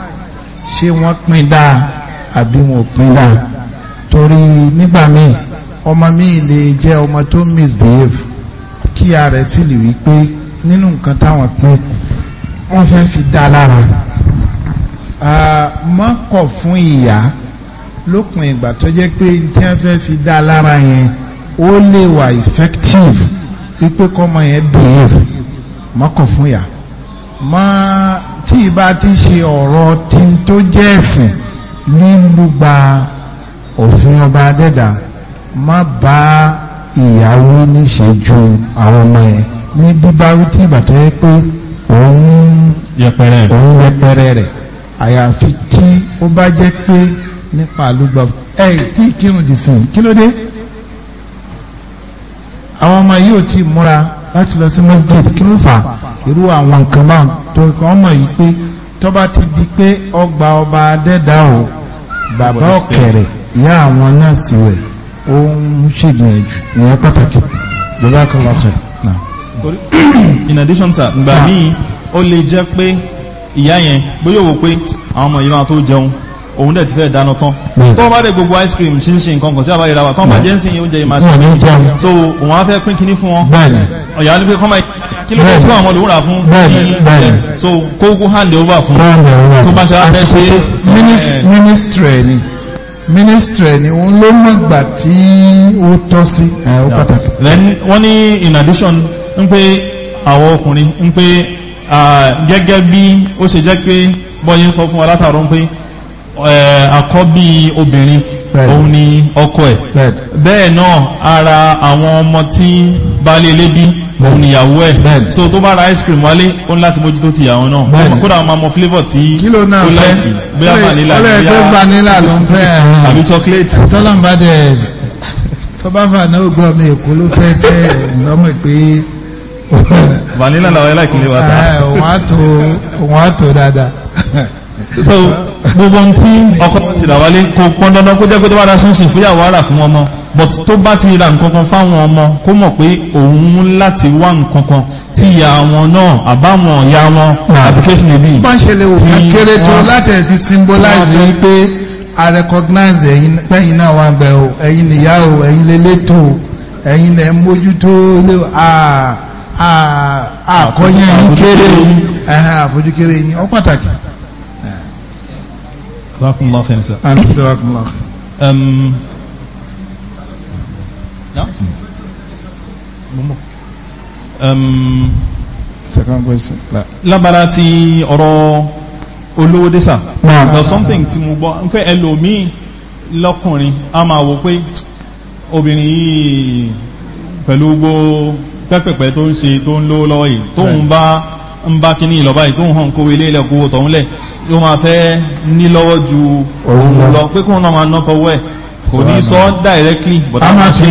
ṣé wọ́n pín dáa àbí wọn ò pín dáa torí nígbà míì ọmọ míì lè jẹ́ ọmọ tó misbehave kí ara rẹ̀ fìlì wípé nínú nǹkan táwọn pín wọ́n fẹ́ fi dá lára mọ́kọ̀ fún ìyá lópin ìgbà tó jẹ́ pé tí wọ́n fẹ́ fi dá lára yẹn ó lè wà effective wípé kọ́mọ yẹn behave mọ́kọ̀ fún ìyá mọ́ tí ìbá ti ṣe ọ̀rọ̀ tí ń tó jẹ́ ẹ̀sìn lílùgbà òfin ọba adẹ́dà má bàa ìyàwó níṣe ju àwọn ọmọ yẹn ní bíbá tí bàtà yẹ pé òun yẹpẹrẹ rẹ̀ àyàfi tí ó bá jẹ́ pé nípa àlùgbà ẹ tí kírun dì sìn kí ló dé àwọn ọmọ yìí ò tí múra láti lọ sí masjid kí ló fà irú àwọn nǹkan máa tó kàn mọ̀ yìí pé tọ́ba ti di pé ọgbà ọba adẹ́dàá o bàbá ọ̀kẹ́rẹ́ ìyá àwọn náà sì wẹ̀ ó ń ṣègbìyànjú ìyẹn pàtàkì jazakallah khair náà. in addition sir ngbà míì ó lè jẹ́ pé ìyá yẹn bóyá wò pé àwọn ọmọ yìí máa tó jẹun òun dẹ̀ ti fẹ́ dáná tán tó bá dẹ̀ gbogbo ice cream ṣinṣin nǹkan kan tí a bá yẹra wa tó bá jẹ́ ńsìn oúnjẹ yìí máa ṣe é so òun á fẹ́ pín kíní fún wọn ọ̀yà ni pé kọ́ máa kí ló dé sí àwọn ọmọdé wúrà fún ní so kókó hand over fún tó bá ṣe wá fẹ́ ṣe. ministry ni ministry ni òun ló mọ̀ gbà tí ó tọ́ sí ó pàtàkì. then wọ́n ní in addition ń pé àwọn ọkùnrin ń pé gẹ́gẹ́ bí ó ṣe jẹ́ pé bọ́yé ń sọ fún wa látàrọ́ ń pé àkọ́bí obìnrin òun ni ọkọ ẹ̀ bẹ́ẹ̀ náà ara àwọn ọmọ tí baálé ilé bí òun ìyàwó ẹ̀ so tó bá ra ice cream wálé ó ní láti mójútó ti ìyàwó náà kódà máa mọ flavour tí ó láìkì bóyá vanilla bóyá vanilla ló ń fẹ́ àbí chocolate. tọ́lọ́mbàdẹ tó náà gbọ́ mi èkó ló fẹ́ fẹ́ lọ́mọ pé. vanilla làwọn ẹlẹ́kì lè wá sá. Eh, òun á tó òun á tó dáadáa. so gbogbo ohun tí ọkọ ti wálé kò pọn dandan kó jẹ́ pé tó bá ra sunsun fúyàwó ara fún ọmọ but tó bá ti ra nkankan fáwọn ọmọ kó mọ̀ pé òun láti wá nkankan tí ìyá wọn náà àbáwọn ìyá wọn àti case may be. bá ń ṣẹlẹ̀ òkè kéré tó láti ẹ̀ fi symbolize yìí pé a recognize ẹ̀yin pẹ́yìn náà wà bẹ̀ o ẹ̀yin nìyá o ẹ̀yin lélẹ́tò o ẹ̀yin lẹ́ mójútó lé o àkọyẹ yín kéré o àfojú kéré yín ọ pàtàkì. Jazakumullah khairan. second question. lábára ti ọ̀rọ̀ olówó dẹ́sà. na something ti mo gbọ́ pé ẹlòmíì lọ́kùnrin a máa wò pé obìnrin yìí pẹ̀lú gbogbo pẹ́pẹ̀pẹ́ tó ń ṣe tó ń lówó lọ́wọ́ yìí tó ń bá ń bá kíní ìlọ́ba yìí tó ń hàn kówé ilé ilẹ̀ kówó tọ̀hún lẹ̀ tó máa fẹ́ ní lọ́wọ́ ju òun lọ pé kóun náà máa ná tọwọ́ ẹ̀ kò ní sọ directly but a máa ṣe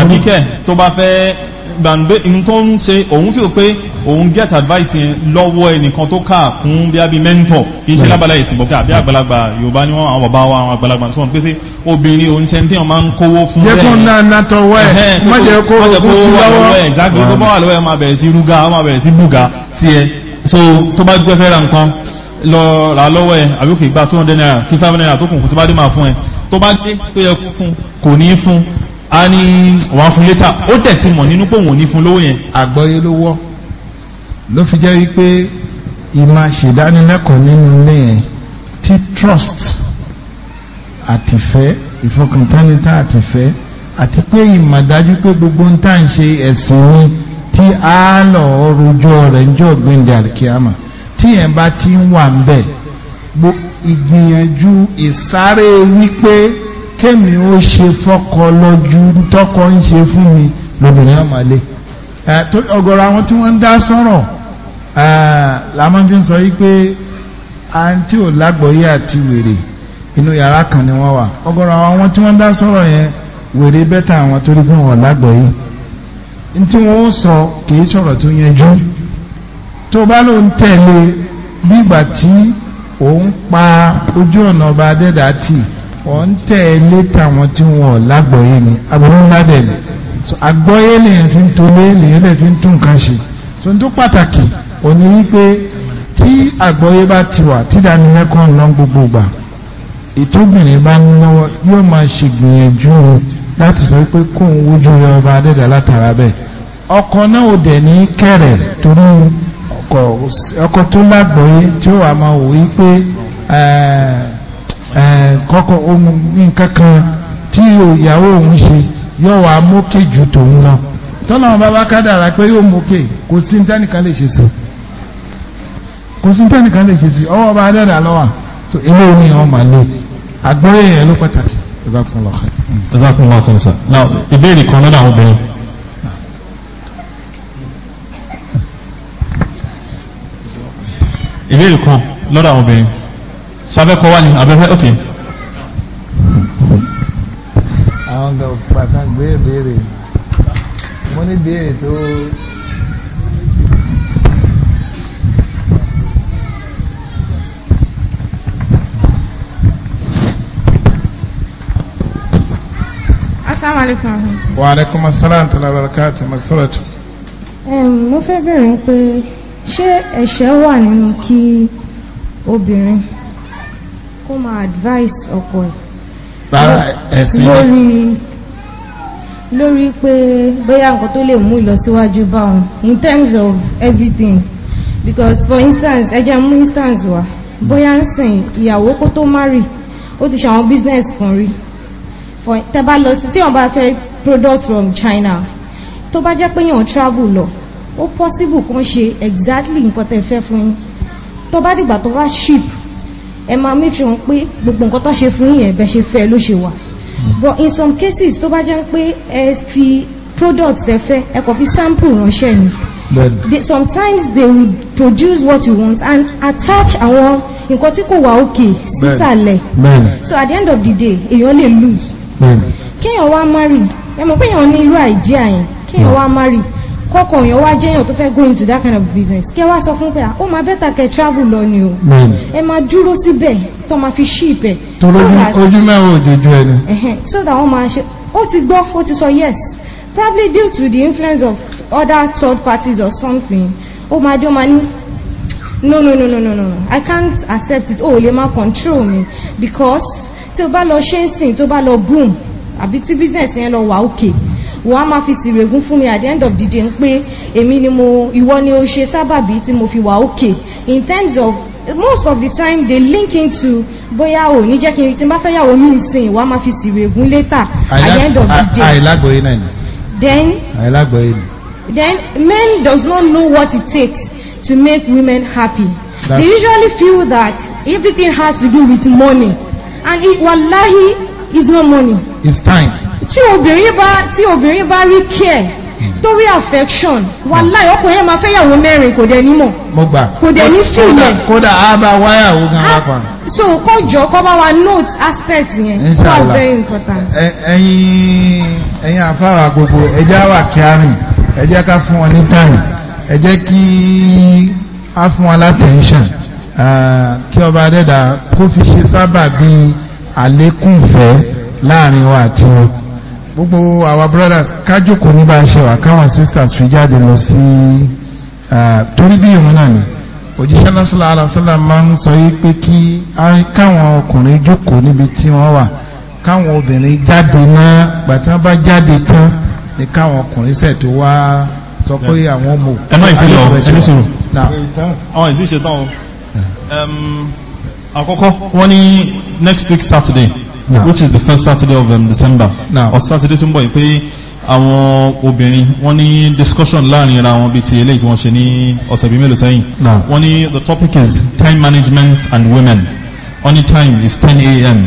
àbíkẹ́ tó bá fẹ́ gbàǹgbé tó ń ṣe òun fíò pé òun get advice yẹn lọ́wọ́ ẹnìkan tó kà kún bí abí mentor kì í ṣe lábàlá ìsìnbọn kí àbí àgbàlagbà yorùbá ni wọ́n àwọn bàbá wa àwọn àgbàlagbà tí wọ́n pèsè obìnrin oúnjẹ tí wọ́n máa ń kówó fún rẹ̀ yẹ́kùn náà nàtọ̀wọ́ ẹ̀ mọ́jẹ̀ kó sí lọ́wọ́ exactly tó bá wà lọ́wọ́ ẹ̀ máa bẹ̀rẹ̀ sí rúgá máa bẹ̀rẹ̀ sí bùgá sí ẹ so tó bá gbẹ́ fẹ́ ra nǹkan lọ ra lọ́wọ́ ẹ̀ àbí òkè gba two hundred naira fifty five naira tó kù kò tí bá dé máa fún ẹ tó bá dé tó yẹ kó fún kò ní fún a ní wàá fún létà ó dẹ̀ ti mọ̀ nínú pé òun ò ní fún lówó yẹn. àgbọ́yé ló wọ́ ló fi jẹ́ wípé ìmọ̀ ṣèdánilẹ́kọ̀ọ́ nínú ilé yẹn ti trust àtìfẹ́ ìfọkàntánitá àtìfẹ́ àti pé ìmọ̀ dájú pé gbogbo ń tà ń ṣe ẹ̀sìn ni tí a lọ rojọ́ rẹ̀ ń jọ gbẹ̀ndẹ̀ àríkíámà tí yẹn bá ti ń wà ń bẹ̀ ìgbìyànjú ìsáré wípé kémi ó ṣe fọ́kọ lọ́jú tọ́kọ ń ṣe fún mi lóbìnrin àmàlẹ́ ọgọrọ àwọn tí wọ́n ń dá sọ̀rọ̀ la máa fi ń sọ pé àǹtí ò lágbọ̀ọ́yé àti wèrè inú yàrá kan ni wọ́n wà ọgọrọ àwọn tí wọ́n ń dá sọrọ yẹn wèrè bẹ́tà àwọn torí pé wọ́n lágbọ̀ọ́yé ntí wọ́n ó sọ kì í sọ̀rọ̀ tó yẹjú tó bá ló ń tẹ̀lé nígbà tí òun pa ojú ọ̀nà ọba adẹ́dàá tì í ọ̀ ń tẹ̀ létà àwọn tí wọ́n lágbọ̀ọ́yé ni aburú ńlá ni so àgbọ́yé lèyàn fi ń tolé lèyàn lè fi ń tún nǹkan ṣe so n tó pàtàkì òní wípé tí àgbọ́yé bá ti wà tí ìdánilẹ́kọ̀ọ́ ń lọ gbogbo gbà ìtóbìnrin bá ní lọ́wọ́ yóò máa ṣègbìyànjú láti sọ pé kóun wójú rẹ ọba adẹ́dà látara bẹ́ẹ̀ ọkọ náà ò dẹ̀ ní kẹrẹ torí ọkọ tó lágbọ́yé tí ó wà máa wò wípé ẹ̀ẹ́ kọ́kọ́ ohun nǹkan kan tí ìyàwó òun ṣe yóò wá mókè ju tòun lọ tọ́lọ́wọ́n bá bá kádàrà pé yóò mókè kò sí nítẹ́nìkan lè ṣe sí kò sí nítẹ́nìkan lè ṣe sí ọwọ́ bá dẹ́dà lọ́wọ́ so ilé omi yẹn wọ́n máa lé àgbọ́yé yẹn ló pàtàkì jazakumullahu khair. jazakumullahu khair now ìbéèrè kan lọ́dọ̀ àwọn obìnrin. ìbéèrè kan lọ́dọ̀ àwọn obìnrin sábẹ́ kọ́ wá ní abẹ́fẹ́ ok. àwọn ọ̀gá pàtà gbé ìbéèrè mo ní ìbéèrè tó. asalaamualeykum ahunsi. wa aleykum asalaam tala barakati magfuratu. mo fẹ́ bẹ̀rẹ̀ pé ṣé ẹ̀ṣẹ̀ wà nínú kí obìnrin kó máa advice ọkọ ẹ̀ rárá ẹ̀sìn lórí lórí pé bóyá nǹkan tó lè mú ìlọsíwájú bá wọn in terms of everything because for instance ẹ jẹ́ mú instance wá bóyá ń sìn ìyàwó kó tó marry ó ti ṣàwọn business kan rí tẹ́ bá lọ sí tí wọ́n bá fẹ́ product from China tó bá jẹ́ pé yàn travel lọ ó possible kan ṣe exactly nǹkan tẹ́ fẹ́ fún yín tó bá dìgbà tó bá ship ẹ máa make sure pé gbogbo nǹkan tó ṣe fún yín ẹ̀bẹ̀ ṣe fẹ́ ló ṣe wà but in some cases tó bá jẹ́ pé ẹ fi product ẹ fẹ́ ẹ kàn fi sample ránṣẹ́ ni sometimes they will produce what you want and attach àwọn nǹkan tí kò wà òkè sísàlẹ̀ so at the end of the day èèyàn lè lose kéèyàn wá marry ẹ mọ̀ pé èèyàn ní irú àìdíà yẹn kéèyàn wá marry kọ́kọ́ èèyàn wá jẹ́ èèyàn tó fẹ́ go into that kind of business kí ẹ wá sọ fún pé ah, ó máa bẹ́tà kẹ́ travel lọ ni o ẹ máa dúró síbẹ̀ tó máa fi ṣí ibẹ̀. torí ojú mẹ́wọ̀n ò ẹni. so that wọ́n máa ṣe ó ti gbọ́ ó ti sọ yes probably due to the influence of other third parties or something ó máa dé ó máa ní no no no no no no i can't accept it ó ò lè máa control me because tí o bá lọ ṣe ń sìn tó bá lọ boom àbí tí business yẹn lọ wà Okay wọ́n á máa fi sìrègùn fún mi at the end of the day ń pé èmi ni mo ìwọ ni o ṣe sábàbí tí mo fi wà okay in terms of most of the time they link into bóyá o ní jẹ́ kí n tí n bá fẹ́ yàwó mi nsìn wọ́n á máa fi sìrègùn later at the end of the day. àìlágbọ̀ọ́yé náà ni. then àìlágbọ̀ọ́yé ni. then men does not know what it takes to make women happy. That's they usually feel that everything has to do with money and it, wallahi is not money. it's time tí obìnrin bá tí obìnrin bá rí care torí affection wàláì ọkùnrin yẹn máa fẹ́ yàwó mẹ́rin kò dẹ̀ nímọ̀ kò dẹ̀ ní fílẹ̀ kódà á bá wáyàwó gan wá kan. so kó jọ kó bá wa note aspect yẹn Inshallah very important. ẹ̀yin ẹ̀yin àfáwà gbogbo ẹjẹ́ wà kíárìn ẹjẹ́ ká fún wọn ní time ẹjẹ́ kí á fún wọn látẹ̀ńṣàn kí ọba adẹ́dà kó fi ṣe sábà bíi àlékún fẹ́ láàrin wa àti wọn gbogbo our brothers kájòkó ní bá a ṣe wà káwọn sisters fi jáde lọ sí torí bí ìrún náà ni òjíṣẹ́ lọ́sọ̀lá aláṣọ́lá máa ń sọ yí pé kí káwọn ọkùnrin jókòó níbi tí wọ́n wà káwọn obìnrin jáde náà gbàtà bá jáde tán ni káwọn ọkùnrin sẹ̀ tó wá sọ pé àwọn ọmọ òkú. ẹ má ìfi lọ ẹ ní sòrò. àwọn ìfi ṣe o àkọ́kọ́ wọ́n ní next week Saturday. Now. which is the first Saturday of um, December Now. or Saturday tó ń bọ̀ yìí pé àwọn obìnrin wọ́n ní discussion láàrin ara wọn bí ti eléyìí tí wọ́n ṣe ní ọ̀sẹ̀ bíi mélòó sẹ́yìn wọ́n ní the topic is time management and women wọ́n time is 10 a.m.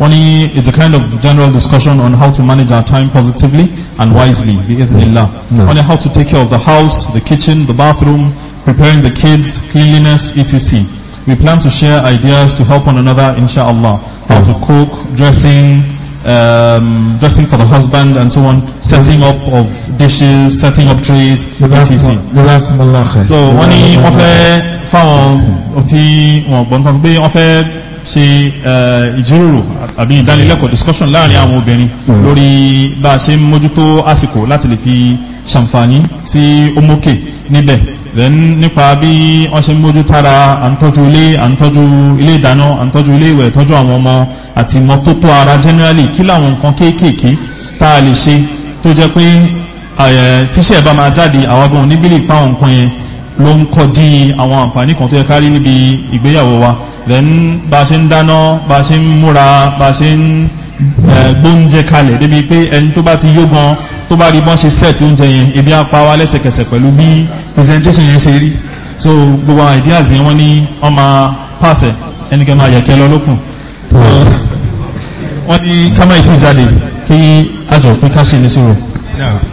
wọ́n it's a kind of general discussion on how to manage our time positively and wisely bi-ithnillah wọ́n ní how to take care of the house the kitchen the bathroom preparing the kids cleanliness etc. We plan to share ideas to help one another, inshallah. How to cook, dressing, um, dressing for the husband and so on, setting up of dishes, setting up trays, etc. So when ní offer fẹ́ or tea, or gbọ́n kan pé wọ́n fẹ́ ṣe ìjíròrò àbí ìdánilẹ́kọ̀ọ́ discussion láàrin àwọn obìnrin mm. lórí bá a ṣe ń mójútó àsìkò láti lè fi ṣàǹfààní tí ó mókè níbẹ̀ then nípa bí wọ́n ṣe ń mójú tára à ń tọ́jú ilé à ń tọ́jú ilé ìdáná à ilé ìwẹ̀ tọ́jú àwọn ọmọ àti ìmọ́tótó ara generally kí làwọn nǹkan kéékèèké tá a lè ṣe tó jẹ́ pé tíṣẹ́ bá máa jáde àwọn gan oníbílì pa àwọn nǹkan yẹn ló ń kọ́ dí àwọn àǹfààní kan tó yẹ kárí níbi ìgbéyàwó wa then bá a ṣe ń dáná bá a ṣe ń múra bá a ṣe ń gbóúnjẹ kalẹ̀ débi pé ẹni tó bá ti yó gan tó bá rí bọ́n ṣe set oúnjẹ yẹn ebi á pa wá lẹ́sẹ̀kẹsẹ̀ pẹ̀lú bí presentation yẹn ṣe rí so gbogbo àwọn ideas yẹn wọ́n ní wọ́n máa pàṣẹ ẹnikẹ́ni máa yẹ̀kẹ́ lọ lókun wọ́n ní ká má ìsìn jáde kí àjọ pé ká ṣe ní sọ̀rọ̀.